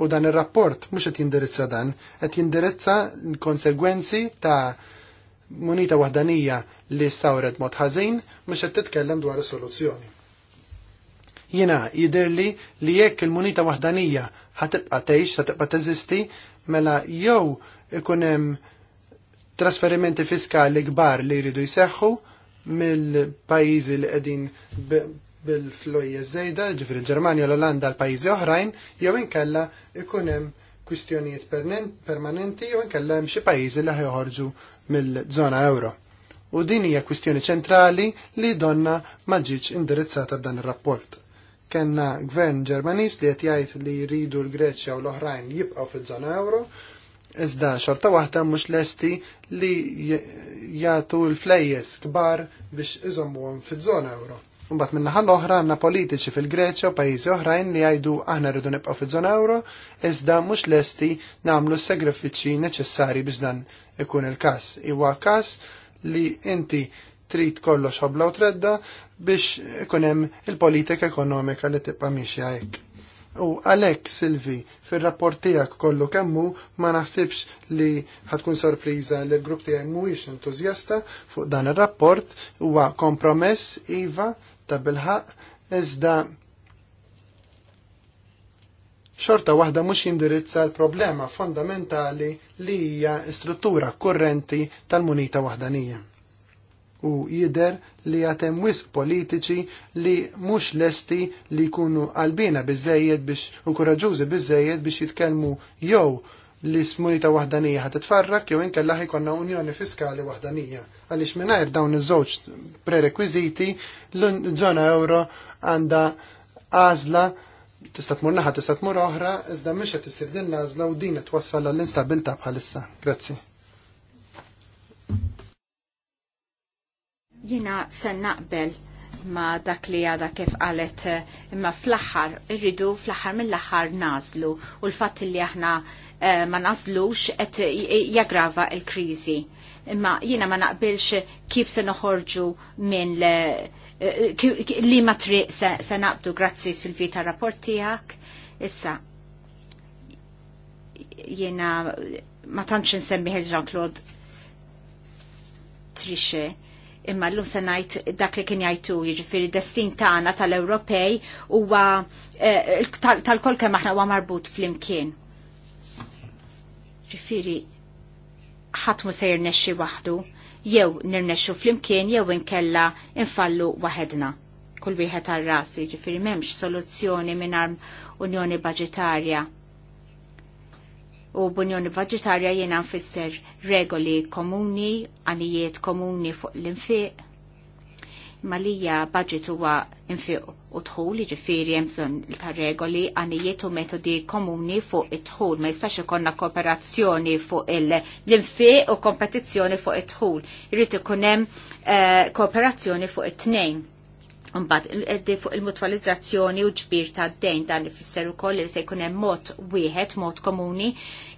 U dan ir-rapport mhux qed jindirizza dan, qed jindirizza l-konsegwenzi ta' moneta waħdanija li sawret mod ħażin mhux qed titkellem dwar is-soluzzjoni. Jiena jidirli li jekk il-munita waħdanija ħatibqa tgħix, ħatibqa teżisti, mela jew ikun hemm trasferimenti fiskali kbar li jridu jseħħu mill-pajjiżi li qegħdin bil-flojja żejda, ġifri ġermanja l-Olanda l-pajjiżi oħrajn, jew inkella ikun hemm kwistjonijiet permanenti jew inkella hemm xi pajjiżi li ħajħorġu mill-żona euro. U din hija kwistjoni ċentrali li donna ma ġietx indirizzata b'dan ir-rapport kena gvern Ġermaniż li qed jgħid li jridu l-Greċja u l-oħrajn jibqaw fiż-żona euro, iżda xorta waħda mhux lesti li jagħtu l-flejjes kbar biex għom fil żona euro. Mbagħad minnaħa l-oħra għandna politiċi fil-Greċja u pajjiżi oħrajn li jgħidu aħna rridu nibqgħu fil żona euro, iżda mhux lesti nagħmlu s segrifiċi neċessari biex dan ikun il-każ. Iwa każ li inti trid kollox ħobla u tredda biex ikun hemm il-politika ekonomika li tibqa' mixja hekk. U għalhekk Silvi, fir-rapport tiegħek kollu kemmu ma naħsibx li ħatkun sorpriża li l-grupp tiegħek mhuwiex entużjasta fuq dan ir-rapport huwa kompromess iva ta' bilħaq iżda xorta waħda mhux jindirizza l-problema fondamentali li hija struttura kurrenti tal-munita waħdanija u jider li għatem wisq politiċi li mux lesti li jkunu għalbina bizzejed biex u koraġużi bizzejed biex jitkelmu jew li smunita wahdanija ħat tfarrak jew inkella ħajkonna unjoni fiskali wahdanija. Għaliex mingħajr dawn iż-żewġ prerekwiżiti l-żona euro għandha għażla tista' tmur naħa tista' tmur oħra, iżda mhix qed issir din l-għażla u din qed twassal l-instabilità bħalissa. Grazzi. jina se naqbel ma dak li għada kif għalet eh, imma fl-axar, irridu fl-axar mill-axar nazlu u l-fat li aħna eh, ma nazlux et jagrava il-krizi. Imma jina ma naqbilx kif se noħorġu minn eh, li ma triq se, naqbdu grazzi Silvita rapportijak. Issa, jina ma tantx nsemmi Jean-Claude Trichet imma l-lum se ngħid dak li kien jajtu jiġifieri destin tagħna tal-Ewropej huwa eh, tal-kol kemm aħna huwa marbut flimkien. Ġifieri ħadd mu se jirnexxi waħdu, jew nirnexxu flimkien jew inkella infallu waħedna. Kull wieħed għal rasu, jiġifieri m'hemmx soluzzjoni mingħajr unjoni baġitarja u b'unjoni budgetarja jena nfisser regoli komuni, għanijiet komuni fuq l-infiq. Malija budget huwa infiq u tħul, ġifiri hemm bżonn ta' regoli, għanijiet u metodi komuni fuq it-tħul. Ma jistax ikonna kooperazzjoni fuq l-infiq u kompetizzjoni fuq it-tħul. Irrid ikun hemm eh, kooperazzjoni fuq it-tnejn eddi fuq il-mutwalizzazzjoni u ġbir ta' dejn dan u ukoll li se jkun hemm mod wieħed, mod komuni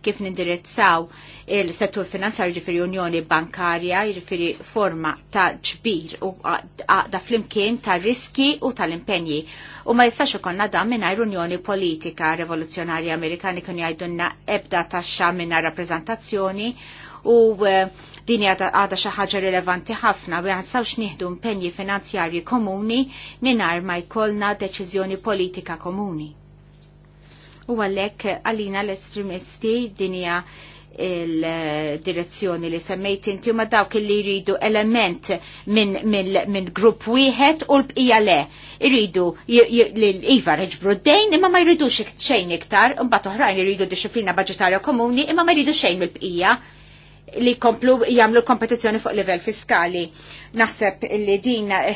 kif nindirizzaw il-settur finanzjarju ġifiri Unjoni Bankarja, jiġifieri forma ta' ġbir u da' flimkien ta' riski u tal-impenji. U ma jistax ikonna dan mingħajr Unjoni Politika Revoluzzjonarja Amerikani kun jgħidulna ebda taxxa mingħajr rappreżentazzjoni u eh, din għada xi ħaġa rilevanti ħafna u sawx nieħdu impenji finanzjarji komuni mingħajr ma jkollna deċiżjoni politika komuni. U għalhekk għalina l-estremisti dinja il-direzzjoni li semmejt inti u ma dawk li jridu element minn min, min grupp wieħed u l-bqija le. Jridu l-iva reġbru d-dejn imma ma jridu xejn iktar, un oħrajn jridu disciplina budgetarja komuni imma ma jridu xejn mill-bqija li komplu jamlu kompetizjoni fuq livell fiskali. Naħseb li din eh,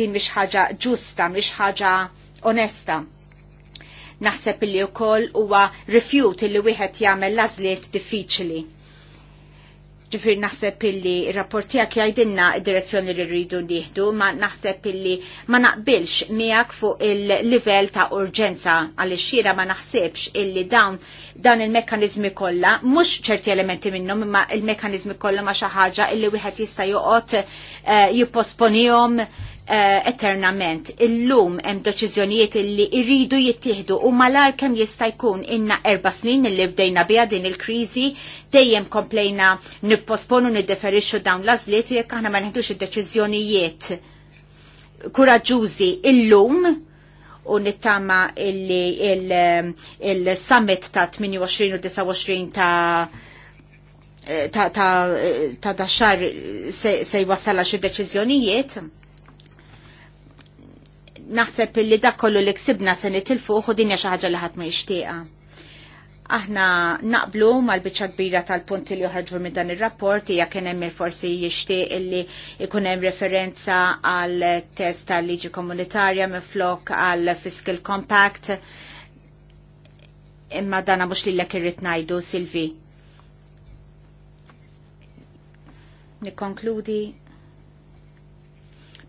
din mhix ħaġa ġusta, mhix ħaġa onesta. Naħseb li wkoll huwa rifjut li wieħed jagħmel lażliet diffiċli ġifir naħseb illi rapportijak jajdinna direzzjoni li rridu liħdu, ma naħseb illi ma naqbilx miegħek fuq il-livell ta' urġenza għal xira ma naħsibx illi dawn dan il-mekkanizmi kollha mhux ċerti elementi minnhom imma il-mekkanizmi kollha ma xi ħaġa illi wieħed jista' joqgħod uh, jipposponihom Eh, eternament. Illum hemm deċiżjonijiet illi irridu jittieħdu u malar kemm jista' jkun inna erba' snin illi bdejna biha din il-kriżi dejjem komplejna nipposponu niddeferixxu dawn l-għażliet u jekk aħna ma neħdux id-deċiżjonijiet kuraġġużi illum u nittama il-summit ta' 28 u 29 eh, ta' ta' eh, ta' ta' ta' se ta' xi deċiżjonijiet naħseb li dak kollu li ksibna se nitilfuq u dinja xi ħaġa li ħadd ma jixtieqha. Aħna naqblu mal-biċċa kbira tal-punti li joħarġu minn dan ir-rapport hija kien hemm forsi jixtieq illi jkun hemm referenza għal test tal-liġi komunitarja minflok għal fiscal compact. Imma dana mhux lilek irrid ngħidu Silvi. Nikkonkludi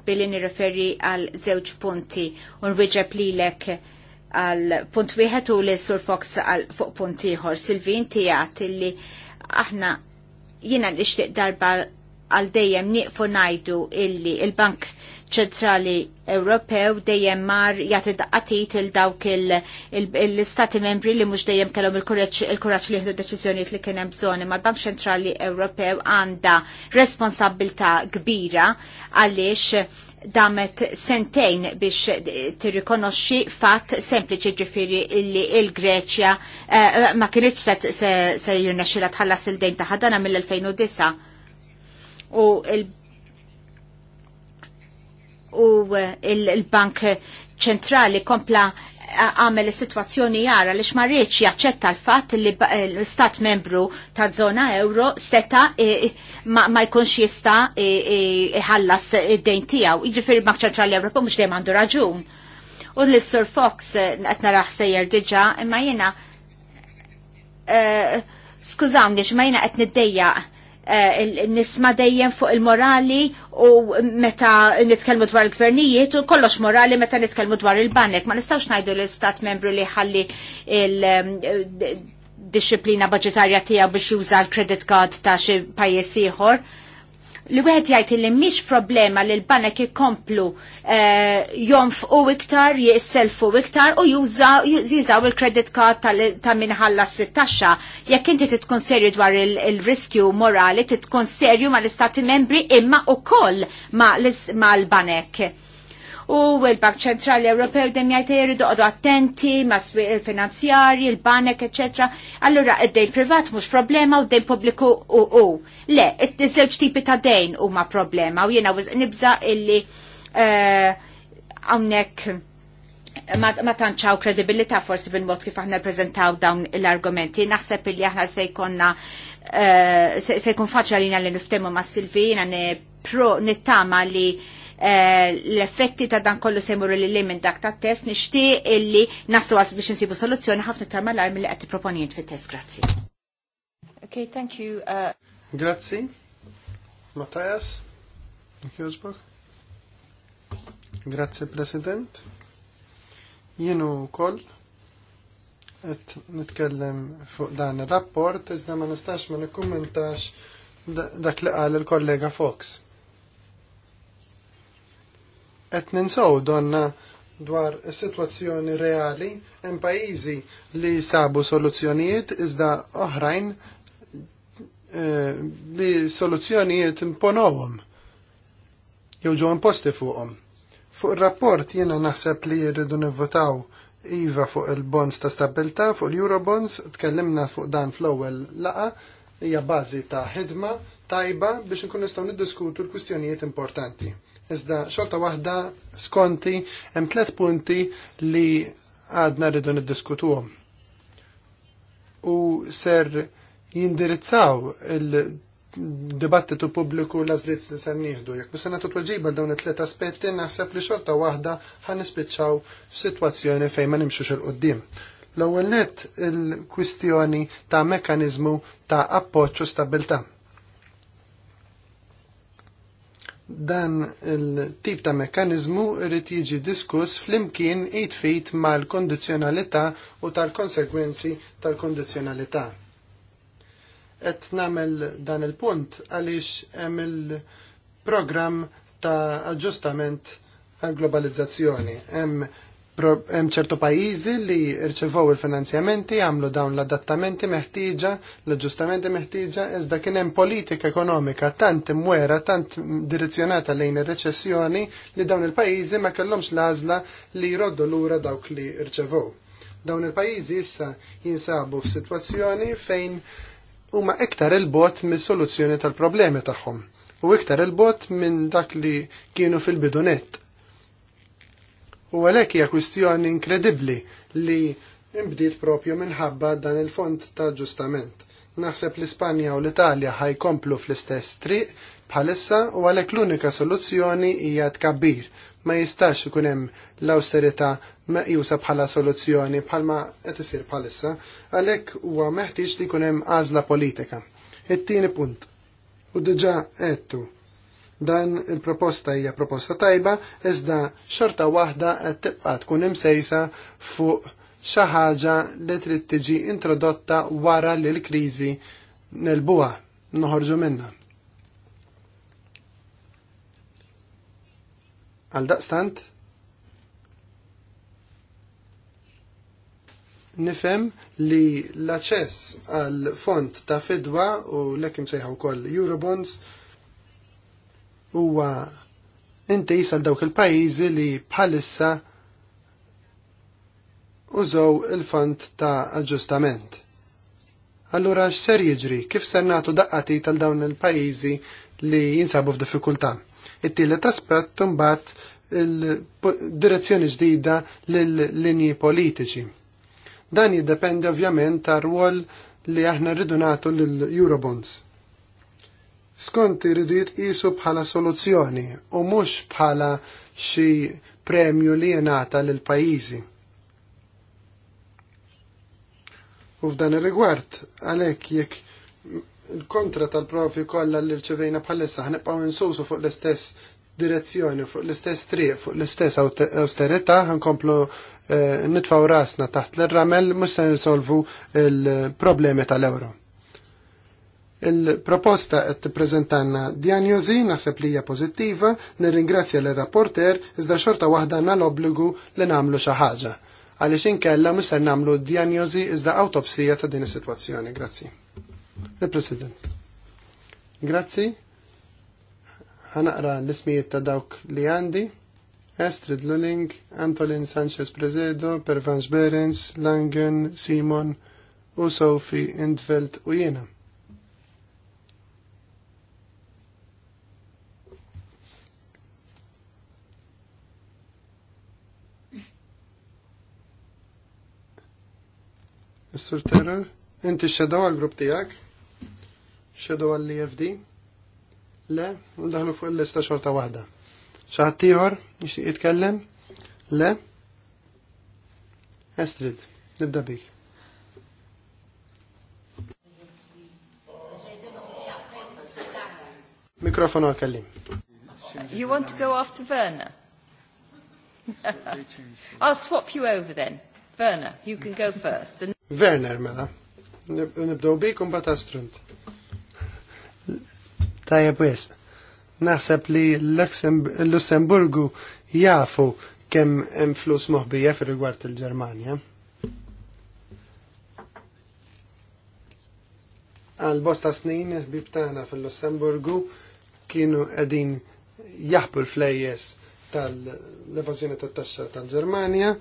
billi nirreferi għal żewġ punti u nriġeb lilek għal punt wieħed u li sur Fox għal fuq punti ieħor. Silvin tiegħat illi aħna jiena nixtieq darba għal dejjem nieqfu ngħidu illi il-Bank il bank ċentrali Ewropew dejjem mar jagħti daqqatit il dawk il istati membri li mhux dejjem kellhom il-kuraġġ li jieħdu deċiżjonijiet li kien hemm bżonn, imma l-Bank Ċentrali Ewropew għandha responsabilità kbira għaliex damet sentejn biex tirrikonoxxi fatt sempliċi ġifiri illi il-Greċja eh, ma kienieċ se, se, se tħallas il-dejn ta' ħadana mill-2009. U u eh, il-Bank ċentrali kompla eh, għamel situazzjoni jara li xmarriċ jaċċetta l-fat li eh, l-stat membru ta' zona euro seta ma jkunx jista ħallas id-dejn tijaw. Iġifiri Bank ċentrali Ewropa mux dejjem għandu raġun. U l-Sir Fox għetna raħ sejjer diġa, imma jena skużawni xmajna għetni d dejja Eh, nisma dejjem fuq il-morali u meta nitkellmu dwar il-gvernijiet u kollox morali meta nitkellmu dwar il-banek. Ma nistawx najdu l-istat membru li ħalli il- eh, disciplina budgetarja tiegħu biex juża l-credit card ta' xi pajjiż ieħor li wieħed jgħid li mhix problema li l-banek ikomplu eh, jonfqu iktar, jisselfu iktar u jużaw il-credit card ta' minħalla s taxxa Jekk inti titkun serju dwar il-riskju morali, titkun serju ma' l-istati membri imma ukoll ma' l-banek u l-Bank Ċentrali Ewropew dem jgħid irridu għadu attenti ma' il finanzjari, il-banek, ecc. Allura id-dejn privat mhux problema u d-dejn pubbliku u u. Le, id żewġ tipi ta' dejn huma problema u jiena nibża illi eh, hawnhekk ma tanċaw kredibilità forsi bil-mod kif aħna prezentaw dawn l-argumenti. Naħseb li aħna se eh, sejkun se jkun li li niftemu ma' Silvina nittama li Eh, l-effetti ta' dan kollu se li li minn dak ta' test nishti illi naslu għas biex nsibu soluzzjoni ħafna iktar mal-arm li għati proponijiet fit-test. Grazzi. Ok, thank you. Uh... Grazzi. Matthias. Grazie President. Jienu koll et nitkellem fuq dan il-rapport, iżda ma nistax ma nikkummentax dak li qal il-kollega Fox qed ninsaw donna dwar is-sitwazzjoni reali hemm pajjiżi li sabu soluzzjonijiet iżda oħrajn eh, li soluzzjonijiet imponowhom jew ġew imposti fuqhom. Fuq ir-rapport jiena naħseb li jridu nivvotaw iva fuq il-bonds ta' stabilta, fuq l-Eurobonds, tkellimna fuq dan fl-ewwel laqa hija bażi ta' ħidma tajba biex nkun nistgħu niddiskutu l-kwistjonijiet importanti. Iżda xorta waħda skonti hemm tliet punti li għadna rridu niddiskutuhom. U ser jindirizzaw il-dibattitu pubbliku lażliet li ser nieħdu. Jekk bis nagħtu tweġiba dawn it-tliet aspetti naħseb li xorta waħda ħa nispiċċaw f'sitwazzjoni fejn ma nimxux il-qudiem. L-ewwel nett il-kwistjoni ta' mekkaniżmu ta' appoġġ u stabbiltà. Dan il-tip ta' mekkanizmu rrit jiġi diskuss fl-imkien jitfit mal-kondizjonalità u tal-konsekwenzi tal-kondizjonalità. Et namel dan il-punt għaliex hemm il-programm ta' aġġustament għal globalizzazzjoni. Hemm Hemm ċertu pajjiżi li rċevow il-finanzjamenti għamlu dawn l-adattamenti meħtieġa, l aġġustamenti meħtieġa, iżda kien hemm politika ekonomika tant imwera, tant direzzjonata lejn ir-reċessjoni li dawn il-pajjiżi ma kellhomx l-għażla li jroddu lura dawk li rċevow. Dawn il-pajjiżi issa jinsabu f'sitwazzjoni fejn huma iktar il-bot mis-soluzzjoni tal-problemi tagħhom u iktar il-bot minn dak li kienu fil-bidunet. U għalhekk hija kwistjoni inkredibbli li imbdiet propju minħabba dan il-fond ta' ġustament. Naħseb l-Ispanja u l-Italja ħajkomplu fl-istess triq bħalissa u għalhekk l-unika soluzzjoni hija tkabbir. Ma jistax ikun hemm l-awsterità meqjusa bħala soluzzjoni bħalma qed isir bħalissa, għalhekk huwa meħtieġ li jkun hemm għażla politika. It-tieni punt. U diġà qedtu Dan il-proposta hija proposta tajba, iżda xorta waħda qed tibqa' tkun imsejsa fuq xi ħaġa li trid tiġi introdotta wara li l-kriżi nelbuha, noħorġu minnha. Għal daqstant? nifem li l-aċess għal font ta' fidwa u l-ekim sejħaw koll Eurobonds huwa inti jisal dawk il-pajjiżi li bħalissa użow il-fond ta' aġġustament. Allura x'ser jiġri? Kif ser nagħtu daqqati tal dawn il-pajjiżi li jinsabu f'diffikultà? It-tielet aspett imbagħad il-direzzjoni ġdida lill-linji politiċi. Dan jiddependi ovvjament tar-rwol li aħna rridu nagħtu lill-Eurobonds skont iridu jitqisu bħala soluzzjoni u mhux bħala xi premju li jingħata lil pajjiżi. U f'dan ir-rigward għalhekk jekk il-kontra tal-profi kollha li rċevejna bħalissa ħnibqgħu insusu fuq l-istess direzzjoni, fuq l-istess triq, fuq l-istess austerità, ħankomplu eh, nitfaw rasna taħt l-ramel mhux se nsolvu l problemi tal-euro. Il-proposta qed tippreżentanna diagnosi naħseb li hija pozittiva, nirringrazzja l rapporter iżda xorta waħda għandna l li nagħmlu xi ħaġa. Għaliex inkella mhux se nagħmlu diagnosi iżda autopsija ta' din is-sitwazzjoni. Grazzi. Il-President. Grazzi. Ħanaqra l-ismijiet ta' dawk li għandi. Astrid Lulling, Antolin Sanchez Prezedo, Pervanj Berens, Langen, Simon u Sophie Indveld u jena. Mr. sur Terror, inti xedaw għal-grupp tijak? Xedaw għal efd Le, undaħlu fuq l-lista xorta wahda. Xaħat tiħor, nixtieq jitkellem? Le? Estrid, nibda bik. Mikrofon għal-kellim. You want to go after Verna? I'll swap you over then. Verna, you can go first. And Werner mela. Nibdow bik un bata strunt. Tajja bwis. Naħseb li l-Lussemburgu jafu kemm hemm flus moħbija fir-rigward il-Ġermanja. Għal bosta snin bibtana tagħna fil-Lussemburgu kienu qegħdin jaħbu l-flejjes tal levazjoni tal taxxa tal-Ġermanja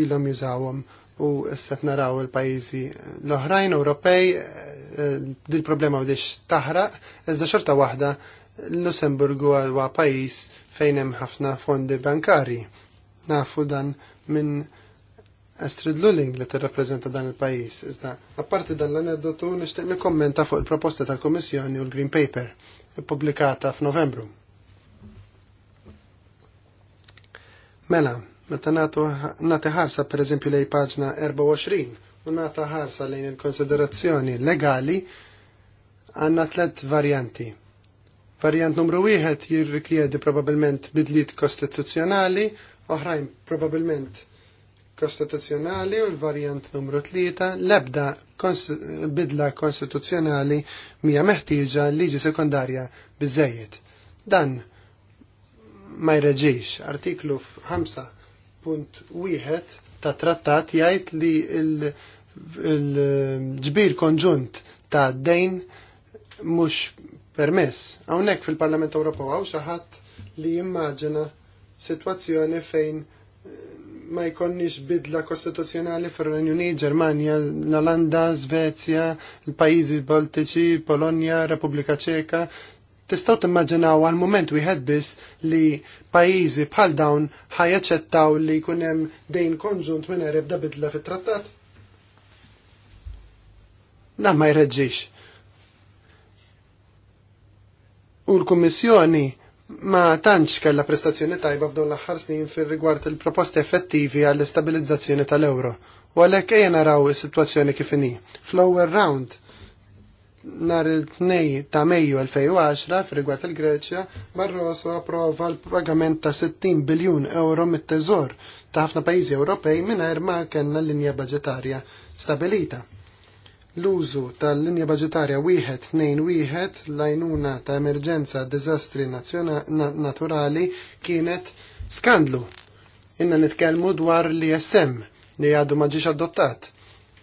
ilhom jużawhom u s-set naraw il-pajizi l-oħrajn Ewropej eh, din problema bdiex taħraq, iżda xorta waħda Lussemburgu huwa pajjiż fejn hemm ħafna fondi bankari. Nafu dan minn Astrid Lulling li tirrappreżenta dan il-pajjiż. Iżda, apparti dan l-aneddotu nixtieq nikkommenta fuq il-proposta tal-Kummissjoni u l-Green Paper ippubblikata f'Novembru. Mela, Meta nagħti ħarsa pereżempju lejn paġna 24 u nagħta ħarsa lejn il-konsiderazzjoni legali għandna tliet varjanti. Varjant numru wieħed jirrikjedi probabbilment bidliet kostituzzjonali, oħrajn probabbilment kostituzzjonali u l-varjant numru tlieta lebda kons bidla konstituzzjonali mija meħtieġa liġi sekundarja biżejjed. Dan ma jreġiex artiklu 5 punt wieħed ta' trattat jgħid li l-ġbir konġunt ta' dejn mhux permess. Hawnhekk fil-Parlament Ewropew hawn xi ħadd li jimmaġina sitwazzjoni fejn eh, ma jkonniex bidla kostituzzjonali fir-Renju Unit, Ġermanja, l-Olanda, Svezja, il-pajjiżi Baltiċi, Polonja, Repubblika Ċeka, Tistaw timmaġinaw għal moment wieħed biss li pajjiżi bħal dawn ħajaċċettaw li jkun hemm dejn konġunt minn da bidla fit-trattat? Na ma jreġġix. U l-Kummissjoni ma tantx kellha prestazzjoni tajba f'dawn l-aħħar snin fir-rigward il-proposti effettivi għall-istabilizzazzjoni tal-euro. U għalhekk ejja naraw is-sitwazzjoni kif inhi. Flower round nar il-2 ta' Mejju 2010 f'rigward il-Greċja, Barroso approva l-pagament ta' 60 biljun euro mit-teżor ta' ħafna pajjiżi Ewropej mingħajr ma kellna linja budġetarja stabilita. L-użu tal-linja budġetarja wieħed tnejn wieħed l-għajnuna ta' emerġenza diżastri naturali kienet skandlu. Inna nitkellmu dwar l-ISM li għadu ma ġiex adottat.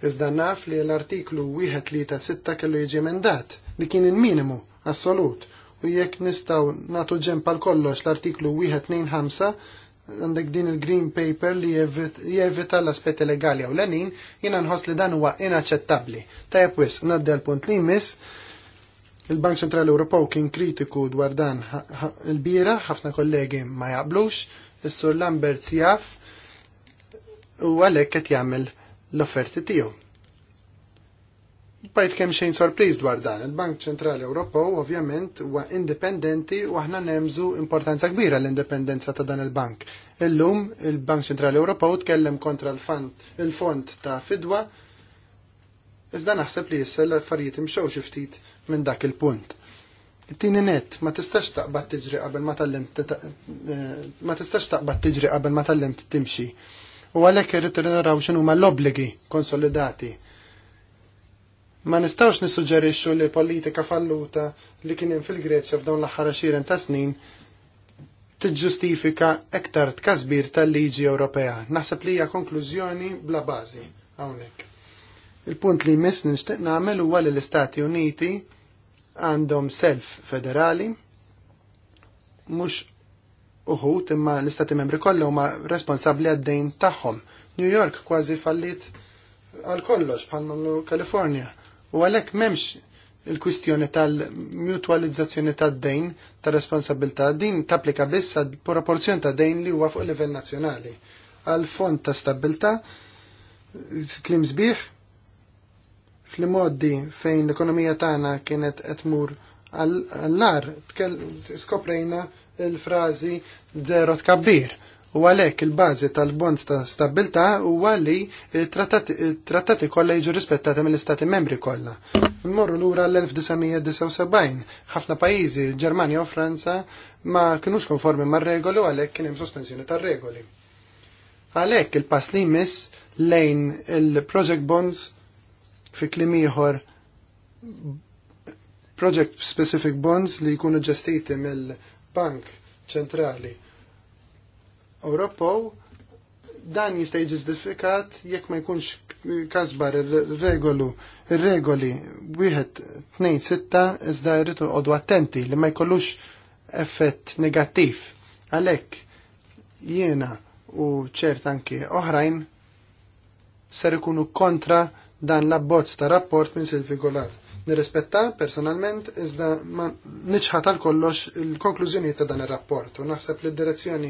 Iżda naf li l-artiklu 136 kellu jiġi emendat li kien il-minimu assolut u jekk nistaw natu ġemp għal kollox l-artiklu 125 għandek din il-green paper li jevita l-aspetti legali jew l jiena jina nħos li dan huwa inaċċettabbli. Tajab wis, nadda punt li jmiss, il-Bank Ċentrali Ewropew kien kritiku dwar dan il-bira, ħafna kollegi ma jaqblux, is-Sur Lambert sjaf u għalhekk qed jagħmel l-offerti tiegħu. Bajt kemm xejn sorpriż dwar dan, il-Bank Ċentrali Ewropew ovvjament huwa indipendenti u aħna nemżu importanza kbira l-indipendenza ta' dan il-bank. Illum il-Bank Ċentrali Ewropew tkellem kontra l-fond ta' fidwa iżda naħseb li jissa l-affarijiet imxew xi ftit minn dak il-punt. It-tieni net ma tistax taqbad tiġri qabel ma tallimt eh, ma tistax taqbad tiġri qabel ma tallimt timxi u għalhekk irrid naraw ma l-obbligi konsolidati. Ma nistgħux nissuġġerixxu li politika falluta li kien hemm fil-Greċja f'dawn l-aħħar xiren ta' snin tiġġustifika ektar tkasbir tal-liġi Ewropea. Naħseb li hija konklużjoni bla bażi hawnhekk. Il-punt li jmiss nixtieq nagħmel huwa li l-Istati Uniti għandhom self federali mhux uħut imma l-istati membri kollu huma responsabbli għad-dejn tagħhom. New York kważi fallit għal kollox bħal nagħmlu Kalifornja. U għalhekk m'hemmx il-kwistjoni tal-mutualizzazzjoni tad-dejn ta' responsabilità din tapplika biss għad proporzjon ta' dejn li huwa fuq livell nazzjonali. Għal fond ta' stabilta' klim sbieħ fl immodi fejn l-ekonomija tagħna kienet qed tmur għall-nar skoprejna il-frażi zero tkabbir. U għalhekk il-bażi tal-bonds ta' stabilità huwa li trattati kollha jiġu rispettati mill-Istati membri kollha. Mmorru lura l-1979 ħafna pajjiżi, Ġermania u Franza, ma kinux konformi mar-regoli u għalhekk kien hemm sospensjoni tar-regoli. Għalhekk il-pass li jmiss lejn il-project bonds fi klimiħor ieħor project specific bonds li jkunu ġestiti mill- bank ċentrali Ewropew dan jista' jiġi ġustifikat jekk ma jkunx kasbar ir-regolu ir-regoli wieħed tnejn sitta iżda jrid noqogħdu attenti li ma jkollux effett negattiv. Għalhekk jiena u ċert anki oħrajn ser ikunu kontra dan l-abbozz ta' rapport minn Silvi Golar nirrispetta personalment iżda ma niċħa tal-kollox il-konklużjoni ta' dan ir-rapport u naħseb li d-direzzjoni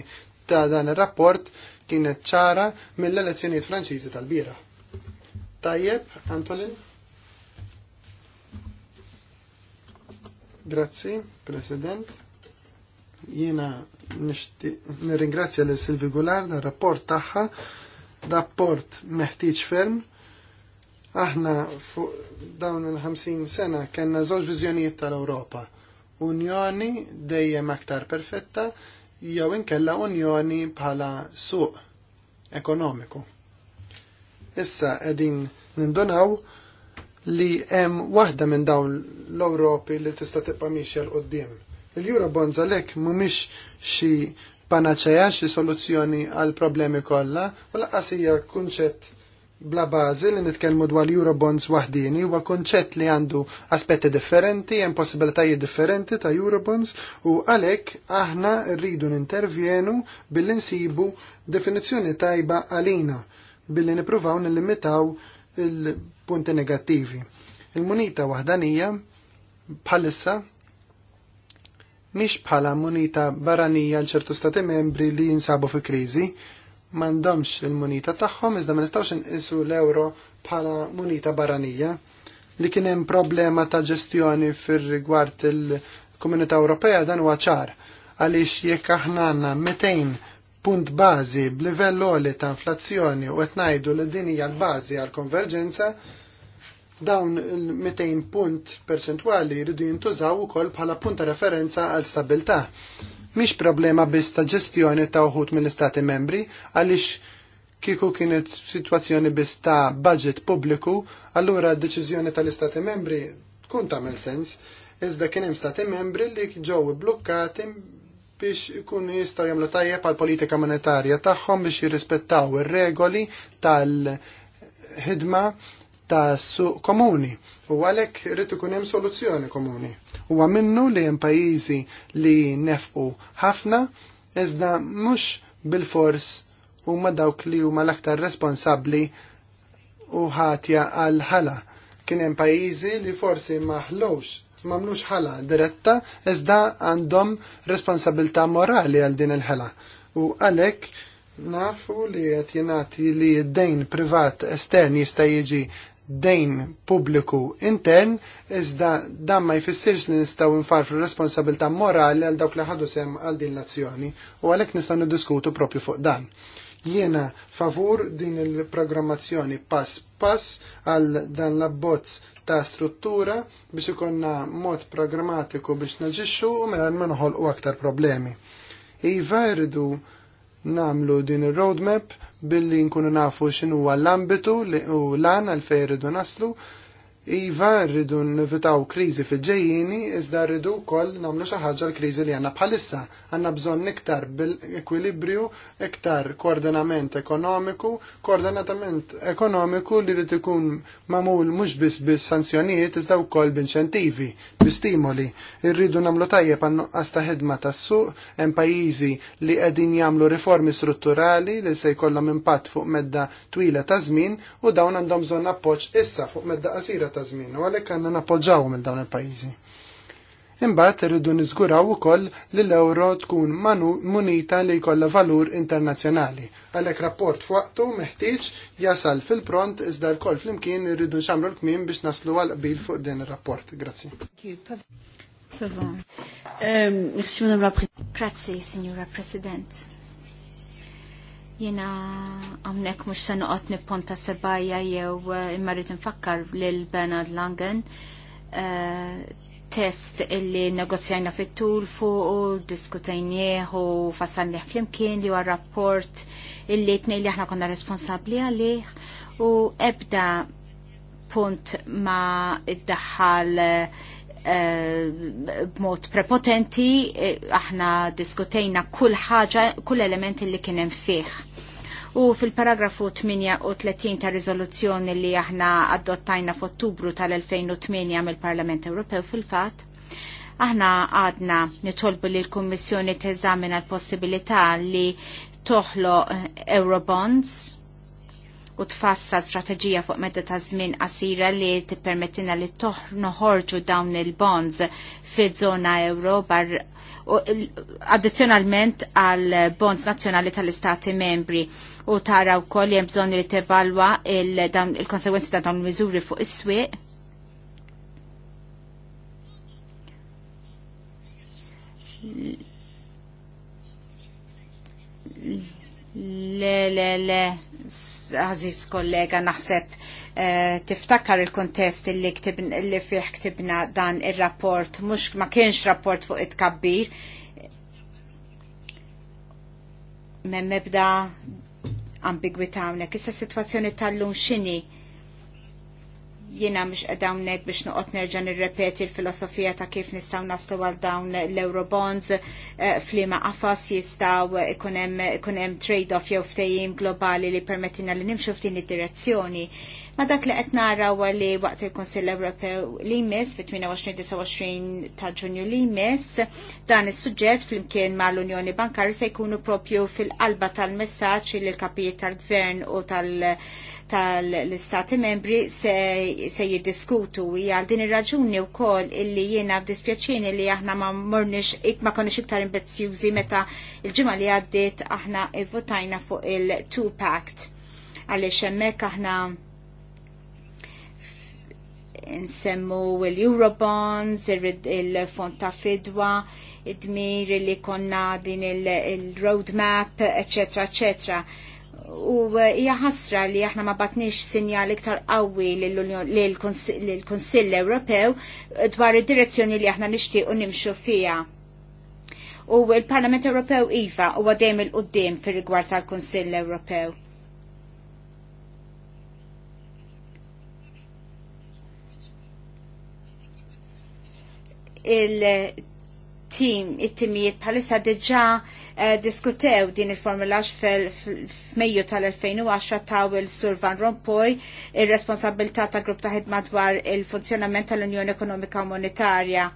ta' dan ir-rapport kienet ċara mill-elezzjonijiet Franċiżi tal-bira. Tajjeb, Antolin? Grazzi, President. Jiena nirringrazzja l Silvi Gular dal rapport tagħha, rapport meħtieġ ferm Aħna fuq dawn il-50 sena kellna żewġ viżjonijiet tal-Ewropa. Unjoni dejjem aktar perfetta jew inkella unjoni bħala suq ekonomiku. Issa qegħdin nindunaw li hemm waħda minn dawn l-Ewropi li tista' tibqa' mixja l qudiem Il-Eurobonds għalhekk mhumiex xi panaċeja xi soluzzjoni għal problemi kollha, u laqqas hija kunċett bla bażi li nitkellmu dwar Eurobonds waħdini huwa konċett li għandu aspetti differenti, hemm possibilitajiet differenti ta' Eurobonds u għalhekk aħna rridu nintervjenu billi nsibu definizzjoni tajba għalina billi nippruvaw nillimitaw il-punti negattivi. Il-munita waħdanija bħalissa mhix bħala munita barranija l ċertu stati membri li jinsabu fi kriżi, m'għandhomx il-munita tagħhom iżda ma nistgħux inqisu l-euro bħala munita barranija li kien hemm problema ta' ġestjoni fir-rigward il-Komunità Ewropea dan huwa ċar għaliex jekk aħna għandna 200 punt bażi b'livell għoli ta' inflazzjoni u qed ngħidu li din hija l-bażi għall konverġenza dawn il-200 punt perċentwali jridu jintużaw ukoll bħala punt ta' referenza għal stabilta' mhix problema biss ta' ġestjoni ta' uħut mill-Istati membri għaliex kieku kienet situazzjoni biss ta' budget pubbliku, allura d-deċiżjoni tal-Istati membri tkun tagħmel sens, iżda kien hemm stati membri li ġew blokkati biex ikunu jistgħu jagħmlu tajjeb għal politika monetarja tagħhom biex jirrispettaw ir-regoli tal-ħidma ta' suq komuni. U għalhekk irid ikun hemm soluzzjoni komuni. Huwa minnu li hemm pajjiżi li nefqu ħafna iżda mhux bil-fors huma dawk li huma l-aktar responsabbli u ħatja għal ħala. Kien hemm pajjiżi li forsi maħlux, ma'mlux m'għamlux ħala diretta iżda għandhom responsabilità morali għal din il-ħela. U għalhekk nafu li qed jingħati li d-dejn privat estern jista' jiġi dejn pubbliku intern, iżda dan ma jfissirx li nistgħu nfarfru responsabilità morali għal dawk li ħadu sem għal din l-azzjoni u għalhekk nistgħu niddiskutu propju fuq dan. Jiena favur din il-programmazzjoni pass pass għal dan l-abbozz ta' struttura biex ikonna mod programmatiku biex naġixxu u mingħajr ma noħolqu aktar problemi. Iva jridu namlu din il-roadmap billi nkunu nafu x'inhu għall ambitu u l-għan għal fejridu naslu Iva rridu nivitaw kriżi fil-ġejjini, iżda rridu wkoll nagħmlu xi ħaġa l-kriżi li għandna bħalissa. Għanna bżonn iktar bil-ekwilibrju, iktar koordinament ekonomiku, koordinament ekonomiku li rrid ikun mamul mhux biss bis-sanzjonijiet iżda wkoll b'inċentivi, bi-stimoli. Irridu nagħmlu tajjeb għan ta' ħedma tas-suq hemm pajjiżi li qegħdin jagħmlu riformi strutturali li se jkollhom impatt fuq medda twila ta' żmien u dawn għandhom bżonn appoċ issa fuq medda qasira ta' ta' zmin, u għalhekk għandna nappoġġaw minn dawn il-pajjiżi. Imbagħad irridu niżguraw ukoll li l-ewro tkun munita li jkollha valur internazzjonali. Għalhekk rapport f'waqtu meħtieġ jasal fil-pront iżda lkoll flimkien irridu nxamru l-kmien biex naslu għal qbil fuq din ir-rapport. Grazzi. Um, Grazzi, Signora President. Jena għamnek mux nuqot nipponta sebaja jew eh, imma rrit nfakkar lil Bernard Langen eh, test illi negozjajna fit-tul fuq diskutajnieh u liħ flimkien li huwa rapport illi tnej li aħna konna responsabli għalih u ebda punt ma iddaħħal eh, b'mod prepotenti aħna diskutejna kull ħaġa, kull element li kien hemm fih. U fil-paragrafu 38 ta' rizoluzzjoni li aħna adottajna f'Ottubru tal-2008 mill-Parlament Ewropew fil fat aħna għadna nitolbu li l-Kommissjoni teżamina l-possibilità li toħlo eh, Eurobonds u tfassal strategija fuq medda ta' żmien qasira li tippermettina li noħorġu dawn il-bonds fil żona euro bar addizjonalment għal bonds nazzjonali tal-istati membri u tara u koll jem bżon li tevalwa il-konsegwenzi ta' dawn miżuri fuq is-swieq. Le, le, le, aziz kollega, naħseb Eh, tiftakar il-kontest li, li fih ktibna dan il-rapport, mux ma kienx rapport fuq it-kabbir. Memmebda ambigwita unek, issa situazzjoni tal-lum xini Jiena mhux dawnek biex noqgħod nerġa' nirrepeti l-filosofija ta' kif nistgħu naslu għal dawn l-Eurobonds eh, f'liema qafas jistgħu ikunem hemm trade-off jew ftejim globali li permettina li nimxu f'din id-direzzjoni. Ma dak li qed naraw li waqt il-Kunsill Ewropew li jmiss fit-28-29 ta' Ġunju li jmiss dan is-suġġett flimkien mal-Unjoni Bankarja se jkunu propju fil-qalba tal-messaġġ li l-kapijiet tal-Gvern u tal- tal-istati membri se, se jiddiskutu hija din ir-raġuni wkoll illi jiena f'dispjaċini li aħna ma morniex ma konniex iktar imbezzjużi meta il-ġimgħa li għaddiet aħna votajna fuq il-two pact għaliex hemmhekk aħna nsemmu il-Eurobonds, il-fond ta' fidwa, id-dmir li konna din il-roadmap, eccetera, eccetera u eh, hija ħasra li aħna ma batniex sinjal iktar qawwi lill-Kunsill Ewropew eh, dwar id-direzzjoni li aħna nixtiequ nimxu fiha. U l-Parlament Ewropew iva huwa dejjem il-qudiem fir-rigward tal-Kunsill Ewropew. il tim, it-timijiet bħalissa deġa eh, diskutew din il-formula f'Mejju tal-2010 taw il-Sur Van Rompuy il-responsabilità ta' grupp ta' ħidma dwar il-funzjonament tal-Unjoni Ekonomika Monetarja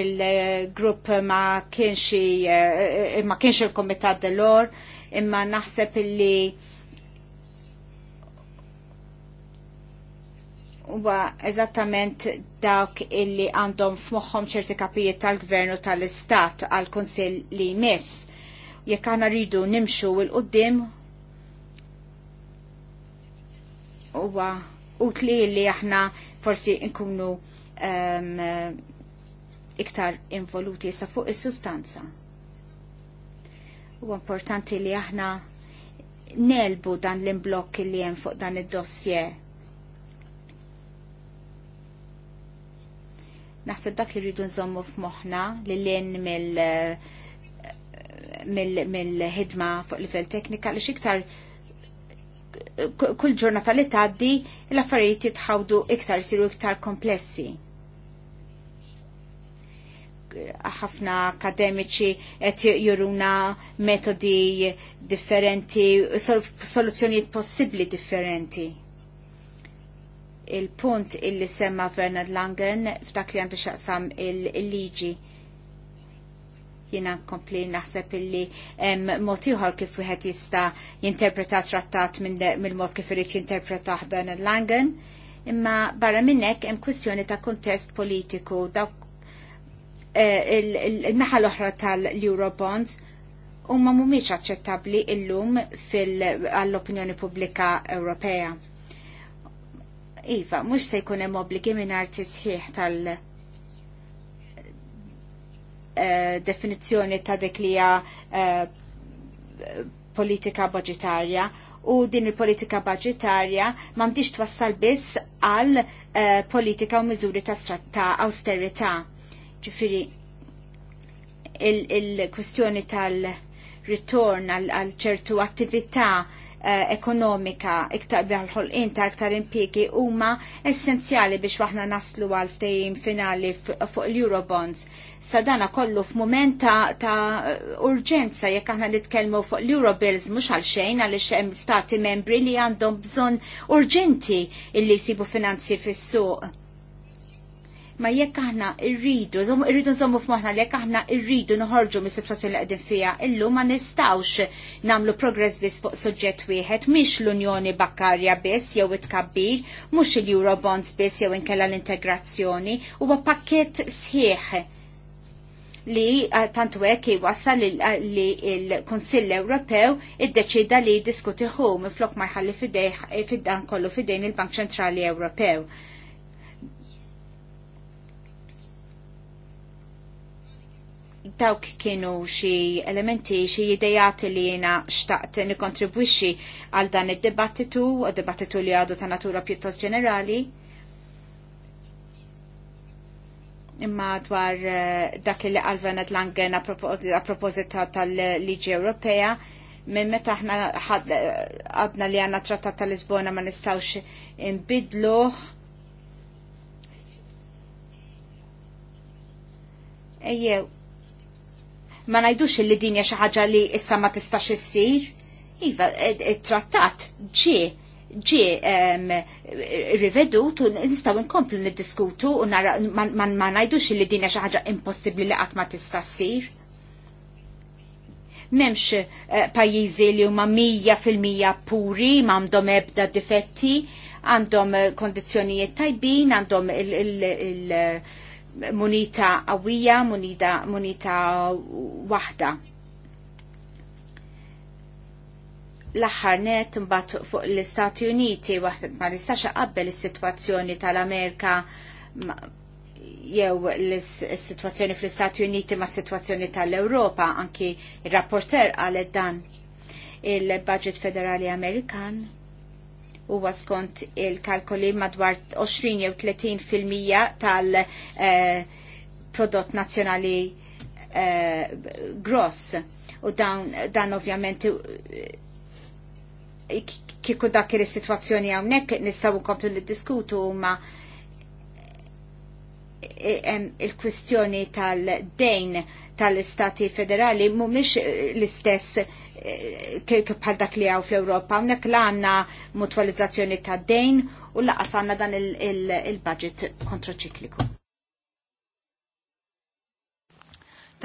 il-grupp ma kienx eh, eh, ma kienx il-Komitat Delor imma naħseb illi huwa eżattament dawk illi għandhom f'moħħom ċerti kapijiet tal-gvernu tal-istat għal kunsill li jmiss. Jekk aħna rridu nimxu il qudiem huwa utli li aħna forsi nkunu um, iktar involuti sa fuq is-sustanza. Huwa importanti li aħna nelbu dan l-imblokk li hemm fuq dan id-dossier Naħseb dak li rridu nżommu f'moħħna li l-in mill eh, mill-ħidma fuq livell teknika li xiktar kull ġurnata li tgħaddi l-affarijiet jitħawdu iktar isiru iktar komplessi. Ħafna akademiċi qed juruna metodi differenti, soluzzjonijiet possibbli differenti il-punt illi semma Vernad Langen f'dak li għandu xaqsam il-liġi. Jina kompli naħseb illi mod ieħor kif wieħed jista' jinterpreta trattat mill-mod kif irid jinterpretah Bernard Langen, imma barra minnek hemm kwistjoni ta' kuntest politiku dawk eh, il-naħa l-oħra tal-Eurobonds huma mhumiex aċċettabbli illum fil-opinjoni pubblika Ewropea Iva, mhux se jkun hemm obbligi mingħajr sħiħ tal- eh, definizzjoni ta' dik li eh, politika budgetarja u din il-politika budgetarja m'għandix twassal biss għal eh, politika u miżuri ta' stratta austerità. Ġifiri, il-kwestjoni tal-ritorn għal ċertu attività Eh, ekonomika iktar bħal-ħolqin ta' iktar impjiegi huma essenzjali biex waħna naslu għal ftejim finali fuq l-Eurobonds. Sadana kollu f'mument ta', ta urġenza jekk aħna nitkellmu fuq l-Eurobills mhux għal xejn għaliex hemm stati membri li għandhom bżonn urġenti illi jsibu finanzi fis-suq ma jekk aħna irridu, irridu nżommu f'moħħna li jekk aħna irridu noħorġu mis situazzjoni li qegħdin fija, illu ma nistawx namlu progress biss fuq suġġett wieħed, mhix l-Unjoni Bakkarja biss jew it tkabbir mhux il-Eurobonds biss jew inkella l-integrazzjoni, huwa pakkett sħiħ li eh, tantu hekk iwassal li eh, l-Kunsill Ewropew iddeċida li jiddiskutiħu minflok ma jħalli fid-dan kollu fidejn il-Bank Ċentrali Ewropew dawk kienu xi elementi, xi idejati li jena xtaqt nikontribwixxi għal dan id-dibattitu, dibattitu li għadu ta' natura pjuttost ġenerali. Imma dwar eh, dak li għalven Langen a proposita tal-Liġi Ewropea, minn meta ħna għadna li għanna trattat tal-Lisbona ma nistawx imbidluħ. Ejjew, ma ngħidux li dinja xi ħaġa li issa ma tistax issir. Iva, it-trattat ġie ġi rivedut u nistaw inkomplu niddiskutu u nara ma najdux li dinja xi ħaġa impossibbli li qatt ma tista' ssir. M'hemmx eh, pajjiżi li huma mija fil-mija puri m'għandhom ebda difetti, għandhom eh, kondizzjonijiet tajbin, għandhom il munita qawwija, munita, munita waħda. L-aħħar net mbagħad fuq l-Istati Uniti waħda ma nistax qabel is-sitwazzjoni tal-Amerika jew l sitwazzjoni fl-Istati Uniti ma' sitwazzjoni tal ewropa anki r rapporter qalet dan il-budget federali Amerikan huwa skont il-kalkoli madwar 20 jew 30 fil-mija tal-prodott eh, nazzjonali eh, gross u dan, dan ovvjament eh, kieku dak il-situazzjoni għawnek nistaw komplu niddiskutu ma il-kwistjoni tal-dejn tal-istati federali mumiex l-istess bħal dak li għaw fl-Europa, unnek la għanna mutualizzazzjoni ta' dejn u laqas għanna dan il-budget kontraċikliku.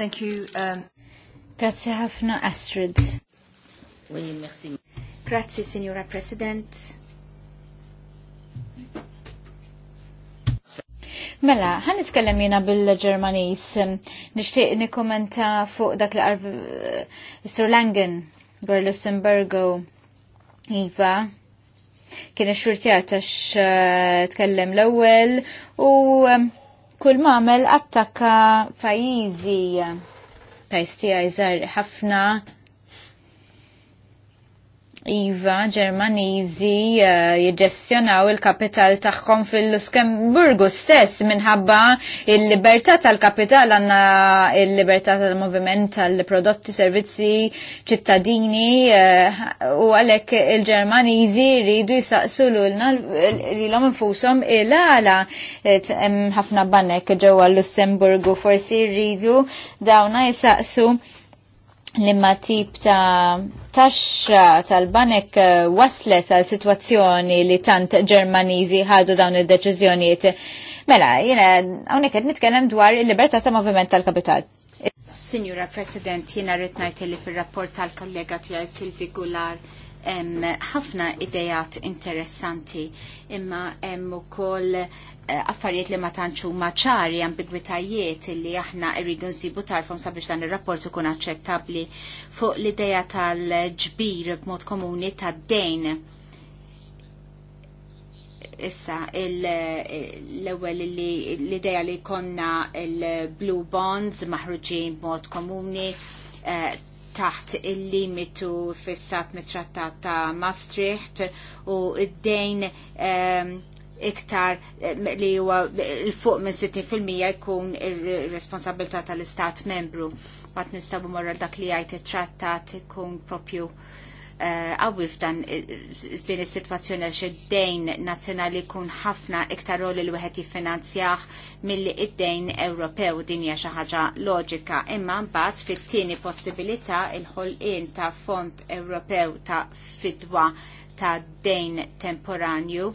Thank you. Um, Grazie ħafna Astrid. Grazie, Signora President. Mela, ħan nitkellem jina bil-Ġermanis, nishtiq nikkommenta fuq dak li qarv eh, Sir Langen, Berlussemburgo, Iva, kien ix-xurtijat tax eh, tkellem l-ewwel u eh, kull mamel attakka pajjiżi pajjiż tiegħi ħafna Iva Ġermaniżi eh, jiġġestjonaw il-kapital tagħhom fil luskemburgu stess minħabba il-libertà tal-kapital għandna il-libertà tal-moviment tal-prodotti, servizzi, ċittadini eh, u għalhekk il-Ġermaniżi jridu jisaqsu lulna lilhom infushom il-għala ħafna banek ġewwa l-Lussemburgu forsi jridu dawna jisaqsu l-imma tip ta' taxxa tal-banek eh, waslet għal situazzjoni li tant ġermaniżi ħadu dawn il-deċiżjonijiet. Mela, jena, hawnhekk qed nitkellem dwar il-libertà ta' moviment tal-kapital. Signora President, jiena rrid li fir-rapport tal-kollega tiegħi Silvi Gular ħafna idejat interessanti imma hemm ukoll affarijiet li ma tantxu maċari ċari ambigwitajiet li aħna rridu nsibu tarfhom sabiex dan ir-rapport ikun aċċettabbli fuq l-idea tal-ġbir b'mod komuni tad-dejn. Issa l-ewwel l-idea li konna il-blue bonds maħruġin b'mod komuni eh, taħt il-limitu fissat mit-trattat ta' Maastricht u id-dejn ehm, iktar eh, li huwa l-fuq minn 60% jkun ir-responsabilità tal-istat membru. Mat nistgħu morra dak li jgħid it-trattat ikun propju qawwi eh, f'dan eh, din is-sitwazzjoni għax id-dejn nazzjonali jkun ħafna iktar roli li wieħed jiffinanzjah milli id-dejn Ewropew din hija xi ħaġa loġika. Imma mbagħad fit-tieni possibilità il-ħolqien ta' Fond Ewropew ta' fidwa ta' dejn temporanju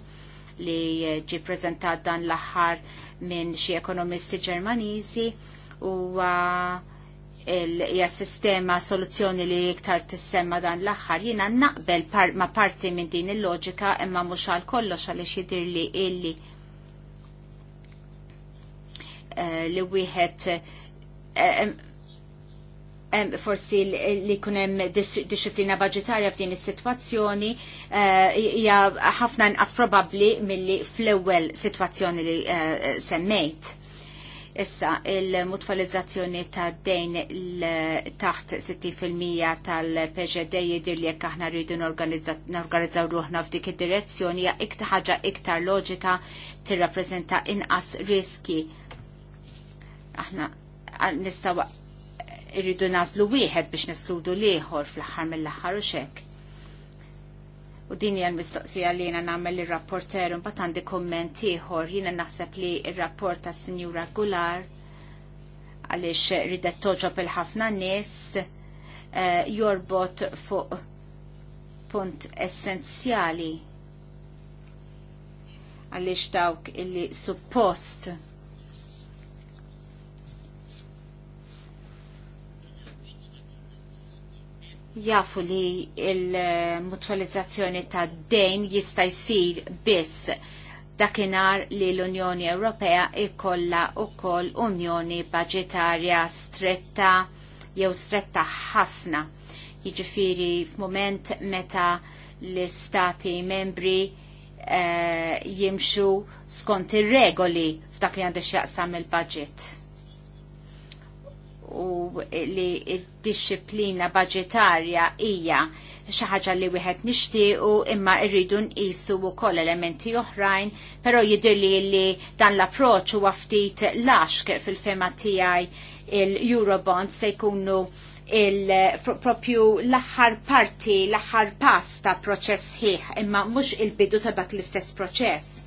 li ġi prezentat dan l-aħħar minn xi ekonomisti ġermaniżi u uh, hija sistema soluzzjoni li iktar tissemma dan l-aħħar jiena naqbel par, ma parti minn din il-loġika imma mhux għal kollox għaliex li illi uh, li wieħed uh, forsi li kunem disciplina budgetarja f'din is-sitwazzjoni eh, hija ħafna inqas probabbli milli fl-ewwel sitwazzjoni li eh, semmejt. Issa il-mutwalizzazzjoni ta' dejn taħt 60% tal-PGD jidir li jekk aħna rridu norganizzaw ruħna f'dik id-direzzjoni hija iktar ħaġa iktar loġika tirrappreżenta inqas riski. Aħna nistaw irridu nazlu wieħed biex neskludu liħor fl aħħar mill aħħar u xek. U din hija l-mistoqsija li jiena nagħmel ir-rapporter imbagħad għandi kumment ieħor jiena naħseb li r-rapport tas-Sinjura Gular għaliex ridet toġob il-ħafna nies eh, jorbot fuq punt essenzjali għaliex dawk illi suppost jafu li il-mutualizzazzjoni ta' dejn jista' jsir biss dakinhar li l-Unjoni Ewropea ikolla wkoll Unjoni Baġitarja stretta jew stretta ħafna. Jiġifieri f'mument meta l-istati membri eh, jimxu skont ir-regoli f'dak li għandu x'jaqsam il-budget u li d disciplina budgetarja hija xi ħaġa li wieħed nixtiequ imma rridu nqisu wkoll elementi oħrajn, però jidirli li dan l-approċċ huwa ftit laxk fil-fema tiegħi il-Eurobond se jkunu il-propju l-aħħar parti, l-aħħar pass ta' proċess ħieħ, imma mhux il-bidu ta' dak l-istess proċess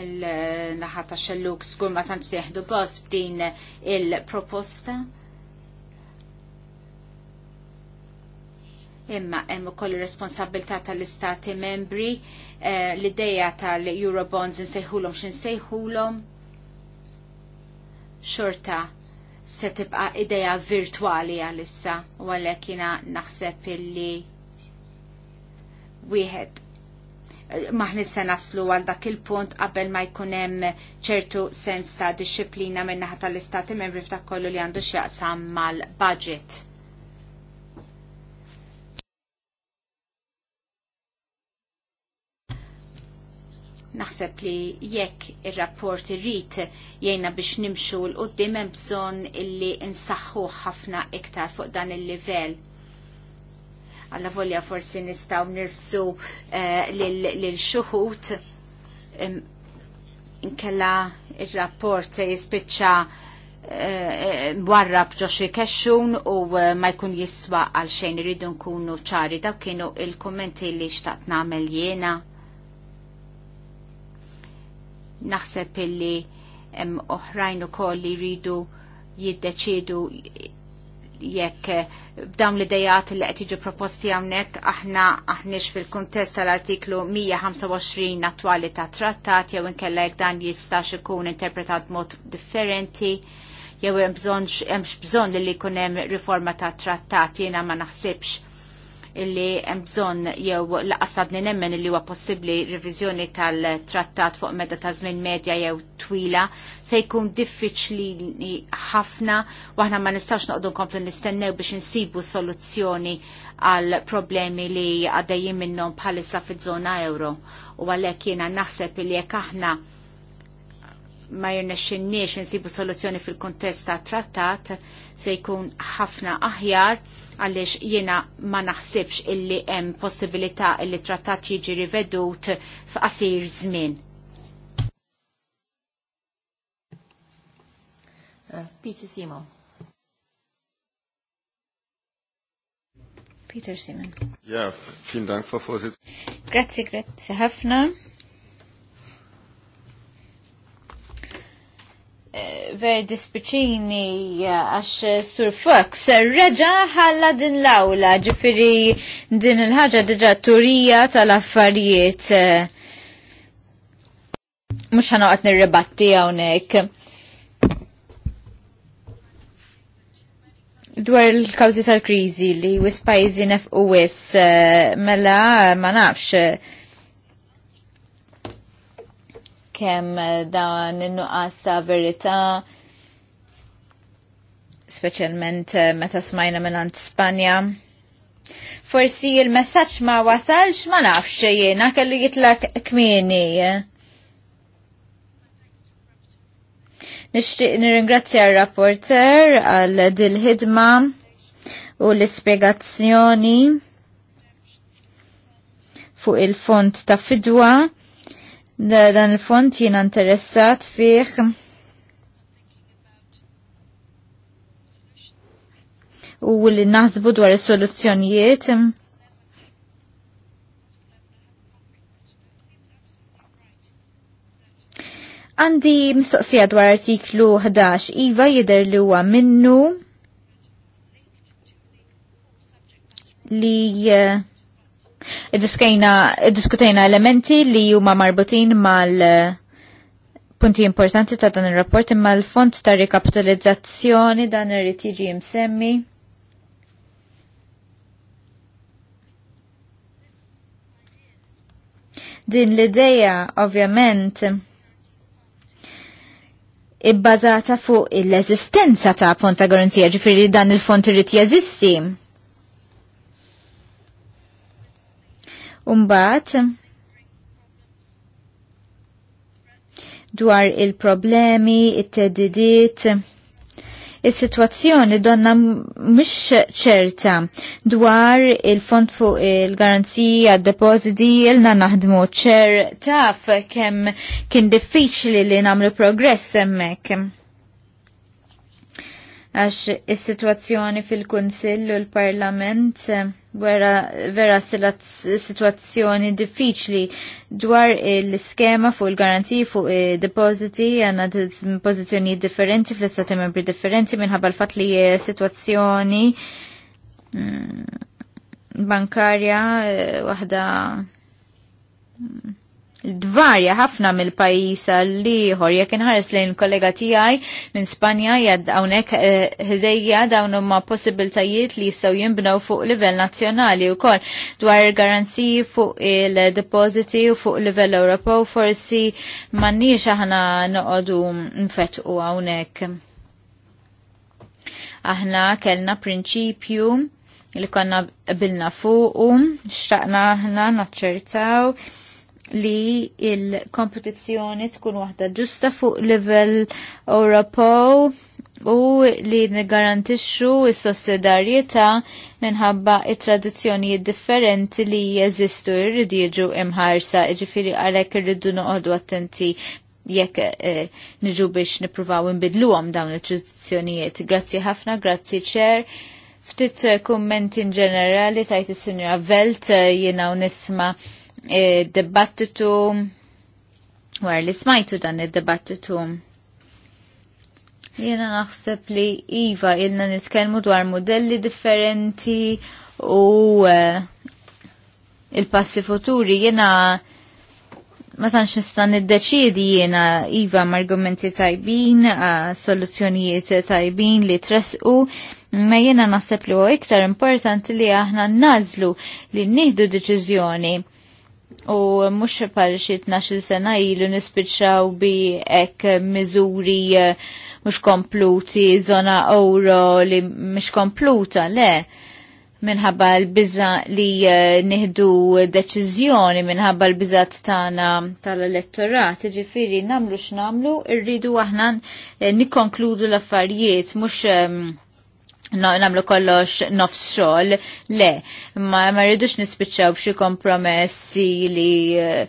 il-naħa ta' xelluk skur ma tant seħdu gos b'din il-proposta. Imma hemm ukoll responsabilità tal-istati membri eh, l-idea tal-Eurobonds insejħulhom x'insejħulhom xorta se tibqa' idea virtwali għalissa u għalhekk jiena naħseb illi wieħed maħni se naslu għal dak il-punt qabel ma jkun hemm ċertu sens ta' disċiplina min-naħa tal-istati membri f'dak kollu li għandu x'jaqsam mal-budget. Naħseb li jekk ir-rapport irrid jgħinna biex nimxu l qudiem hemm bżonn illi insaħħu ħafna iktar fuq dan il-livell Alla volja forsi nistaw nirfsu eh, l-xuhut inkella il-rapport jispiċċa eh, warra bġoċi kexxun u eh, ma jkun jiswa għal xejn irridu nkunu ċari daw kienu il-kommenti li xtaqt nagħmel jiena. Naħseb illi oħrajn ukoll li jridu jiddeċidu jekk b'dawn eh, l-idejat li qed jiġu proposti hawnhekk aħna aħniex fil-kuntest tal-artiklu 125 attwali ta' trattat jew inkella jekk dan jistax ikun interpretat mod differenti jew hemm bżonn hemmx bżonn li jkun hemm riforma ta' trattat jiena ma naħsibx illi hemm bżonn jew laqasadni nemmen illi huwa possibbli riviżjoni tal-trattat fuq meta ta' żmien medja jew twila se jkun diffiċli ħafna u aħna ma nistax noqdu nkomplu nistennew biex insibu soluzzjoni għal problemi li għaddejjin minnhom bħalissa fiż-żona euro u għalhekk jiena naħseb li jekk aħna ma jirnexxinniex insibu soluzzjoni fil-kontest ta' trattat se jkun ħafna aħjar għaliex jiena ma naħsibx illi hemm possibilità illi trattat jiġi rivedut f'qasir żmien. Uh, Peter Simon. Peter Simon. Ja, vielen Dank, Frau Grazie, grazie ħafna. Verdi Spiċini għax eh, Sur Fox reġa ħalla din l-awla ġifiri din il-ħagġa diġa turija tal-affarijiet. Eh, Mux ħanoqat nirribatti għonek Dwar il-kawzi tal-krizi li wis pajzi nef u wis eh, mela ma nafx kemm eh, dan in-nuqqas ta' verità speċjalment eh, meta smajna minn Spanja. Forsi il-messaġġ ma wasalx ma nafx jiena kellu jitlak kmieni. Eh. Nixtieq nirringrazzja r-rapporter għal dil-ħidma u l-ispjegazzjoni fuq il-font ta' fidwa Da, dan il-font jiena interessat fih. U li naħsbu dwar is-soluzzjonijiet. Għandi mistoqsija dwar artiklu 11. Iva jidher li huwa minnu li eh, Diskutejna elementi li huma marbutin mal eh, punti importanti ta' dan ir-rapport imma l-font ta' rikapitalizzazzjoni dan irid jiġi msemmi. Din l-ideja ovvjament ibbażata fuq l-eżistenza ta' fond ta' garanzija ġifiri dan il-font irid jeżisti Umbat, dwar il-problemi, il tedidiet il-situazzjoni donna mux ċerta dwar il-fond fuq il-garanzija, depositi, il-na naħdmu ċer taf kem kien diffiċli li namlu progress emmek għax is-sitwazzjoni fil-Kunsill u l-Parlament eh, vera, vera situazzjoni diffiċli dwar l-skema fuq il garanzji fuq il-depositi għanna pozizjoni differenti fl-istati membri differenti minħabba l-fat li situazzjoni mm, bankarja eh, waħda mm, dvarja ħafna mill-pajis li ħor jekk inħares lejn kollega tiegħi minn Spanja jad hawnhekk eh, ħdejja dawn huma possibiltajiet li jistgħu jinbnew fuq livell nazzjonali wkoll dwar dwar garanziji fuq il-depositi u fuq livell Ewropew forsi m'għandniex aħna noqogħdu nfetqu hawnhekk. Aħna kellna prinċipju li konna bilna fuqu, xtaqna aħna naċċertaw li il-kompetizzjoni tkun waħda ġusta fuq livell Europo u li nigarantixxu s sossidarjetà minħabba it-tradizzjonijiet differenti li jeżistu jridu jiġu imħarsa, ġifiri għalhekk irridu noqogħdu attenti jekk eh, niġu biex nippruvaw inbidluhom dawn it-tradizzjonijiet. Grazzi ħafna, grazzi ċer. Ftit kummenti in ġenerali tajt is-sinjora Velt eh, jiena nisma' id-dibattitu wara li smajtu dan id-dibattitu Jena naħseb li Iva ilna nitkelmu dwar modelli differenti u eh, il-passi futuri jena ma tantx nista' niddeċiedi jiena iva argumenti tajbin, soluzzjonijiet tajbin li tresqu, ma jiena naħseb li huwa iktar importanti li aħna nnażlu li nieħdu deċiżjoni u mux pal xi il sena ilu nispiċċaw bi ek miżuri eh, mux kompluti, zona euro li mux kompluta, le minħabba l-biza li eh, nihdu deċizjoni minħabba l t tana tal-elettorat, ġifiri namlu x-namlu, irridu aħna eh, nikonkludu l-affarijiet, mux ehm, no, namlu kollox nofs xogħol, le, ma, ma rridux nispiċċaw b'xi kompromessi li eh,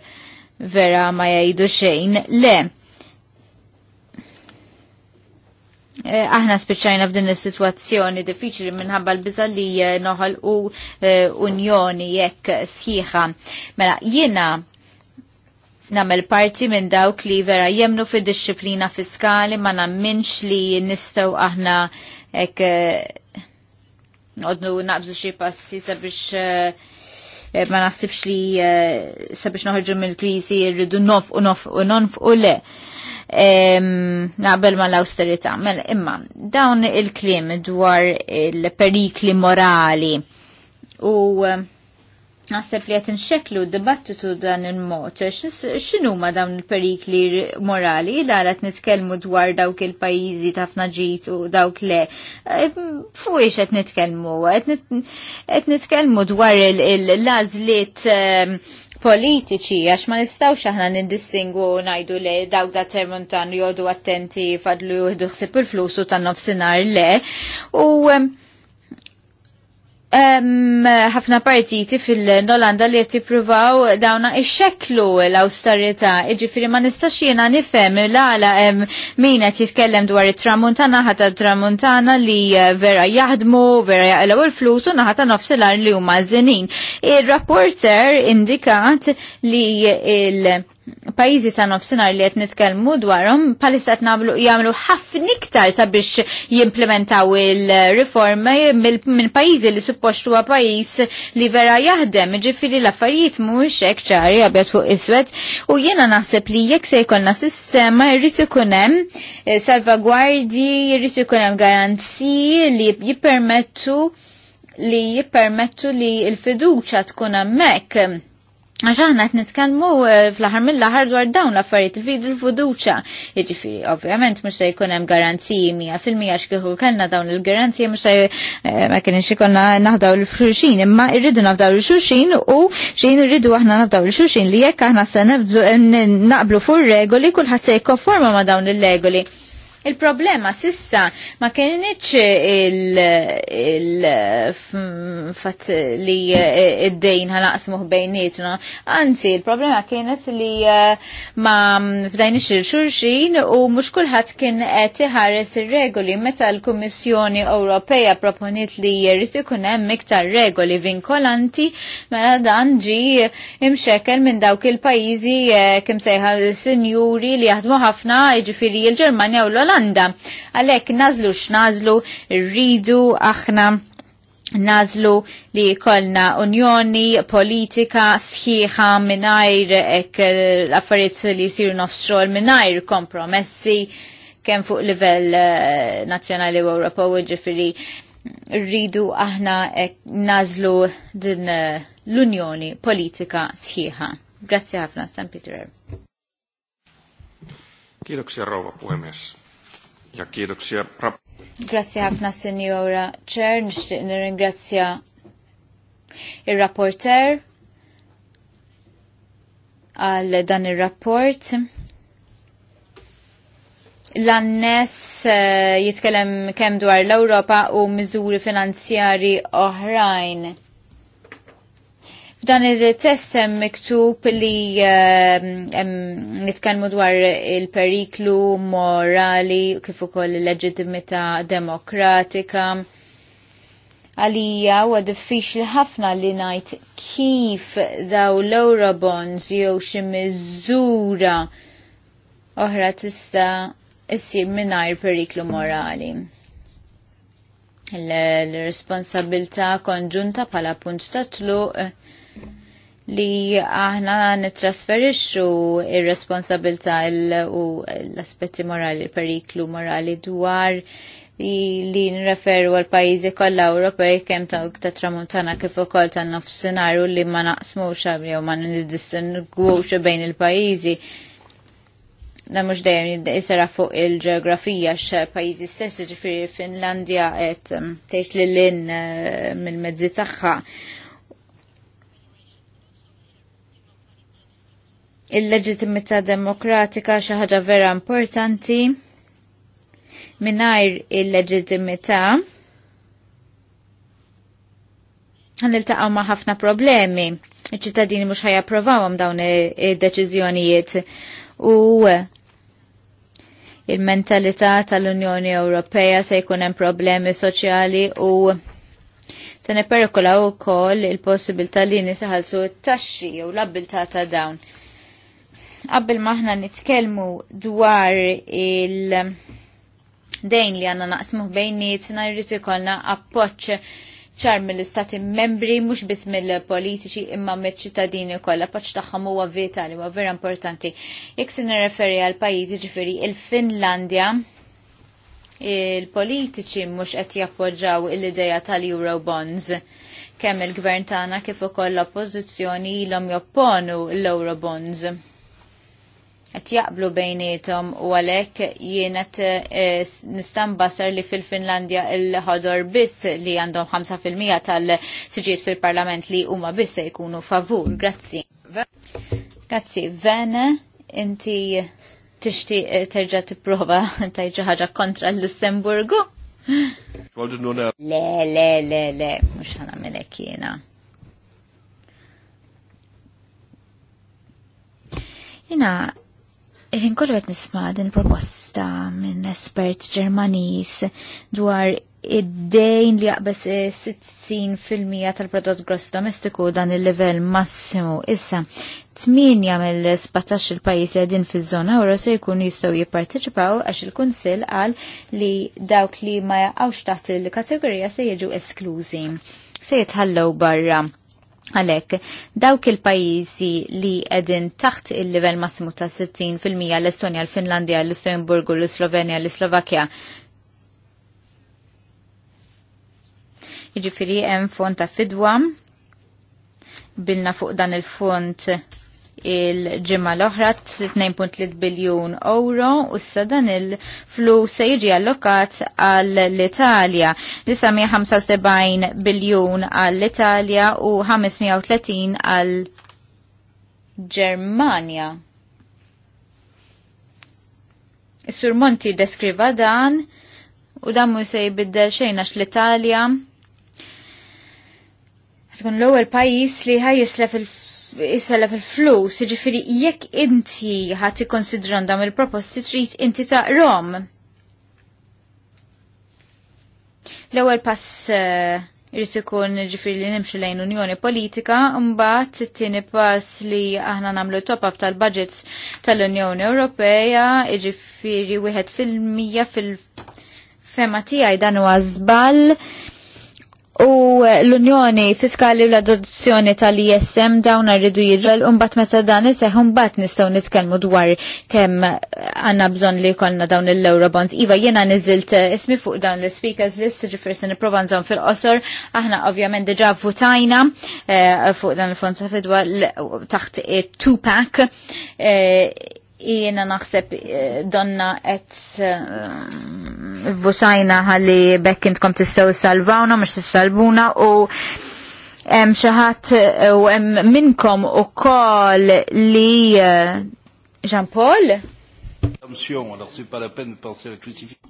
vera ma jgħidu xejn, le. Eh, aħna spiċċajna f'din is-sitwazzjoni diffiċli minħabba l-biża li eh, noħol u eh, unjoni jekk sħiħa. Mela jiena namel parti minn dawk li vera jemnu fid disċiplina fiskali ma namminx li nistgħu aħna eh, ek għodnu eh, naqbżu xie passi sabiex eh, ma naħsibx li eh, sabiex noħġu mill-krizi rridu nof u nof u nof u le naqbel ma l-austerita. Mela, imma, dawn il-klim dwar il-perikli morali u Naħseb li għatin xeklu dibattitu dan il-mod, xinu ma dawn il-perikli morali, l għet nitkelmu dwar dawk il-pajizi ta' fnaġit u dawk le. E, ix għet nitkelmu, għet nitkelmu dwar il-lazlit e, politiċi, għax ma nistaw aħna nindistingu najdu le dawk da termontan jodu attenti fadlu juhdu il-flusu tan nofsinar le. U ħafna partiti fil-Nolanda li jett jipruvaw dawna ixxeklu l-austerita, iġifiri ma nistax jena nifem l-għala min qed jitkellem dwar it-tramuntana ħata tramuntana li eh, vera jaħdmu, vera jaqlaw il-flus u naħata nofsilar li huma żinin. Il-rapporter indikat li il- pajizi ta' nofsinar li qed nitkellmu dwarhom palissa qed jamlu jagħmlu ħafna iktar sabiex jimplementaw il-riforma minn pajjiżi li suppost għa pajjiż li vera jaħdem, ġifieri l-affarijiet mhuwiex hekk ċari għabjat fuq iswed u jiena naħseb li jekk se jkollna sistema jrid ikun hemm eh, jirritu jrid ikun hemm garanziji li jippermettu li jippermettu li l-fiduċa tkun hemmhekk Għaxaħna aħna qed nitkellmu eh, fl-aħħar mill ħar dwar dawn l-affarijiet il fidu l fuduċa Jiġifieri ovvjament mhux se jkun hemm garanziji mija fil-mija x'kieku kellna dawn il-garanziji mhux se eh, ma kienx xikonna naħdaw l-xulxin, imma rridu nafdaw l-xulxin u xejn irridu aħna nafdaw l-xulxin li jekk aħna se naqblu fuq regoli kulħadd se konforma ma' dawn il-regoli. Il-problema sissa ma kienieċ il-fat il, li eh, id-dejn ħanaqsmuħ bejnietna, anzi il-problema kienet li eh, ma f'dajn xurxin u mux kullħat kien iħares il-regoli meta l kummissjoni Ewropeja proponiet li jrid ikun hemm iktar regoli vinkolanti mela dan ġi imxekel minn dawk il-pajjiżi eh, kemm sejħa sinjuri li jaħdmu ħafna jiġifieri il-Ġermanja u l fl-Olanda. Għalek nazlu x'nazlu, rridu aħna nazlu li kolna unjoni politika sħiħa minajr ek l-affarijiet li siru nofstrol minajr kompromessi kemm fuq livell eh, nazzjonali u Ewropa u ġifiri rridu aħna ek nazlu din eh, l-unjoni politika sħiħa. Grazzi ħafna, San Peter. Kiitoksia rouva puhemies. Ja Grazie ħafna Senjora Ċer, nixtieq nirringrazzja ir-rapporter għal dan ir-rapport. L-annes eh, jitkellem kemm dwar l-Ewropa u miżuri finanzjari oħrajn. F'dan il-test hemm miktub li ehm, nitkellmu dwar il-periklu morali kif ukoll il-leġittimità demokratika. Għalija huwa diffiċli ħafna li ngħid kif daw l-Eurobonds jew xi miżura oħra tista' issir mingħajr periklu morali l-responsabilta konġunta pala punt ta' tluq li aħna nitrasferixxu ir-responsabilità u l-aspetti morali, periklu morali dwar li nreferu għal pajjiżi kollha Ewropej kemm ta' tramuntana kif ukoll ta' nofsinhar li ma naqsmux jew ma nidistingwux bejn il-pajjiżi da mux dejjem jisera fuq il-ġeografija x'pajjiżi pajizi stessi ġifiri Finlandja et mm, tgħid l-lin eh, mill-mezzi taħħa il-leġitimità demokratika xi ħaġa vera importanti mingħajr il-leġitimità Ħanniltaqgħu ma' ħafna problemi. Iċ-ċittadini mhux ħajjapprovawhom dawn id-deċiżjonijiet u il-mentalità tal-Unjoni Ewropea se jkun hemm problemi soċjali u se neperkola wkoll il-possibilità li nisaħalsu t-taxxi u l-abbiltà ta' dawn qabel maħna nitkellmu dwar il- dejn li għanna naqsmu bejnietna jrid ikolna appoġġ ċar mill-istati membri mhux biss mill-politiċi imma mill-ċittadini kolla, paċ taħħam huwa vitali huwa vera importanti. Jekk se nirreferi għal pajjiżi ġifiri il-Finlandja il-politiċi mhux qed jappoġġaw l-idea tal-Eurobonds kemm il-gvern tagħna kif ukoll l-oppożizzjoni ilhom jopponu l-Eurobonds qed jaqblu bejnietom u għalhekk jien qed eh, basar li fil-Finlandja il-ħodor biss li għandhom 5% tal-siġiet fil-Parlament li huma biss se jkunu favur. Grazzi. Grazzi. Vene, inti tixtieq eh, terġa' tipprova tajt xi ħaġa kontra l-Lussemburgu? Le, le, le, le, mhux ħanamilek jiena. Jina, Iħin kollu qed nisma' din proposta minn espert Ġermaniż dwar id-dejn li jaqbes 60% tal-prodott gross domestiku dan il-level massimu. Issa, 8 mill-17 il-pajis li għedin fi zona u se jkun jistaw jipparteċipaw għax il-Kunsil għal li dawk li ma jaqawx taħt il-kategorija se jiġu esklużi. Se jitħallew barra. Għalek, dawk il-pajizi li edin taħt il-level massimu ta' 60% l-Estonja, l-Finlandia, l ussemburgu l slovenia l slovakia Iġifiri, hemm fond ta' fidwa, bilna fuq dan il-fond il-ġimma l-oħra 2.3 biljun euro u s dan il-flus se jiġi allokat għall-Italja. 975 biljun għall-Italja u 530 għall-Ġermanja. Is-Sur Monti deskriva dan u dan mu se jibiddel xejn għax l-Italja tkun l-ewwel pajjiż li ħajjislef il- isella fil-flus, ġifiri jekk inti ħati konsidran dam il-proposti trid inti taqrom. L-ewwel pass eh, irrid ikun ġifiri li nimxu lejn Unjoni Politika, mbagħad it-tieni pass li aħna nagħmlu top-up tal-budget tal-Unjoni Ewropea, ġifiri wieħed fil-mija fil-fema tiegħi dan huwa żball U l-Unjoni Fiskali u l-adozzjoni tal-ISM dawn rridu un bat meta dan iseħ bat nistaw nitkelmu dwar kemm għanna bżon li kolna dawn l-Eurobonds. Iva jena nizilt eh, ismi fuq dawn l-speakers list ġifir niprovan zon fil-qosor. Aħna ovvjament deġa votajna eh, fuq dan il fonsa fidwa taħt 2-pack. Jiena naħseb eh, donna et eh, vusajna għalli bekkint kom tistaw salvawna mhux tissalbuna u hemm xi ħadd eh, u hemm minnkom ukoll li Jean Paul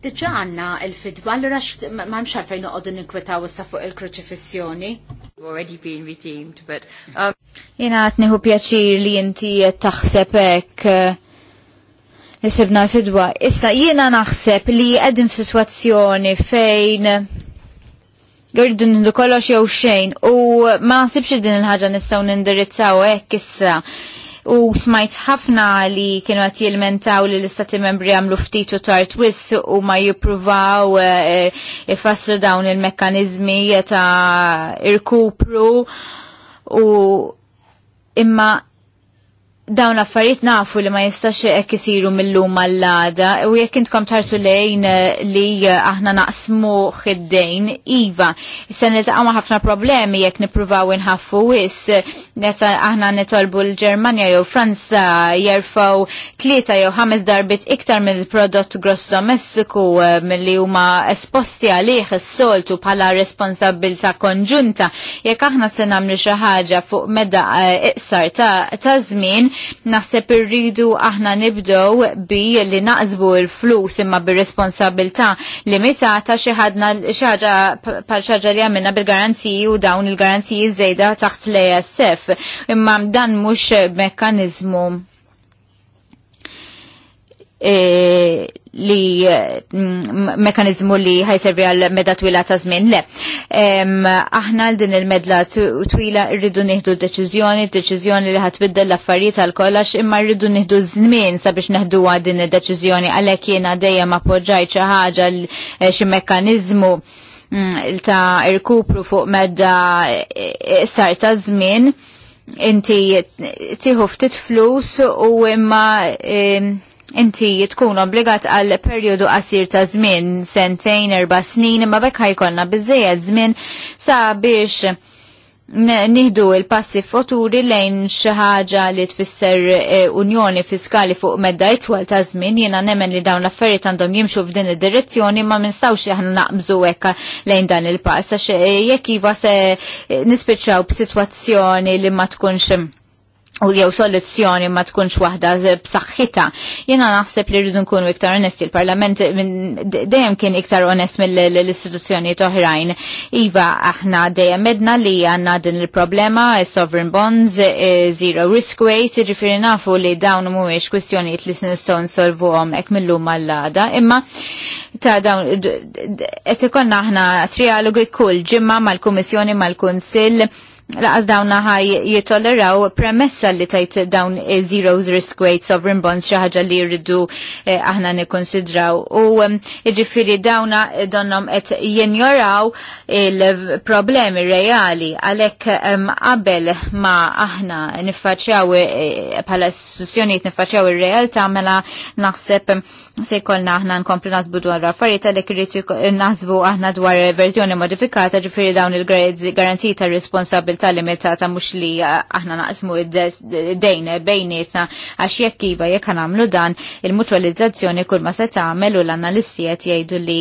Diġa għanna il-fidwa, allura ma mxar fejn uqodu ninkwetaw s il-kruċifissjoni. Already been redeemed, but... Jena għatniħu pjaċir li inti taħsebek nisibna fidwa. Issa jiena naħseb li qegħdin f'sitwazzjoni fejn Għirdu nindu kollox jew xejn u ma naħsibx din il-ħaġa nistgħu nindirizzaw hekk issa. U smajt ħafna li kienu għat jilmentaw li l-istati membri għamlu ftit u tart wis u ma jipruvaw eh, ifassru dawn il-mekkanizmi ta' irkupru u imma dawn l-affarijiet nafu li ma jistax hekk isiru mill-lum għall-għada u jekk intkom tartu lejn eh, li eh, aħna naqsmu ħiddejn iva. Se niltaqgħu ħafna problemi jekk nippruvaw inħaffu wis eh, meta aħna nitolbu l-Ġermanja jew Franza jerfgħu tlieta jew ħames darbit iktar mill-prodott gross domestiku milli huma esposti għalih is-soltu bħala responsabilità konġunta. Jekk aħna se nagħmlu xi ħaġa fuq meda iqsar ta' żmien, naħseb irridu aħna nibdow bi li naqsbu l-flus imma bir-responsabilta limitata xi ħadna xaġa pal xaġa li għamilna bil-garanziji u dawn il-garanziji żejda taħt l-ASF imma dan mhux mekkaniżmu E, li mm, mekanizmu li ħajservi għal medda twila ta' żmien le. Aħna l din il-medla twila rridu nieħdu deċiżjoni, deċiżjoni li ħatbiddel l-affarijiet għal kollax, imma rridu nieħdu żmien sabiex neħdu din id-deċiżjoni għalhekk jiena dejjem ma' xi ħaġa eh, xi mekkaniżmu mm, ta' irkupru fuq medda eh, eh, sar ta' żmien inti tieħu ftit flus u imma inti tkun obbligat għal periodu qasir ta' żmien sentejn erba' snin imma bekk ħajkolna biżejjed żmien sa biex nieħdu il-passi futuri lejn xi ħaġa li tfisser eh, unjoni fiskali fuq medda itwal ta' żmien jiena nemmen li dawn l-affarijiet għandhom jimxu f'din id-direzzjoni ma minstawx aħna naqbżu hekk lejn dan il-pass għax eh, jekk iva se eh, nispiċċaw b'sitwazzjoni li ma tkunx u jew soluzzjoni ma tkunx waħda b'saħħitha. Jiena naħseb li rridu nkunu iktar onesti l parlament dejjem kien iktar onest mill-istituzzjonijiet oħrajn. Iva aħna dejjem medna li għandna din il-problema sovereign bonds, e, zero risk weight, jiġifieri nafu li dawn mhuwiex kwistjonijiet li se nistgħu nsolvuhom hekk millum għall għada imma ta' dawn qed ikollna aħna trialogi kull ġimma mal-Kummissjoni mal-Kunsill laqas dawna ħaj jitoleraw premessa li tajt dawn zeros risk weight sovereign bonds xaħġa li jridu eh, aħna nikonsidraw. U iġifiri dawna eh, donnom et jenjoraw il-problemi reali għalek qabel ma aħna nifacċaw pala eh, istituzzjoniet nifacċaw il-realta mela naħseb se jkollna aħna nkomplu nasbu dwar affarijiet għalhekk irid naħsbu aħna dwar verżjoni modifikata ġifieri dawn il-garanziji ta' responsabilità limitata mhux li aħna naqsmu id-dejn bejnietna għax jekk iva jekk nagħmlu dan il-mutwalizzazzjoni kull ma se tagħmel u l-analisti jgħidu li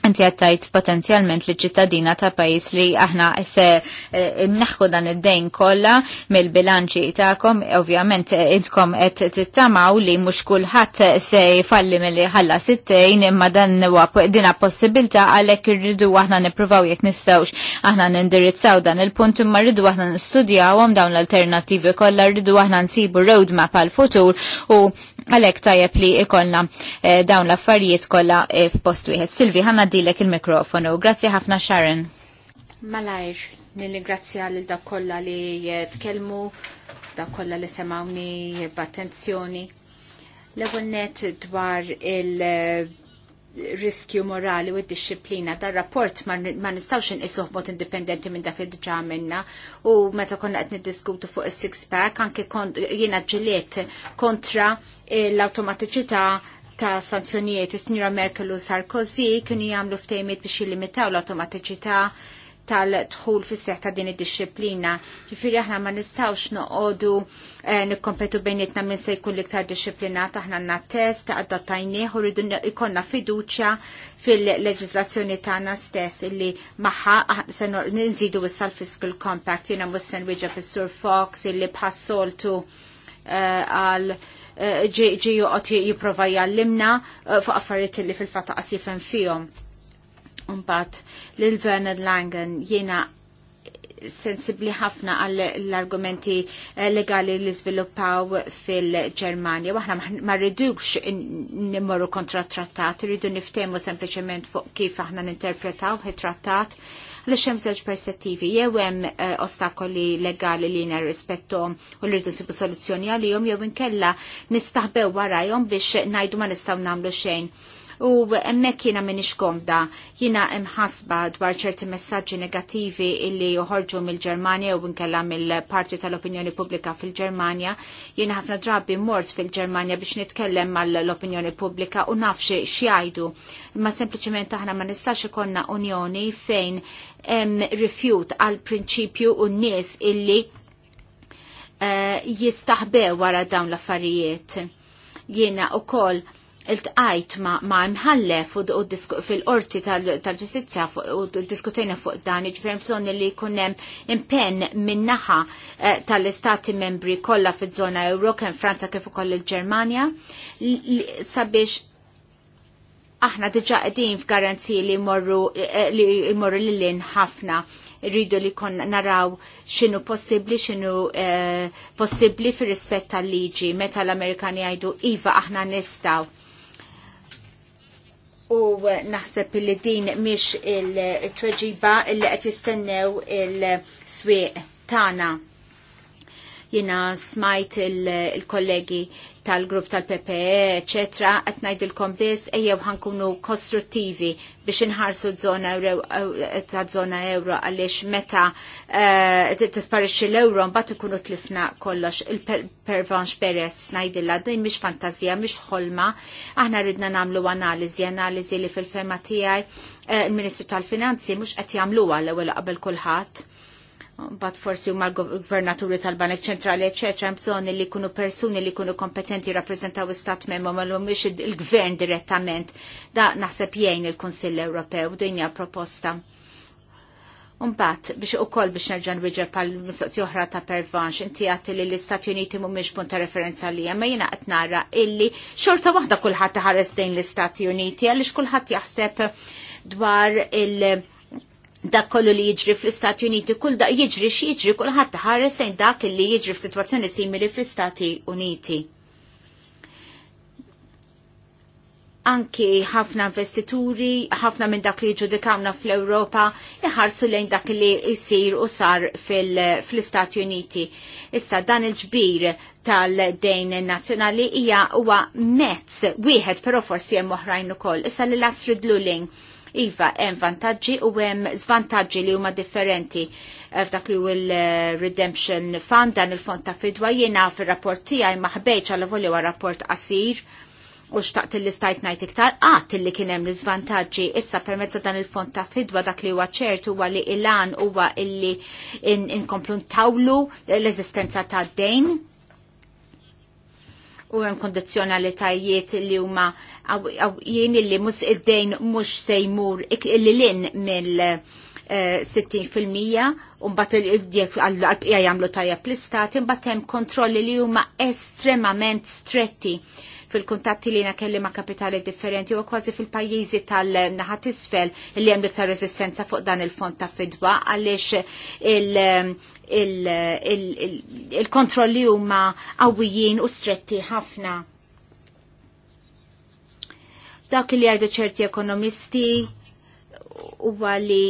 Inti għattajt potenzjalment li ċittadina ta' pajis li aħna se eh, naħku dan id-dejn kolla mill-bilanċi ta'kom, ovvjament eh, idkom qed tittamaw li mhux kulħadd se jfalli mill ħalla sittejn imma dan huwa dina possibilità għalhekk irridu aħna nippruvaw jekk nistgħux aħna nindirizzaw dan il-punt imma rridu aħna nistudjawhom dawn l-alternattivi kollha rridu aħna nsibu roadmap għal futur u Għalek tajab li ikolna eh, dawn l-affarijiet kolla eh, f'post wieħed. Silvi, ħanna dilek il-mikrofonu. Grazzi ħafna Sharon. Malajr, nil-ingrazzja l dak kolla li tkellmu, dak kolla li semawni b'attenzjoni. L-ewwel net dwar il- riskju morali u d-disciplina dar rapport ma nistawx inqisuh mod indipendenti minn dak li diġà minna u meta konna qed niddiskutu fuq is-six pack anke jiena ġiliet kontra eh, l-awtomatiċità ta' sanzjonijiet is sinjora Merkel u Sarkozy kienu jagħmlu ftehimiet biex jilimitaw l-awtomatiċità tal-dħul fis seħħ ta' din id-disciplina. Ġifiri aħna ma nistgħux noqogħdu eh, nikkompetu bejnietna minn se jkun liktar disciplinat aħna għanna test adattajnieh u rridu jkollna fiduċja fil-leġislazzjoni tagħna stess illi magħha ah, se nżidu issa l-fiscal compact jiena mhux se nwieġeb sur Fox illi bħassoltu eh, għal eh, ġiju għot juqot l jallimna fuq affarijiet li fil-fatta qas jifhem fihom. Umbat, lil Vernon Langen jiena sensibli ħafna għall argumenti eh, legali li sviluppaw fil-Germania. Waħna ma rridux nimmorru kontra trattat, rridu niftemu sempliciment fuq kif aħna ninterpretaw trattat li xem zewġ perspettivi, jew hemm uh, ostakoli legali li jina rispettom u li rridu nsibu soluzzjoni għalihom jew inkella nistaħbew warajhom biex ngħidu ma nistgħu nagħmlu xejn u emmek jina minix komda jina imħasba dwar ċerti messagġi negativi illi joħorġu mill-Germania u nkella mill-parti tal-opinjoni pubblika fil-Germania jina ħafna drabi mort fil-Germania biex nitkellem mal-opinjoni pubblika u nafxie xjajdu ma sempliciment aħna ma nistax ikonna unjoni fejn em, rifjut għal prinċipju u nies illi uh, jistaħbew wara dawn l-affarijiet. Jiena u koll il-tqajt ma' mħallef u fil-qorti tal-ġustizja u diskutajna fuq dan, ġifrem bżon li kunem impen minnaħa eh, tal-istati membri kolla fil żona Euro, kem Franza kif ukoll il-Germania, sabiex aħna diġa qegħdin f'garanziji li morru eh, li morru lilin ħafna rridu li kon naraw xinu possibli, xinu eh, possibli fir rispett tal-liġi, meta l-Amerikani għajdu iva aħna nistaw u naħseb li din miex il-tweġiba li qed jistennew il-swieq tagħna jina smajt il-kollegi tal-grupp tal-PPE, ecc. qed ngħidilkom biss ejjew ħankunu kostruttivi biex inħarsu euro, eh, ta' żona euro għaliex meta eh, tisparixxi l-euro mbagħad ikunu tlifna kollox il-pervanx peress ngħidilha din mhix fantazija, mhix ħolma. Aħna rridna nagħmlu analiżi, analiżi li fil-fema tiegħi eh, il-Ministru tal-Finanzi mhux qed jagħmluha l-ewwel qabel kulħadd bat forsi huma l-gvernaturi tal-Banek Ċentrali, eċetera, bżonn li jkunu persuni li jkunu kompetenti rappreżentaw istat memmu ma mhumiex il-gvern direttament. Da naħseb jgħin il-Kunsill Ewropew dinja proposta. Unbat, biex u koll biex nerġan wieġer pal mistoqsi oħra ta' pervanx, inti għatti li l-Istati Uniti mumiex punta referenza li ma jina qed nara illi xorta waħda kulħadd ħares dejn l-Istati Uniti għaliex kulħadd jaħseb dwar il- dak kollu li jiġri fl-Istati Uniti, kull dak jiġri x'jiġri kulħadd ħares lejn dak li jiġri f'sitwazzjoni simili fl-Istati Uniti. Anki ħafna investituri, ħafna minn dak li ġudikawna fl-Ewropa, iħarsu lejn dak li jsir u sar fl-Istati Uniti. Issa dan il-ġbir tal-dejn nazzjonali hija huwa mezz wieħed però forsi hemm oħrajn ukoll. Issa li Astrid Luling Iva, hemm vantaġġi u hemm żvantaġġi li huma differenti eh, f'dak li hu redemption Fund dan il-fond ta' fidwa jiena fir-rapport tiegħi maħbejġ għal volju rapport qasir u xtaqt li stajt ngħid iktar qatt li hemm l-iżvantaġġi issa permezza dan il-fond ta' fidwa dak li huwa ċert huwa li ilan huwa illi inkomplu in ntawlu l-eżistenza ta' dejn u hemm kondizzjonalitajiet li huma jien illi mus id-dejn mux sejmur il-lin mill-60% eh, unbat għal-bqija jamlu tajja pl-istat, unbat hemm kontrolli li huma estremament stretti fil-kuntatti li kelli ma' kapitali differenti u kważi fil-pajjiżi tal-naħat isfel li hemm iktar resistenza fuq dan il-fond ta' fidwa għaliex il-kontrolli huma qawwijin u stretti ħafna. Dak li għajdu ċerti ekonomisti u li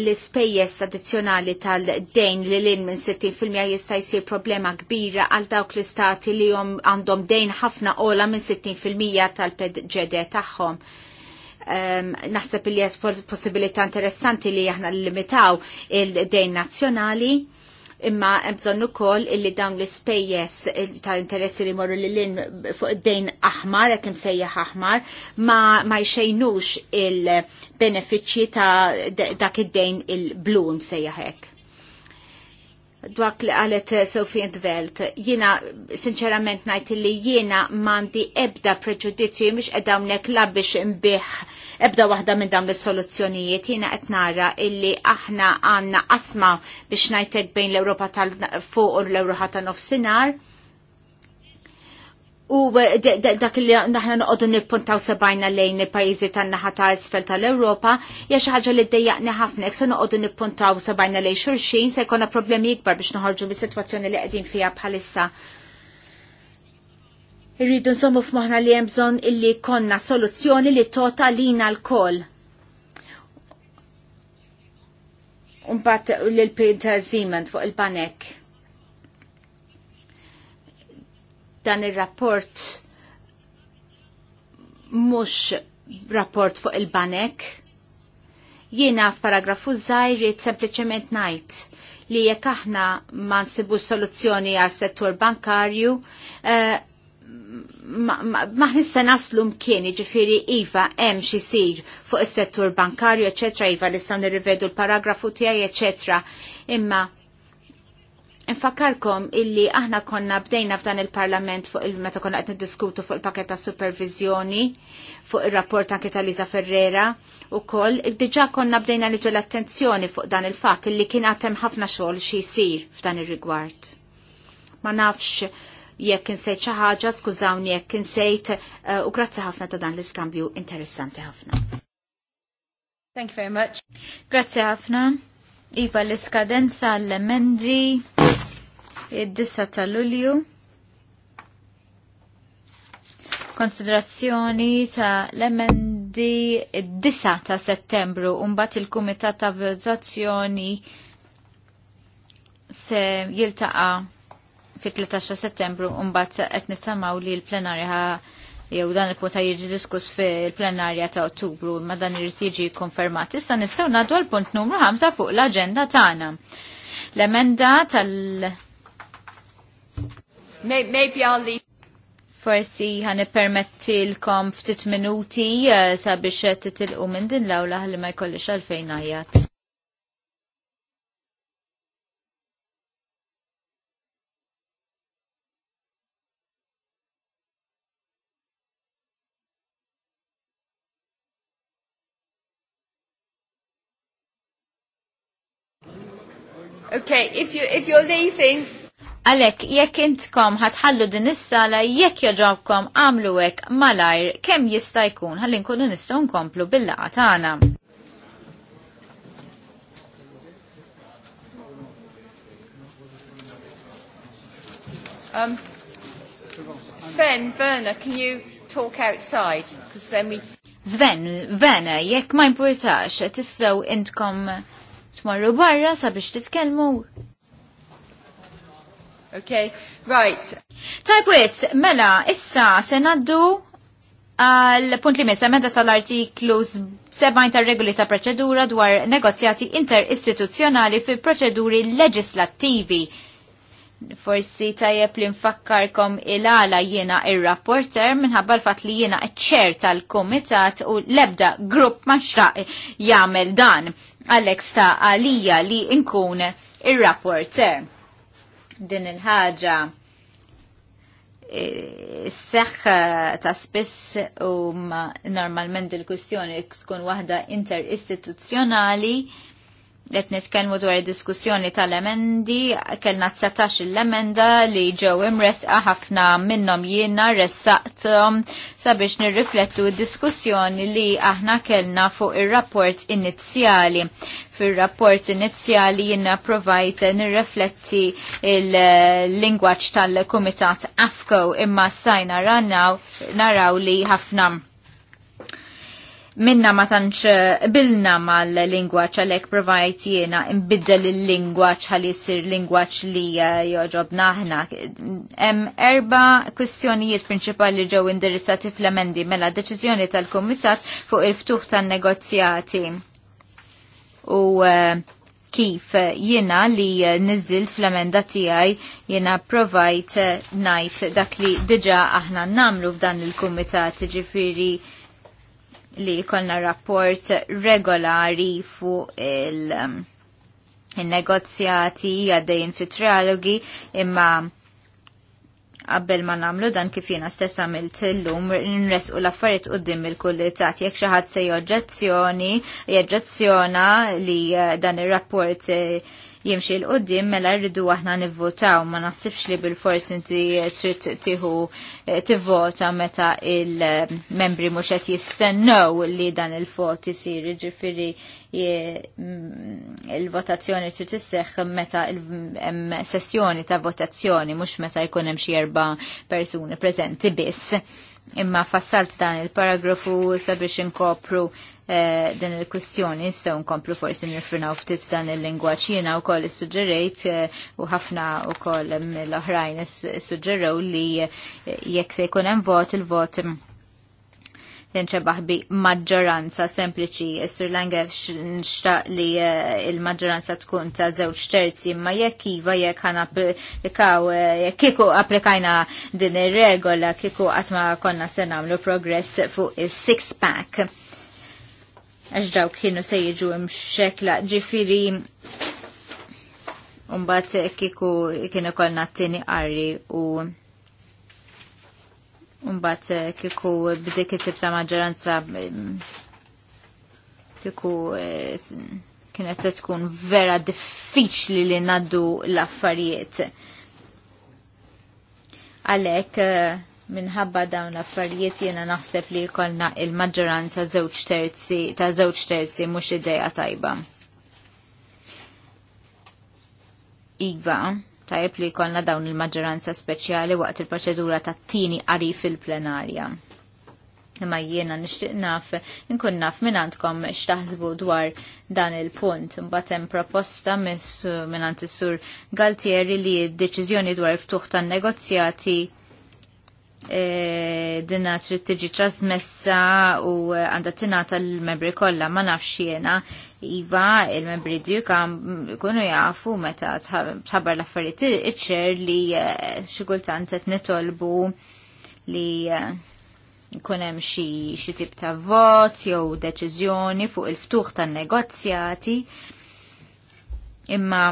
l-ispejjeż addizzjonali tal-dejn li l-in minn 60% jista' jsir problema kbira għal dawk l-istati li jom għandhom dejn ħafna ola minn 60% tal-ġede tagħhom. Um, naħseb li jes possibilità interessanti li aħna limitaw il-dejn nazzjonali imma hemm bżonn ukoll illi dawn l-ispejjeż eh, ta' interessi li morru lil fuq id-dejn aħmar jekk imsejjaħ aħmar ma ma jxejnux il-benefiċċji ta' dak id-dejn il-blu msejjaħ hekk dwak li għalet eh, Sophie Dvelt, jina sinċerament najt li jina mandi ebda preġudizzju miex edawnek la biex imbiħ ebda waħda minn dawn is-soluzzjonijiet jiena qed nara illi aħna għandna qasma biex ngħidlek bejn l-Ewropa tal-fuq u l-Ewropa ta' nofsinhar U dak li naħna noqogħdu nippuntaw sebajna lejn il-pajjiżi tan-naħa ta' isfel tal-Ewropa, hija xi ħaġa li ddejjaqni ħafna jekk se noqogħdu nippuntaw sebajna lejn xulxin se jkollna problemi ikbar biex noħorġu mis sitwazzjoni li qegħdin fiha bħalissa Irridu nżommu f'moħna li hemm bżonn illi konna soluzzjoni li tota lina l-koll. Umbat l pid Zeman fuq il-banek. Dan il-rapport mux rapport fuq il-banek. Jiena f'paragrafu zaħirrit sempliciment najt li jekk aħna ma nsibu soluzzjoni għal settur bankarju, eh, ma nissa naslu mkien ġifiri Iva hemm xi sir fuq is-settur bankarju, eċetera, Iva li sa nirrivedu l-paragrafu tiegħi, eċetera. Imma Infakarkom illi aħna konna bdejna f'dan il-parlament fuq il-meta konna qed niddiskutu fuq il-pakket supervizjoni fuq il-rapport anke ta' Liza Ferrera u koll, diġa konna bdejna nitu l-attenzjoni fuq dan il-fat illi kien għatem ħafna xogħol xi jsir f'dan ir-rigward. Ma nafx jekk insejt xi ħaġa, skużawni jekk insejt eh, u grazzi ħafna ta' dan l-iskambju interessanti ħafna. Thank you very much. Grazzi ħafna. Iva l-iskadenza l-emendi id-dissa ta' lulju Konsiderazzjoni ta' l-emendi id-dissa ta' settembru umbat il-Kumitat ta' Votazzjoni se jiltaqa' fi 13 settembru mbagħad qed nittamaw li l-plenarja jew dan il punta jiġi diskuss fil-plenarja ta' Ottubru ma dan irid jiġi konfermat. Issa nistgħu ngħaddu għal punt numru 5 fuq l-aġenda tagħna. L-emenda tal- Maybe I'll leave. Forsi ħani permettilkom ftit minuti eh, sabiex titilqu minn din l-awla li ma jkollix għalfejn ajjat. Okay, if, you, if you're leaving... Għalek, jekk intkom ħatħallu din is-sala jekk jaġobkom għamlu hekk malajr kemm jista' jkun ħalli nkunu nistgħu nkomplu bil-laqgħa tagħna. Um, Sven, Verna, can you talk outside? then we... Sven, Verna, jekk ma importax, tistgħu intkom tmorru barra sabiex titkellmu. Okay, right. Tajb wis, mela, issa se naddu għal punt li mis, meta tal-artiklu 7 tar-regoli ta' proċedura dwar negozjati interistituzzjonali fi proċeduri leġislattivi. Forsi tajjeb li nfakkarkom il-għala jiena il rapporter minħabba l-fat li jiena ċer tal-komitat u lebda grupp ma jgħamil jagħmel dan Alex ta' għalija li nkun ir-rapporter. Din il-ħaġa e, s-seħħa ta' spiss u normalment il-kustjoni tkun waħda interistituzzjonali istituzzjonali qed nitkellmu dwar id-diskussjoni tal-emendi, kellna 19 l-emenda li ġew imresqa ħafna minnhom jiena ressaqthom sabiex nirriflettu d-diskussjoni li aħna kellna fuq ir-rapport inizjali. Fir-rapport inizjali jiena provajt nirrifletti il-lingwaġġ tal-Kumitat AFCO imma sajna naraw li ħafna minna ma tantx eh, bilna mal-lingwaċ għalek provajt jena imbiddel l lingwaċ għal jisir lingwaċ li eh, joġobna ħna. Erba kwistjonijiet prinċipali ġew indirizzati fl-emendi mela deċiżjoni tal-Komitat fuq il-ftuħ tan-negozjati. U eh, kif jiena li nizzilt fl-emenda tijaj jiena provajt najt dak li diġa aħna namlu f'dan il-komitat ġifiri li jkollna rapport regolari fuq il- um, il-negozjati għaddejn fi trialogi imma qabel ma namlu dan kif jiena stess għamilt illum nresqu l-affarijiet qudiem il-kullitat jekk xi ħadd se joġġezzjoni jeġġezzjona li eh, dan ir-rapport eh, jimxi l-qoddim mela rridu aħna nivvotaw ma naħsibx li bil-fors inti trid tieħu eh, tivvota meta il-membri mhux qed jistennew li dan il-vot isir jiġifieri mm, il-votazzjoni trid isseħħ meta sessjoni ta' votazzjoni mhux meta jkun hemm xi erba' persuni preżenti biss imma fassalt dan il-paragrafu sabiex inkopru Eh, din il-kwistjoni, so nkomplu forsi nirfinaw ftit dan il-lingwaċ jiena u koll suġġerejt eh, u ħafna u koll l oħrajn suġġeraw li eh, jekk se jkun hemm vot il-vot mm, tinċebaħ bi maġġoranza sempliċi. Sur Lange xtaq li il-maġġoranza tkun ta' żewġ terzi, ma jekk iva jekk ħana applikaw, jekk kiku applikajna din ir-regola kiku għatma konna se nagħmlu progress fuq is-six pack għax kienu se jiġu imxekla ġifiri Umbat kiku kienu kolna t-tini għarri u Umbat kiku b'dik it ta' maġġoranza kiku eh, kienet tkun vera diffiċli li naddu l-affarijiet. Għalek, uh, minħabba dawn l-affarijiet jiena naħseb li jkollna il-maġġoranza żewġ terzi ta' żewġ terzi mhux idea tajba. Iva, tajb li jkollna dawn il-maġġoranza speċjali waqt il-proċedura ta' tini qari fil-plenarja. Imma jiena nixtieq naf, inkun naf minn għandkom x'taħsbu dwar dan il-punt. Mbagħad hemm proposta minn minn is-sur Galtieri li d-deċiżjoni dwar il-ftuħ tan-negozjati E, dinna trid tiġi trasmessa u għandha tingħata l-membri kollha ma nafx jiena iva il-membri djukam kunu jafu meta tħabbar l-affarijiet iċċer li e, xi kultant qed nitolbu li jkun e, hemm xi tip ta' vot jew deċiżjoni fuq il-ftuħ tan-negozjati imma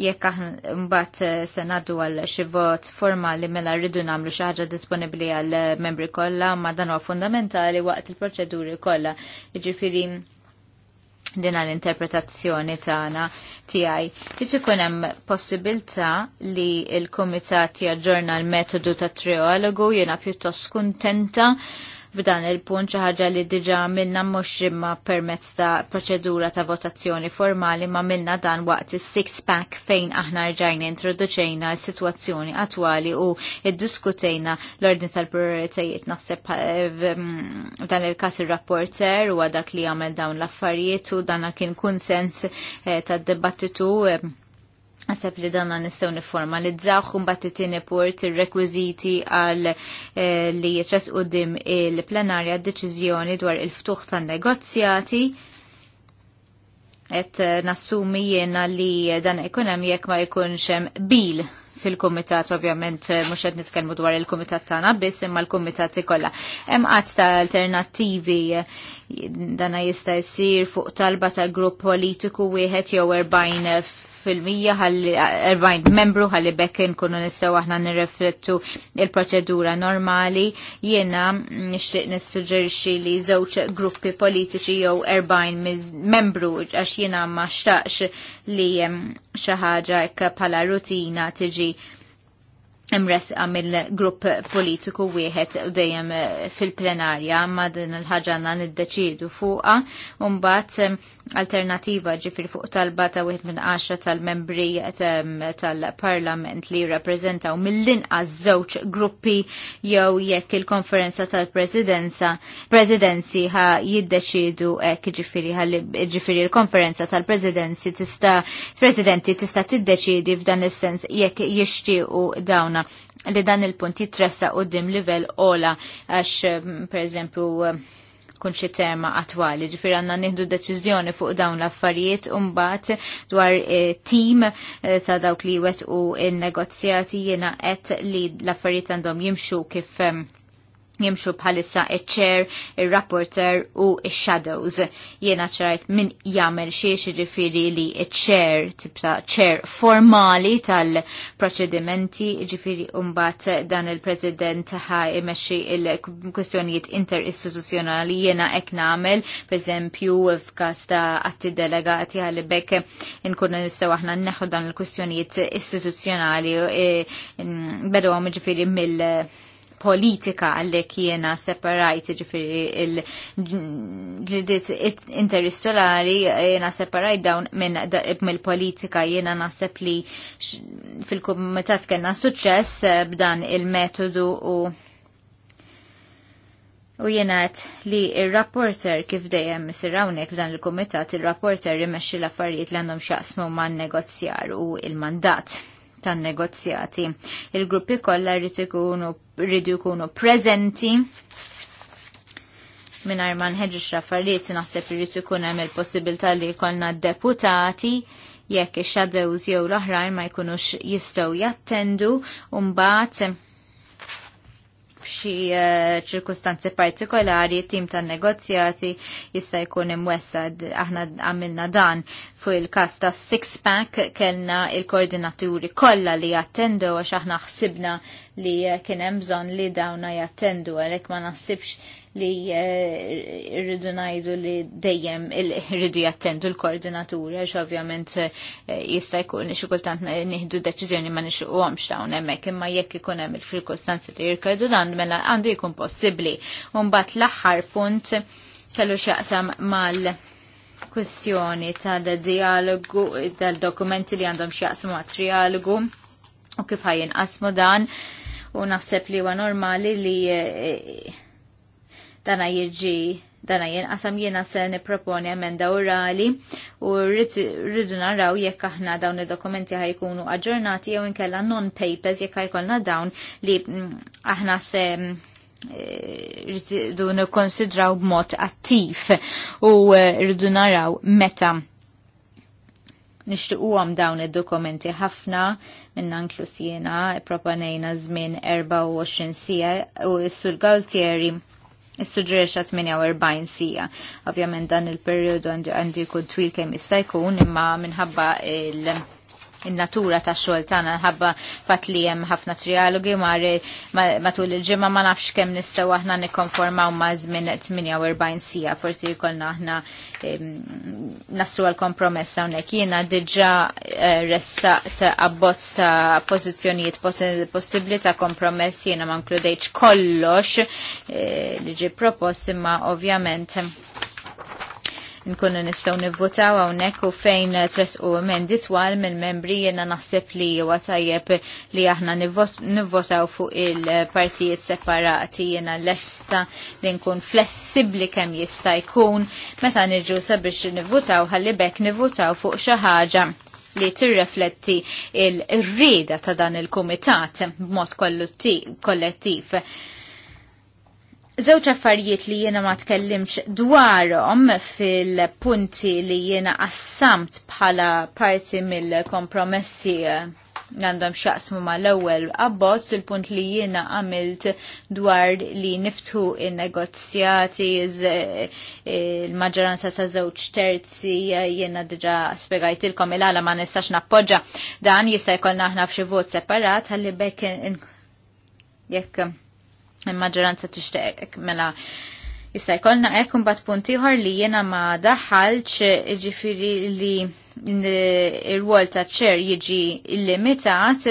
jekk aħna mbagħad eh, se ngħaddu għal xi vot formali mela rridu nagħmlu xi ħaġa disponibbli għal eh, membri kollha ma dan huwa fundamentali waqt il-proċeduri kollha. Jiġifieri din l-interpretazzjoni tagħna tiegħi. Jiġ ikun hemm possibilità li l-kumitat jaġġorna l-metodu ta' triologu jiena pjuttost kuntenta b'dan il-punt xi ħaġa li diġà minna mhux imma permezz ta' proċedura ta' votazzjoni formali ma minna dan waqt is-six pack fejn aħna rġajna introduċejna s-sitwazzjoni attwali u iddiskutejna l-ordni tal-prioritajiet naħseb eh, dan il-każ ir-rapporter u dak li għamel dawn l-affarijiet u dan kien kunsens eh, tad-dibattitu eh, Għasab li danna nistaw niforma li dżaħ bat tini port il-rekwiziti għal eh, li u dim il-plenarja deċizjoni dwar il-ftuħ tan negozjati et eh, nassumi jena li dan ikunem jekk ma jkunx hemm bil fil-komitat ovvjament eh, mhux qed nitkellmu dwar il-komitat tagħna biss imma l-komitat ikollha. Hemm qatt ta' alternattivi dana jista' jsir fuq talba ta' grupp politiku wieħed jew f' fil-mija ħalli 40 membru ħalli bekken kunu nistaw aħna nirreflettu il-proċedura normali jiena nixtieq nissuġġerixxi li żewġ gruppi politiċi jew 40 membru għax jiena ma xtaqx li xi ħaġa bħala rutina tiġi imresqa il grupp politiku wieħed u dejjem eh, fil-plenarja ma din il-ħaġanna niddeċidu fuqa mbagħad eh, alternativa ġifir fuq talba ta' wieħed minn għaxa tal-membri tal-parlament li jirrappreżentaw mill-inqas żewġ gruppi jew jekk il-konferenza tal-presidenza presidenzi ħa jiddeċidu hekk ġifiri il-konferenza tal-presidenzi tista' presidenti tista' tiddeċidi f'dan is-sens jekk jixtiequ dawna li dan il-punt jitressa u dim livell ola għax, mm, per eżempju, mm, kun xi tema attwali. Ġifir għandna nieħdu deċiżjoni fuq dawn l-affarijiet u dwar eh, tim eh, ta' dawk li wet u n-negozjati jena qed li l-affarijiet għandhom jimxu kif mm, jimxu bħalissa il-chair, il-rapporter u il-shadows. Jena ċarajt min jamel xie ġifiri li il-chair, tibta chair formali tal-proċedimenti, ġifiri umbat dan il-president ħa imexxi il-kwestjonijiet istituzjonali jena ek namel, per eżempju, f'kas ta' għatti delegati għalli bekk nkunu nistaw aħna neħu dan il-kwestjonijiet istituzjonali, e, bedu għom ġifiri mill- politika għallek jena separajt ġifiri il-ġidiet interistolari jena separajt dawn minn mill-politika jena nasib li fil-komitat kellna suċċess eh, b'dan il-metodu u U jenaħt li il-rapporter kif dejjem sirawnek f'dan il-komitat il-rapporter rimexxi l-affarijiet l għandhom xaqsmu man negozjar u il-mandat tan-negozjati. Il-gruppi kollha rridu jkunu preżenti mingħajr ma nħedġux raffariet naħseb irrid ikun hemm il-possibilità li jkollna deputati jekk ix-shadows jew l-oħrajn ma jkunux jistgħu jattendu u mbagħad f'xi eh, ċirkustanzi partikolari tim tan negozjati jista' jkun imwessad aħna għamilna dan fuq il-każ ta' six pack kellna il-koordinaturi kollha li jattendu għax aħna ħsibna li kien hemm bżonn li dawna jattendu għalhekk ma naħsibx li eh, rridu najdu li dejjem rridu jattendu l koordinatura għax ovvjament eh, jista' jkun xi kultant nieħdu deċiżjoni ma nixuqhomx dawn hemmhekk imma jekk ikun hemm il-frilkostanzi li jirkedu dan mela għandu jkun possibbli. U mbagħad l-aħħar punt kellu x'jaqsam mal kwestjoni tal-dialogu, tal-dokumenti li għandhom xjaqsmu għat-trialogu u kif ħajjen qasmu dan u naħseb li huwa normali li eh, dana jiġi dana jien qasam jiena se niproponi emenda orali u rridu naraw jekk aħna dawn id-dokumenti ħajkunu aġġornati jew inkella non-papers jekk ħajkolna dawn li mm, aħna se mm, eh, rridu nikkonsidraw b'mod attiv u eh, rridu naraw meta nishtiqu għam dawn id-dokumenti ħafna minna inklus jena propanejna zmin 24 sija u s-sul Galtieri Is-suġġerixxa 48 sija. Ovvjament dan il-perjodu għandi jkun twil kemm jista' jkun imma minħabba il- in-natura ta' xogħol tagħna ħabba fatt li hemm ħafna trialogi mar matul il-ġimgħa ma nafx kemm nistgħu aħna nikkonformaw ma' żmien 48 sija forsi jkollna aħna nasru għal kompromess hawnhekk. Jiena diġà eh, ressaqt abbozz ta' pożizzjonijiet possibbli ta' kompromess jiena ma nkludejx kollox eh, li ġi propost imma ovvjament nkunu nistgħu nivvotaw hawnhekk u fejn tresqu emendi ditwal mill-membri jiena naħseb li huwa tajjeb li aħna nivvotaw fuq il-partijiet separati jiena lesta li nkun flessibbli kemm jista' jkun meta niġu sabiex nivvotaw ħalli bekk nivvotaw fuq xi ħaġa li tirrefletti il-rieda ta' dan il-kumitat b'mod kollettiv Żewġ affarijiet li jiena ma tkellimx dwarhom fil-punti li jena assamt bħala parti mill-kompromessi eh, għandhom xaqsmu ma l-ewwel abbozz il-punt li jiena għamilt dwar li niftu in-negozjati il-maġġoranza ta' żewġ terzi eh, jiena diġà spjegajtilkom il-għala ma nistax nappoġġa dan jista' jkollna aħna f'xi vot separat ħalli bekk jekk il-maġġoranza tixtieq mela Issa jkollna hekk imbagħad punt ieħor li jiena ma daħħalx jiġifieri li r-rwol ta' ċer jiġi illimitat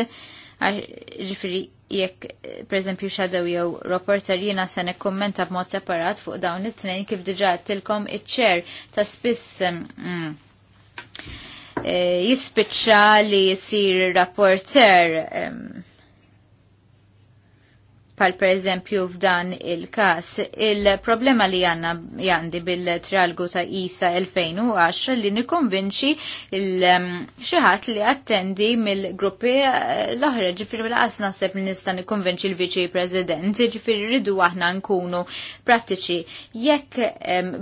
ġifiri jekk pereżempju xadew jew reporter jiena se nikkummenta b'mod separat fuq dawn it-tnejn kif diġà tilkom iċ-ċer ta' spiss mm, eh, jispiċċa li jsir rapporter pal per eżempju f'dan il-kas. Il-problema li għanna għandi bil-tralgu ta' ISA 2010 li nikonvinċi il-xaħat um, li attendi mill-gruppi eh, l-oħra ġifiri bil-qas mela, nasib nista nikonvinċi l viċi prezident, ġifiri ridu aħna nkunu prattiċi. Jekk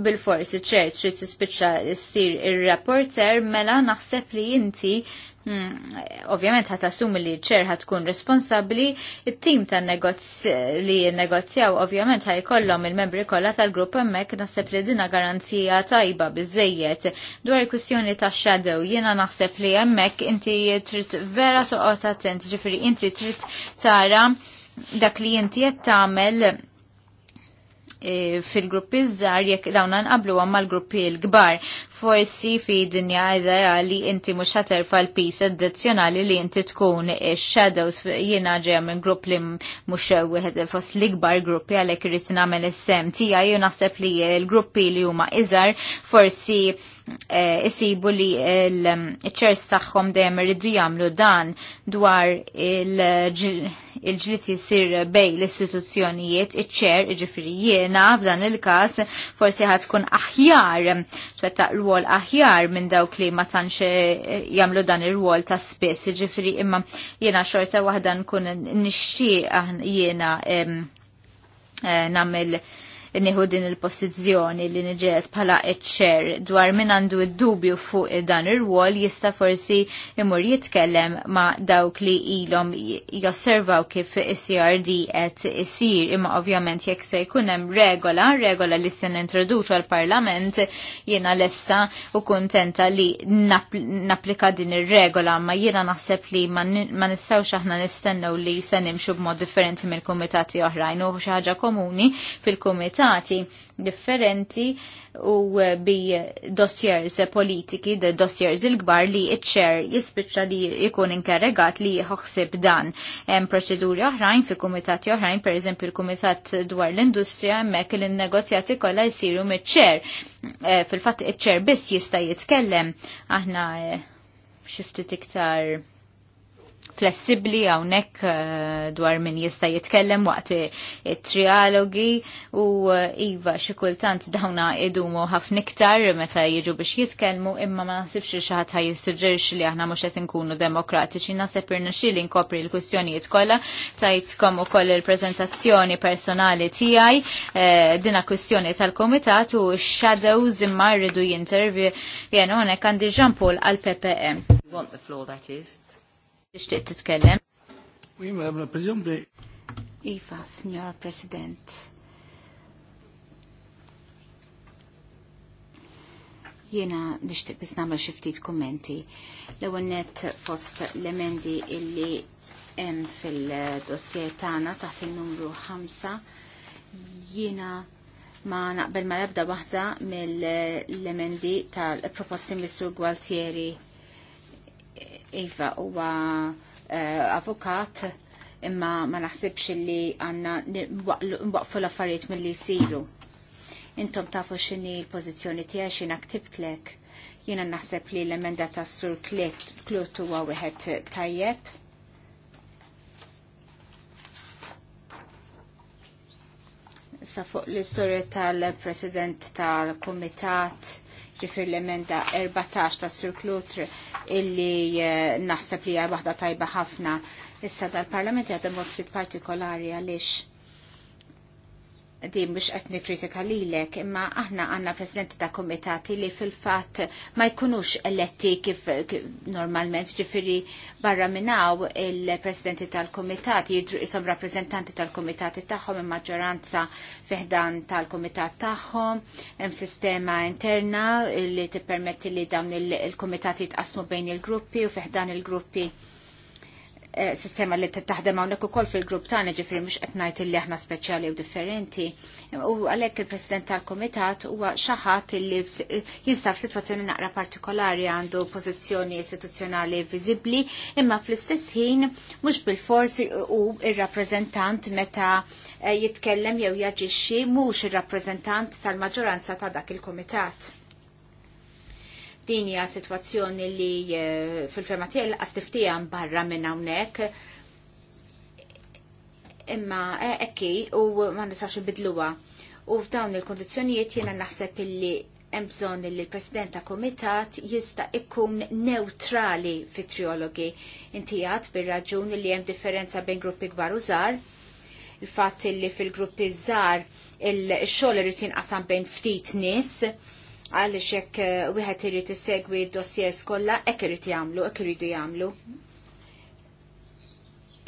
bil-forsi ċert trid tispiċċa ssir ir-rapporter mela naħseb li inti Hmm, ovvjament ħat assumi li ċer ħat tkun responsabli, it-tim ta' li negozjaw ovvjament ħaj kollom il-membri kollha tal-grupp hemmhekk naħseb li dina garanzija tajba bizzejiet. Dwar il-kwistjoni ta' shadow jiena naħseb li hemmhekk inti trid vera toqgħod attent, ġifri inti trid tara dak li inti qed tagħmel E, fil-gruppi zzar jekk dawn nqablu għamma l-gruppi l-gbar. Forsi fi dinja idea li inti mux ħaterfa l-pis addizjonali li inti tkun shadows jena ġeja minn grupp li mux wieħed fost l-gbar gruppi għalek irrit namel is-sem tija ju naħseb li l-gruppi li huma izzar forsi e, isibu li l-ċers tagħhom dejjem irridu jagħmlu dan dwar il- il-ġlit jisir bej l-istituzzjonijiet, iċ-ċer, iġifiri jiena, f'dan il-kas, forsi ħad tkun aħjar, twetta rwol aħjar minn dawk li ma tantx eh, jamlu dan ir wol ta' spess, iġifiri imma jiena xorta waħda nkun nixtieq jiena eh, nammel nieħu din il posizjoni li niġiet bħala eċċer dwar minn għandu id-dubju fuq dan ir-wol jista' forsi imur jitkellem ma' dawk li ilhom josservaw kif is-CRD qed isir imma ovvjament jekk se jkun hemm regola, regola li se nintroduċu għall parlament jiena lesta u kuntenta li napplika din ir-regola ma jiena naħseb li ma nistgħux aħna nistennew li se nimxu b'mod differenti mill-kumitati oħrajn u xi ħaġa komuni fil-kumitat komitati differenti u bi dossiers politiki, de dossiers il-gbar li iċċer jispiċċa li jkun inkarregat li jħoxsib dan. Hemm proċeduri oħrajn fi kumitati oħrajn, per eżempju il-kumitat dwar l-industrija, hemmhekk il negozjati kollha jisiru miċ-ċer. E, eh, Fil-fatt iċ bis biss jista' jitkellem. Aħna e, eh, xiftit iktar flessibli hawnhekk eh, dwar min jista' jitkellem waqt trialogi u eh, iva xi kultant dawna idumu ħafna iktar meta jiġu biex jitkellmu imma ma nasibx xaħat xi ħadd li aħna mhux qed nkunu demokratiċi naħseb irnexxi li nkopri l-kwistjonijiet kollha tajtkom ukoll il prezentazzjoni personali tiegħi eh, dina kwistjoni tal-komitat u zimmar imma rridu jenu hawnhekk għandi ġampol għal PPM. Want the floor that is. Tixtieq titkellem? Iva, Signor President. Jiena nixtieq biss nagħmel xi ftit kummenti. L-ewwel nett fost l-emendi illi hemm fil-dossier tagħna taħt il-numru 5 jiena ma naqbel ma ebda waħda mill-emendi tal-proposti Mr. Gualtieri Iva huwa eh, avukat imma ma naħsibx li għanna nwaqfu l-affarijiet mill-li jisiru. Intom tafu xini l-pozizjoni tiegħi xina ktibtlek. Jiena naħseb li l-emenda tas sur klut huwa wieħed tajjeb. Sa fuq l-istorja tal-president tal-komitat ġifir l-emenda 14 ta' Sir Klutr illi eh, naħseb li waħda tajba ħafna. Issa dal-parlament jgħadem mod partikolari għaliex di mux qed nikritika lilek, imma aħna għanna presidenti ta' komitati li fil-fat ma jkunux eletti kif, kif normalment ġifiri barra minnaw il-presidenti tal-komitati, jisom rappresentanti tal-komitati tagħhom il-maġġoranza fiħdan tal-komitat tagħhom, hemm sistema interna li tippermetti li dawn il-komitati jitqasmu bejn il-gruppi u fiħdan il-gruppi Eh, sistema li t-taħdem għonek u koll fil-grupp tana ġifri mux etnajt li aħna speċjali u differenti. U għalek il-president tal-komitat u xaħat li jinsaf situazzjoni naqra partikolari għandu pozizjoni istituzjonali vizibli imma fl-istess ħin mux bil-fors u il-rappresentant meta eh, jitkellem jew jaġixxi mux il-rappresentant tal-maġoranza ta' dak il-komitat Din hija sitwazzjoni li eh, fil-ferma tiegħi laqas tiftija barra minn hawnhekk. Imma eh, ekki u ma nistax bidluwa. U f'dawn il-kondizzjonijiet jiena naħseb illi hemm bżonn li l-President ta' Komitat jista' ikkun neutrali fit triologi Inti għad bir-raġun li hemm differenza bejn gruppi kbar u żgħar. Il-fatt li fil-gruppi żgħar il-xogħol irid jinqasam bejn ftit nies għaliex jekk eh, wieħed irid isegwi d-dossiers kollha hekk irid jagħmlu, hekk iridu jagħmlu.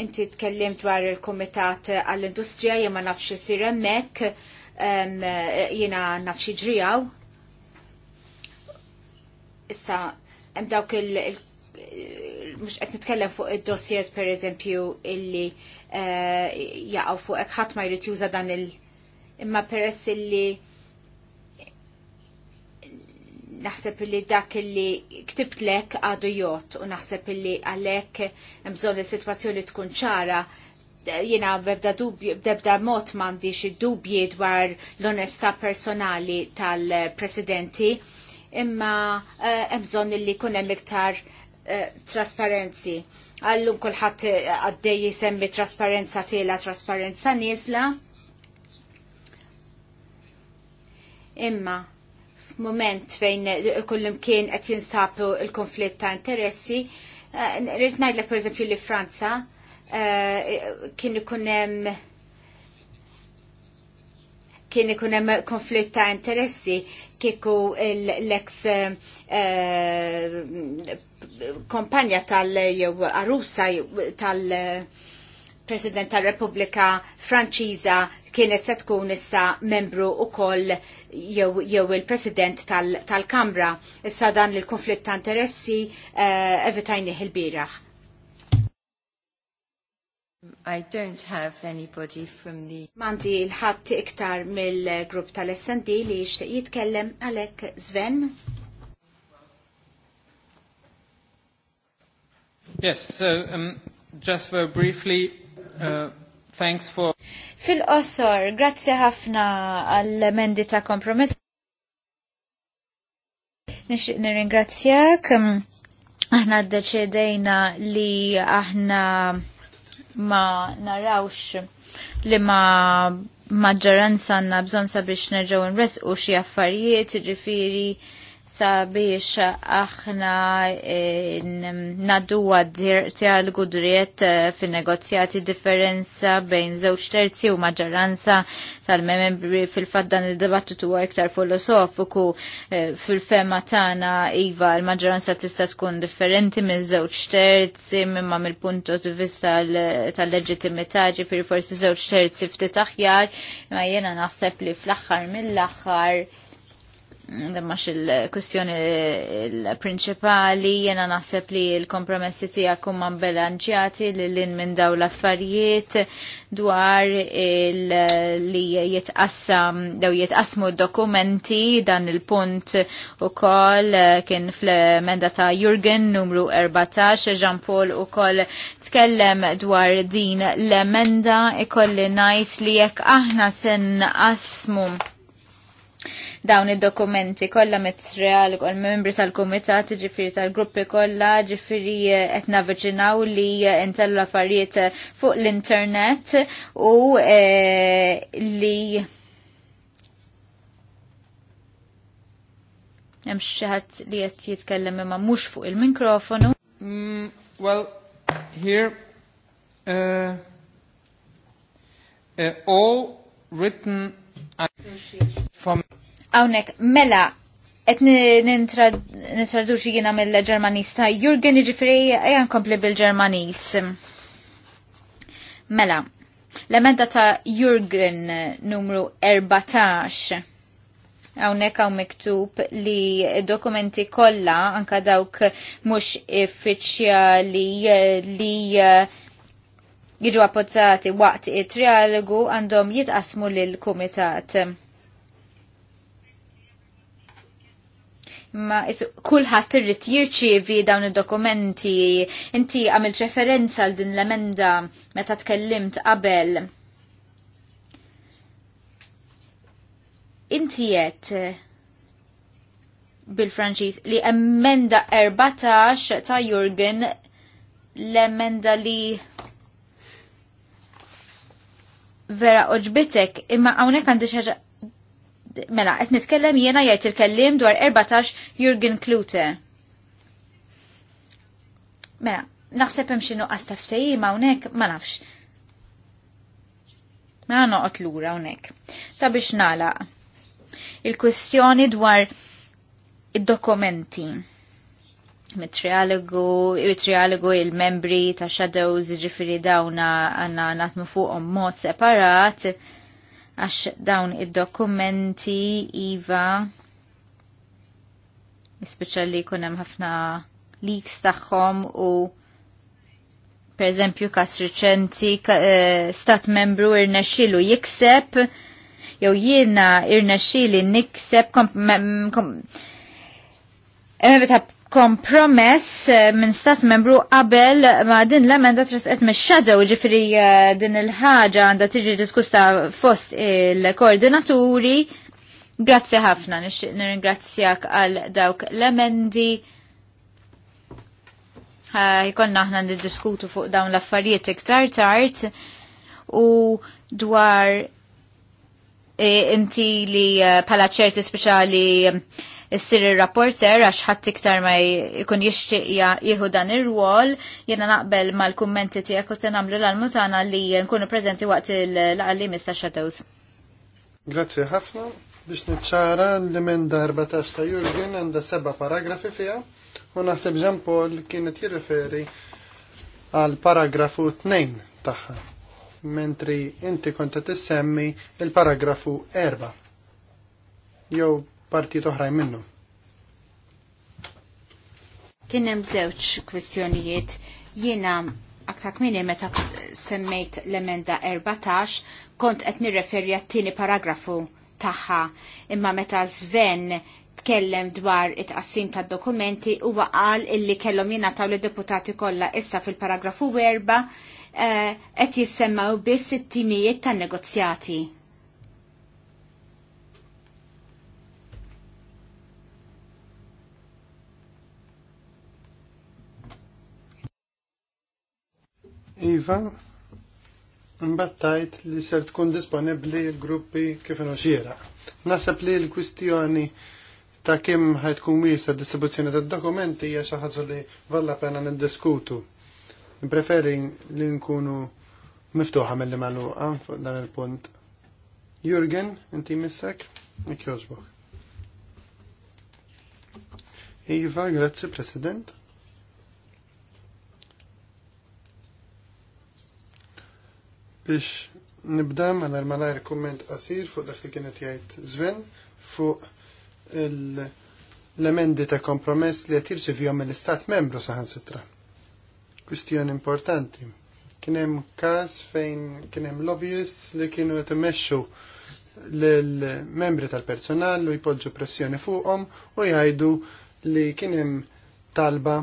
Inti tkellimt dwar il-Kumitat għall-Industrija jien ma nafx isir hemmhekk eh, jiena ġrijaw. Issa hemm dawk il- mux qed nitkellem fuq id-dossiers per eżempju illi eh, jaqgħu fuq hekk ħadd ma jrid juża dan il- imma peress illi naħseb li dak li lek għadu jot u naħseb li għalek mżon li situazzjoni tkun ċara jina bebda dubju, bebda mot mandi xie dubji dwar l-onesta personali tal-presidenti imma eh, mżon li kunem iktar eh, trasparenzi. Għallum kullħat eh, għaddej jisemmi trasparenza tela, trasparenza nizla. Imma, moment fejn kullim kien qed jinsabu il-konflitt ta' interessi, eh, rrid ngħidlek pereżempju li Franza eh, kien ikun hemm kien ikunem konflitt ta' interessi kieku l-ex eh, kompanja tal jew arusa tal President tal Repubblika Franċiża kienet se tkun issa membru u koll jew il-President tal-Kamra. Tal issa dan il konflitt ta' interessi uh, eh, evitajni il-biraħ. I don't have anybody from the... Mandi l-ħadd iktar mill-grupp tal-SND li jixtieq jitkellem għalek Sven. Yes, so um, just very briefly, Uh, thanks for... Fil-qosor, grazzi ħafna għall-emendi ta' kompromess. Nixtieq nirringrazzjak. Aħna deċedejna li aħna ma narawx li ma maġġoranza għandna bżonn sabiex nerġgħu nresqu xi affarijiet, ġifieri sabiex aħna eh, naddu għal gudriet eh, fin negozjati differenza bejn żewġ terzi u maġġoranza tal-membri fil-fatt dan id-dibattitu huwa iktar filosofiku eh, fil-fema tagħna iva l-maġġoranza tista' tkun differenti minn żewġ terzi imma mill punto di vista tal leġitimità ġifieri forsi żewġ terzi ftit aħjar imma jiena naħseb li fl-aħħar mill-aħħar Dammax mm, il kustjoni il-prinċipali, jena naħseb li il-kompromessi tijak kumman belanġjati li l-in minn daw l-affarijiet dwar li jitqassam, daw jitqassmu dokumenti dan il-punt u koll eh, kien fl-menda ta' Jurgen numru 14, Jean Paul u koll tkellem dwar din l-emenda ikolli najt li jekk aħna sen qasmu dawn id-dokumenti kollha mit għal membri tal-kumitat ġifieri tal-gruppi kollha ġifieri eh, qed naviġinaw li eh, intellu affarijiet eh, fuq l-internet u li hemm xi ħadd li qed jitkellem imma mhux fuq il-mikrofonu. Mm, well, here uh, uh, all written from Hawnhekk mela qed nintraduċi jiena mill-Ġermanista Jurgen iġifri għajan nkompli bil-Ġermanis. Mela, l-emenda ta' Jurgen numru 14 għawnek għaw miktub li dokumenti kolla anka dawk mux uffiċjali li jiġu appozzati waqt it-trialogu għandhom jitqasmu l kumitat ma kulħadd irrid jirċievi dawn id-dokumenti. Inti għamilt referenza għal din l-emenda meta tkellimt qabel. Inti qed bil-Franċiż li emenda 14 ta' Jurgen l-emenda li vera oġbitek imma hawnhekk għandi xi mela, qed nitkellem jiena jgħid il-kellim dwar 14 Jürgen Klute. Mela, naħseb hemm xi nuqqas taftejjim hawnhekk ma nafx. Mela noqgħod lura hawnhekk. Sabiex nagħlaq. Il-kwestjoni dwar id-dokumenti mit-trialogu, il-trialogu il-membri ta' shadows ġifiri dawna għanna natmu fuqom mod separat, għax dawn id-dokumenti iva speċjalli jkun hemm ħafna leaks tagħhom u per eżempju kas riċenti eh, stat membru irnexxilu jikseb jew jiena irnexxili nikseb meta kompromess eh, minn stat membru qabel ma din l-emenda trisqet mis shadow ġifri eh, din il-ħaġa għandha tiġi diskusta fost il-koordinaturi. Grazzi ħafna, nixtieq nirringrazzjak għal dawk l-emendi. Jkollna aħna diskutu fuq dawn l-affarijiet iktar tard u dwar eh, inti li pala ċerti speċali issir ir-rapporter għax ħadd iktar ma jkun jixtieq jieħu dan ir-rwol, jiena naqbel mal-kummenti tiegħek u tinagħmlu l-almutana li nkunu preżenti waqt il-laqalli mista' Shadows. Grazzi ħafna biex niċċara l-emenda 14 ta' Jurgen għandha seba' paragrafi fiha u naħseb Jean Paul kienet jirriferi għal paragrafu 2 tagħha mentri inti konta tissemmi il-paragrafu 4 jew Parti oħrajn minnu. Kien hemm żewġ kwistjonijiet jiena aktar kmini meta semmejt l-emenda 14 kont qed nirreferi għat-tieni paragrafu tagħha imma meta żven tkellem dwar it-qassim ta' dokumenti u qal illi kellhom jingħataw lid deputati kollha issa fil-paragrafu 4 eh, qed jissemmaw biss it-timijiet tan-negozjati. Iva, mbattajt li ser tkun disponibli l-gruppi kif xiera. Nasab li l-kwistjoni ta' kim ħajtkun wisa distribuzzjoni ta' dokumenti hija xi ħaġa li valla pena niddiskutu. Preferi li nkunu miftuħa mill-li magħluqa fuq dan il-punt. Jurgen, inti missek, ikjożbok. Iva, grazzi President. biex nibda ma malar komment qasir fuq dak li kienet jgħid Zven fuq l-emendi ta' kompromess li qed jirċevihom mill-Istat Membru saħansitra. Kwistjoni importanti. Kien hemm każ fejn kien hemm lobbyists li kienu qed imexxu lill-membri tal-personal u jpoġġu pressjoni fuqhom u jgħidu li kien hemm talba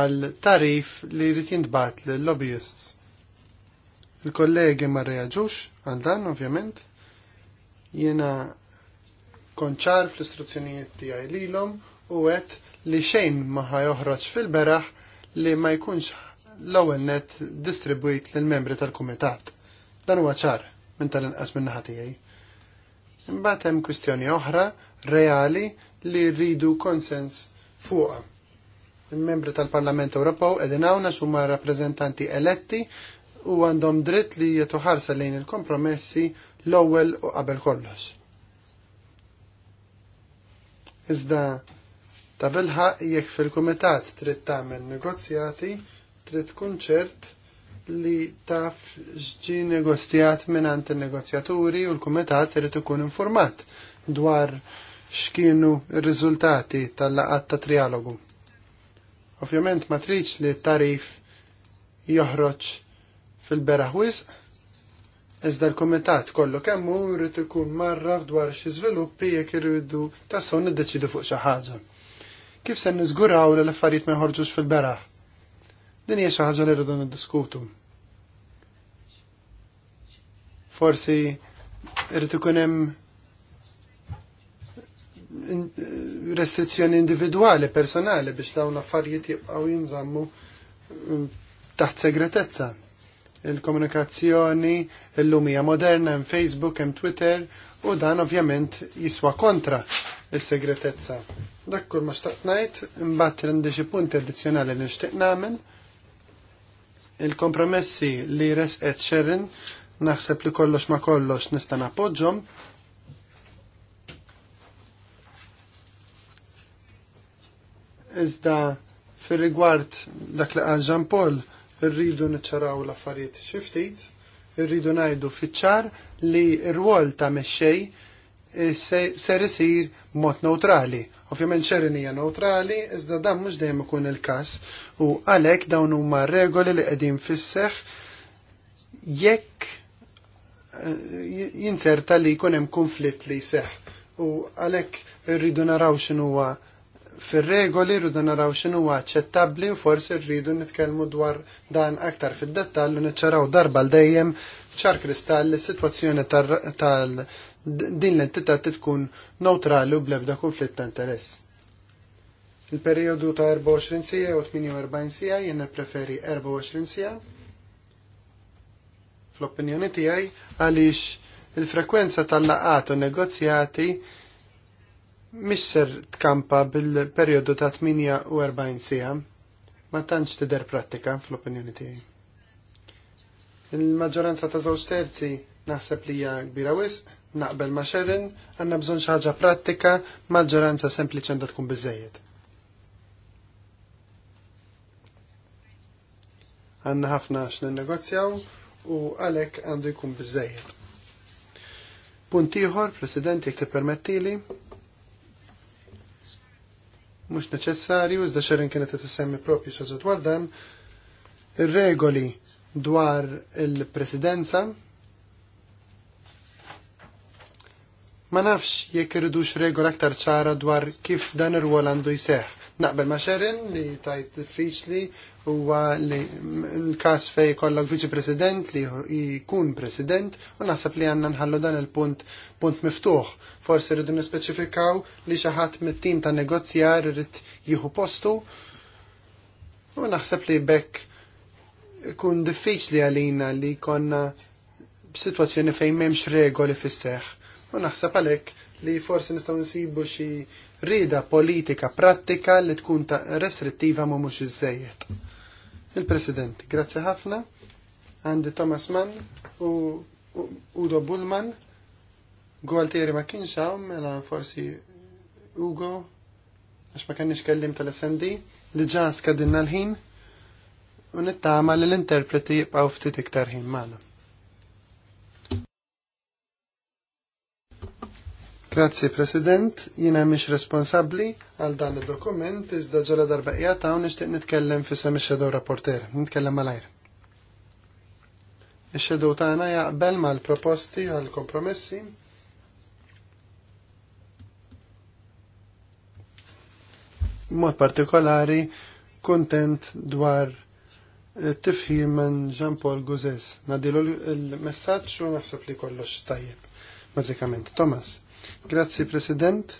għal tarif li jrid jintbagħat lill-lobbyists Il-kollegi ma reagġux għal dan ovvjament. Jena konċar fl-istruzzjonijiet tiegħi lilhom u għet li xejn maħa joħroġ fil-beraħ li ma jkunx l-ewwel net distribwit lill-membri tal-kumitat. Dan huwa ċar minn tal-inqas minn naħa tiegħi. Imbagħad hemm kwistjoni oħra reali li rridu konsens fuqha il-membri tal-Parlament Ewropew qegħdin hawn għax huma rappreżentanti eletti u għandhom dritt li jietu ħarsa lejn il-kompromessi l-ewwel u qabel kollox. Iżda ta' bilħaq jekk fil-kumitat trid tagħmel negozjati, trid tkun ċert li taf xġi negozjat għand il-negozjaturi u l-kumitat irid ikun informat dwar x'kienu r-riżultati tal-laqat ta' trialogu. Ovvjament ma tridx li tarif joħroġ fil-beraħwis, iżda l-komitat kollu kemmu jrid ikun marra dwar xi żviluppi jekk irridu tassew niddeċidu fuq xi ħaġa. Kif se niżguraw li l-affarijiet ma jħorġux fil-beraħ? Din hija xi ħaġa li rridu niddiskutu. Forsi rrid ikun hemm restrizzjoni individuali, personali biex dawn affarijiet jibqgħu jinżammu taħt segretezza il-komunikazzjoni illum hija moderna hemm Facebook, hemm Twitter u dan ovvjament jiswa kontra is-segretezza. Dak ma xtaqt ngħid, imbagħad rindi xi punti addizzjonali li nixtieq nagħmel. Il-kompromessi li resqet xerrin naħseb li kollox ma kollox nista' napoġġhom iżda fil rigward dak li għal Jean Paul rridu niċċaraw l-affarijiet xi ftit, rridu ngħidu fiċ-ċar li r-rwol ta' mexxej eh, ser isir mod neutrali. Ovvjament xerin hija neutrali, iżda dan mhux dejjem ikun il-każ u għalhekk dawn huma regoli li qegħdin fisseħ jekk eh, jinserta li jkun hemm konflitt li jseħħ u għalhekk irridu naraw x'inhuwa fir-regoli rridu naraw x'inhu aċċettabbli u forsi rridu nitkellmu dwar dan aktar fid-dettall u niċċaraw darba l dajem ċar kristall is-sitwazzjoni tal din l-entità tkun neutrali u blebda konflitt ta' interess. Il-periodu ta' 24 sija u 48 sija jenna preferi 24 sija. Fl-opinjoni tijaj għalix il-frekwenza tal-laqat u negozjati misser tkampa bil-periodu ta' 48 sija, ma tantx tider pratika fl-opinjoni tiegħi. Il-maġġoranza ta' żewġ terzi naħseb li hija kbira wisq, naqbel ma' xerrin, għandna bżonn xi ħaġa pratika, maġġoranza sempliċi għandha tkun biżejjed. Għandna ħafna negozjaw u għalhekk għandu jkun biżejjed. Punt ieħor, President, jekk tippermettili, mhux neċessarju, iżda xerin kienet tissemmi propju xaġa dwar dan, regoli dwar il-presidenza Ma nafx jekk irridux regola aktar ċara dwar kif dan ir-rwol għandu jseħ. Naqbel ma' xerin li tajt diffiċli huwa li l-każ fej kollok viċi president li jkun president u naħseb li għandna nħallu dan il-punt punt miftuħ Forsi rridu nispeċifikaw li xi ħadd mit-tim ta' negozjar irid jieħu postu u naħseb li bekk ikun diffiċli għalina li konna b'sitwazzjoni fejn m'hemmx regoli fisseħ. U naħseb għalhekk li forsi nistgħu nsibu xi rida politika prattika li tkun ta' restrittiva ma' mux iżżejjed. Il-President, grazzi ħafna, għandi Thomas Mann u Udo Bullman Gualtieri ma kienx hawn mela forsi Ugo għax ma kenniex kellim tal-SND li ġa skadinna l-ħin u nittama li l-interpreti jibqgħu ftit iktar ħin magħna. Grazzi President, jiena mhix responsabbli għal dan id-dokument iżda ġala darba qiegħata u nixtieq nitkellem fi semi shadow rapporter, nitkellem malajr. Ix-xedow tagħna jaqbel mal-proposti għal-kompromessi mod partikolari kontent dwar tifħim minn Jean-Paul Guzes. Nadilu l-messagġ u naħseb li kollox tajjeb, bażikament. Thomas, grazzi President.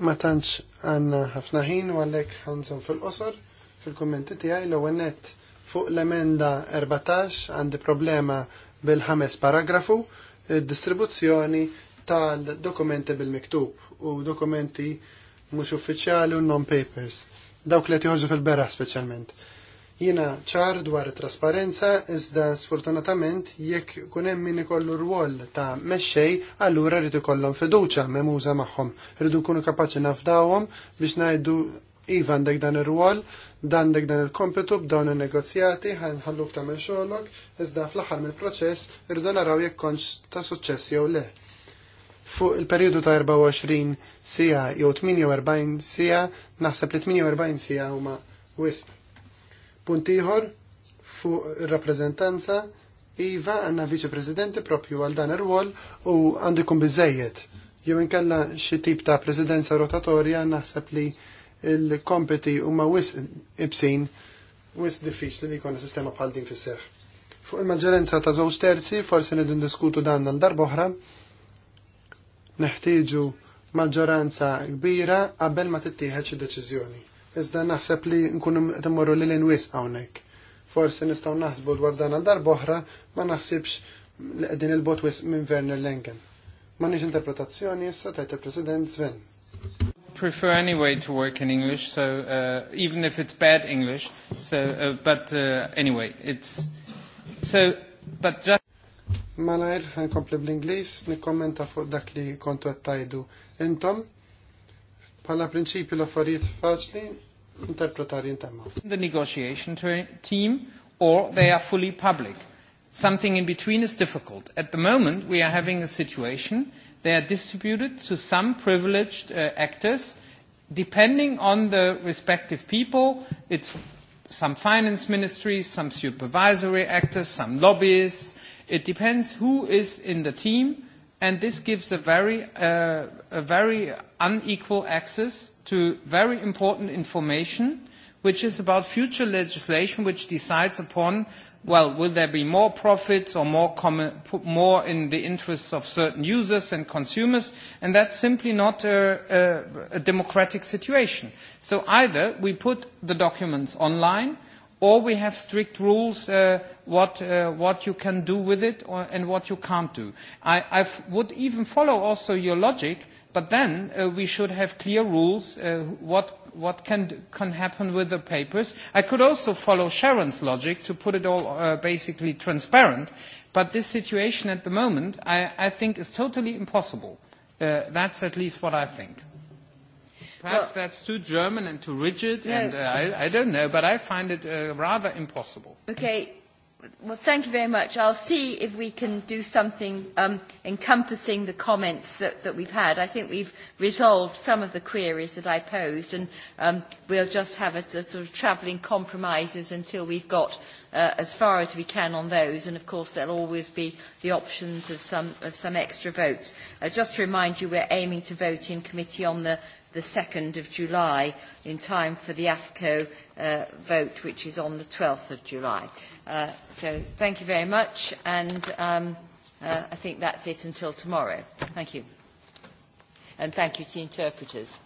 Ma tantx għanna ħafna ħin u għalek ħanżom fil-qosor fil-kommenti tiegħi l għennet fuq l-emenda 14 għandi problema bil-ħames paragrafu id-distribuzzjoni tal-dokumenti bil-miktub u dokumenti mhux uffiċjali u non-papers. Dawk li jħorġu fil-beraħ speċjalment. Jiena ċar dwar it trasparenza iżda sfortunatament jekk kun hemm min ikollu rwol ta' mexxej, allura rridu kollhom fiduċja memuża magħhom. Rridu kunu kapaċi nafdawhom biex ngħidu iva għandek dan ir-rwol, dan dek dan il-kompetu b'dawn il-negozjati, ħalluk ta' xogħolok, iżda fl-aħħar mill-proċess irridu naraw jekk kontx ta' suċċess jew le fuq il-periodu ta' 24 sija jew 48 sija, naħseb li 48 sija huma wisq. Punt ieħor fuq ir-rappreżentanza iva għandna viċi-presidenti propju għal dan ir-rwol u għandu jkun biżejjed. Jew inkella xi tip ta' presidenza rotatorja naħseb li il-kompeti huma wisq ibsin wisq diffiċli li jkollna sistema bħal din fis-seħħ. Fuq il-maġġoranza ta' żewġ terzi forsi nidu ndiskutu dan għal darba oħra, neħtieġu maġġoranza kbira qabel ma tittieħed xi deċiżjoni. Iżda naħseb li nkunu qed immorru lil inwies hawnhekk. Forsi nistgħu naħsbu dwar dan għal darba oħra ma naħsibx li qegħdin il-bot wisq minn Werner Lengen. M'għandniex interpretazzjoni issa tajt il-President Sven. Prefer anyway to work in English, so uh, even if it's bad English, so uh, but uh, anyway, it's so but just Malajr ħankompli bl-Inglis, nikkommenta fuq dak li kontu għattajdu intom. Pala prinċipi l-affarijiet faċli, interpretari intemma. The negotiation team or they are fully public. Something in between is difficult. At the moment, we are having a situation they are distributed to some privileged uh, actors depending on the respective people. It's some finance ministries, some supervisory actors, some lobbyists, It depends who is in the team, and this gives a very, uh, a very unequal access to very important information, which is about future legislation which decides upon, well, will there be more profits or more, common, more in the interests of certain users and consumers, and that's simply not a, a, a democratic situation. So either we put the documents online, or we have strict rules uh, what, uh, what you can do with it or, and what you can't do. I, I would even follow also your logic, but then uh, we should have clear rules uh, what, what can, can happen with the papers. I could also follow Sharon's logic to put it all uh, basically transparent, but this situation at the moment I, I think is totally impossible. Uh, that's at least what I think. Perhaps well, that's too German and too rigid, yeah. and uh, I, I don't know, but I find it uh, rather impossible. Okay, Well, thank you very much. I'll see if we can do something um, encompassing the comments that, that we've had. I think we've resolved some of the queries that I posed, and um, we'll just have a, a sort of travelling compromises until we've got uh, as far as we can on those. And, of course, there'll always be the options of some, of some extra votes. Uh, just to remind you, we're aiming to vote in committee on the the 2nd of July in time for the AFCO uh, vote, which is on the 12th of July. Uh, so thank you very much, and um, uh, I think that's it until tomorrow. Thank you. And thank you to the interpreters.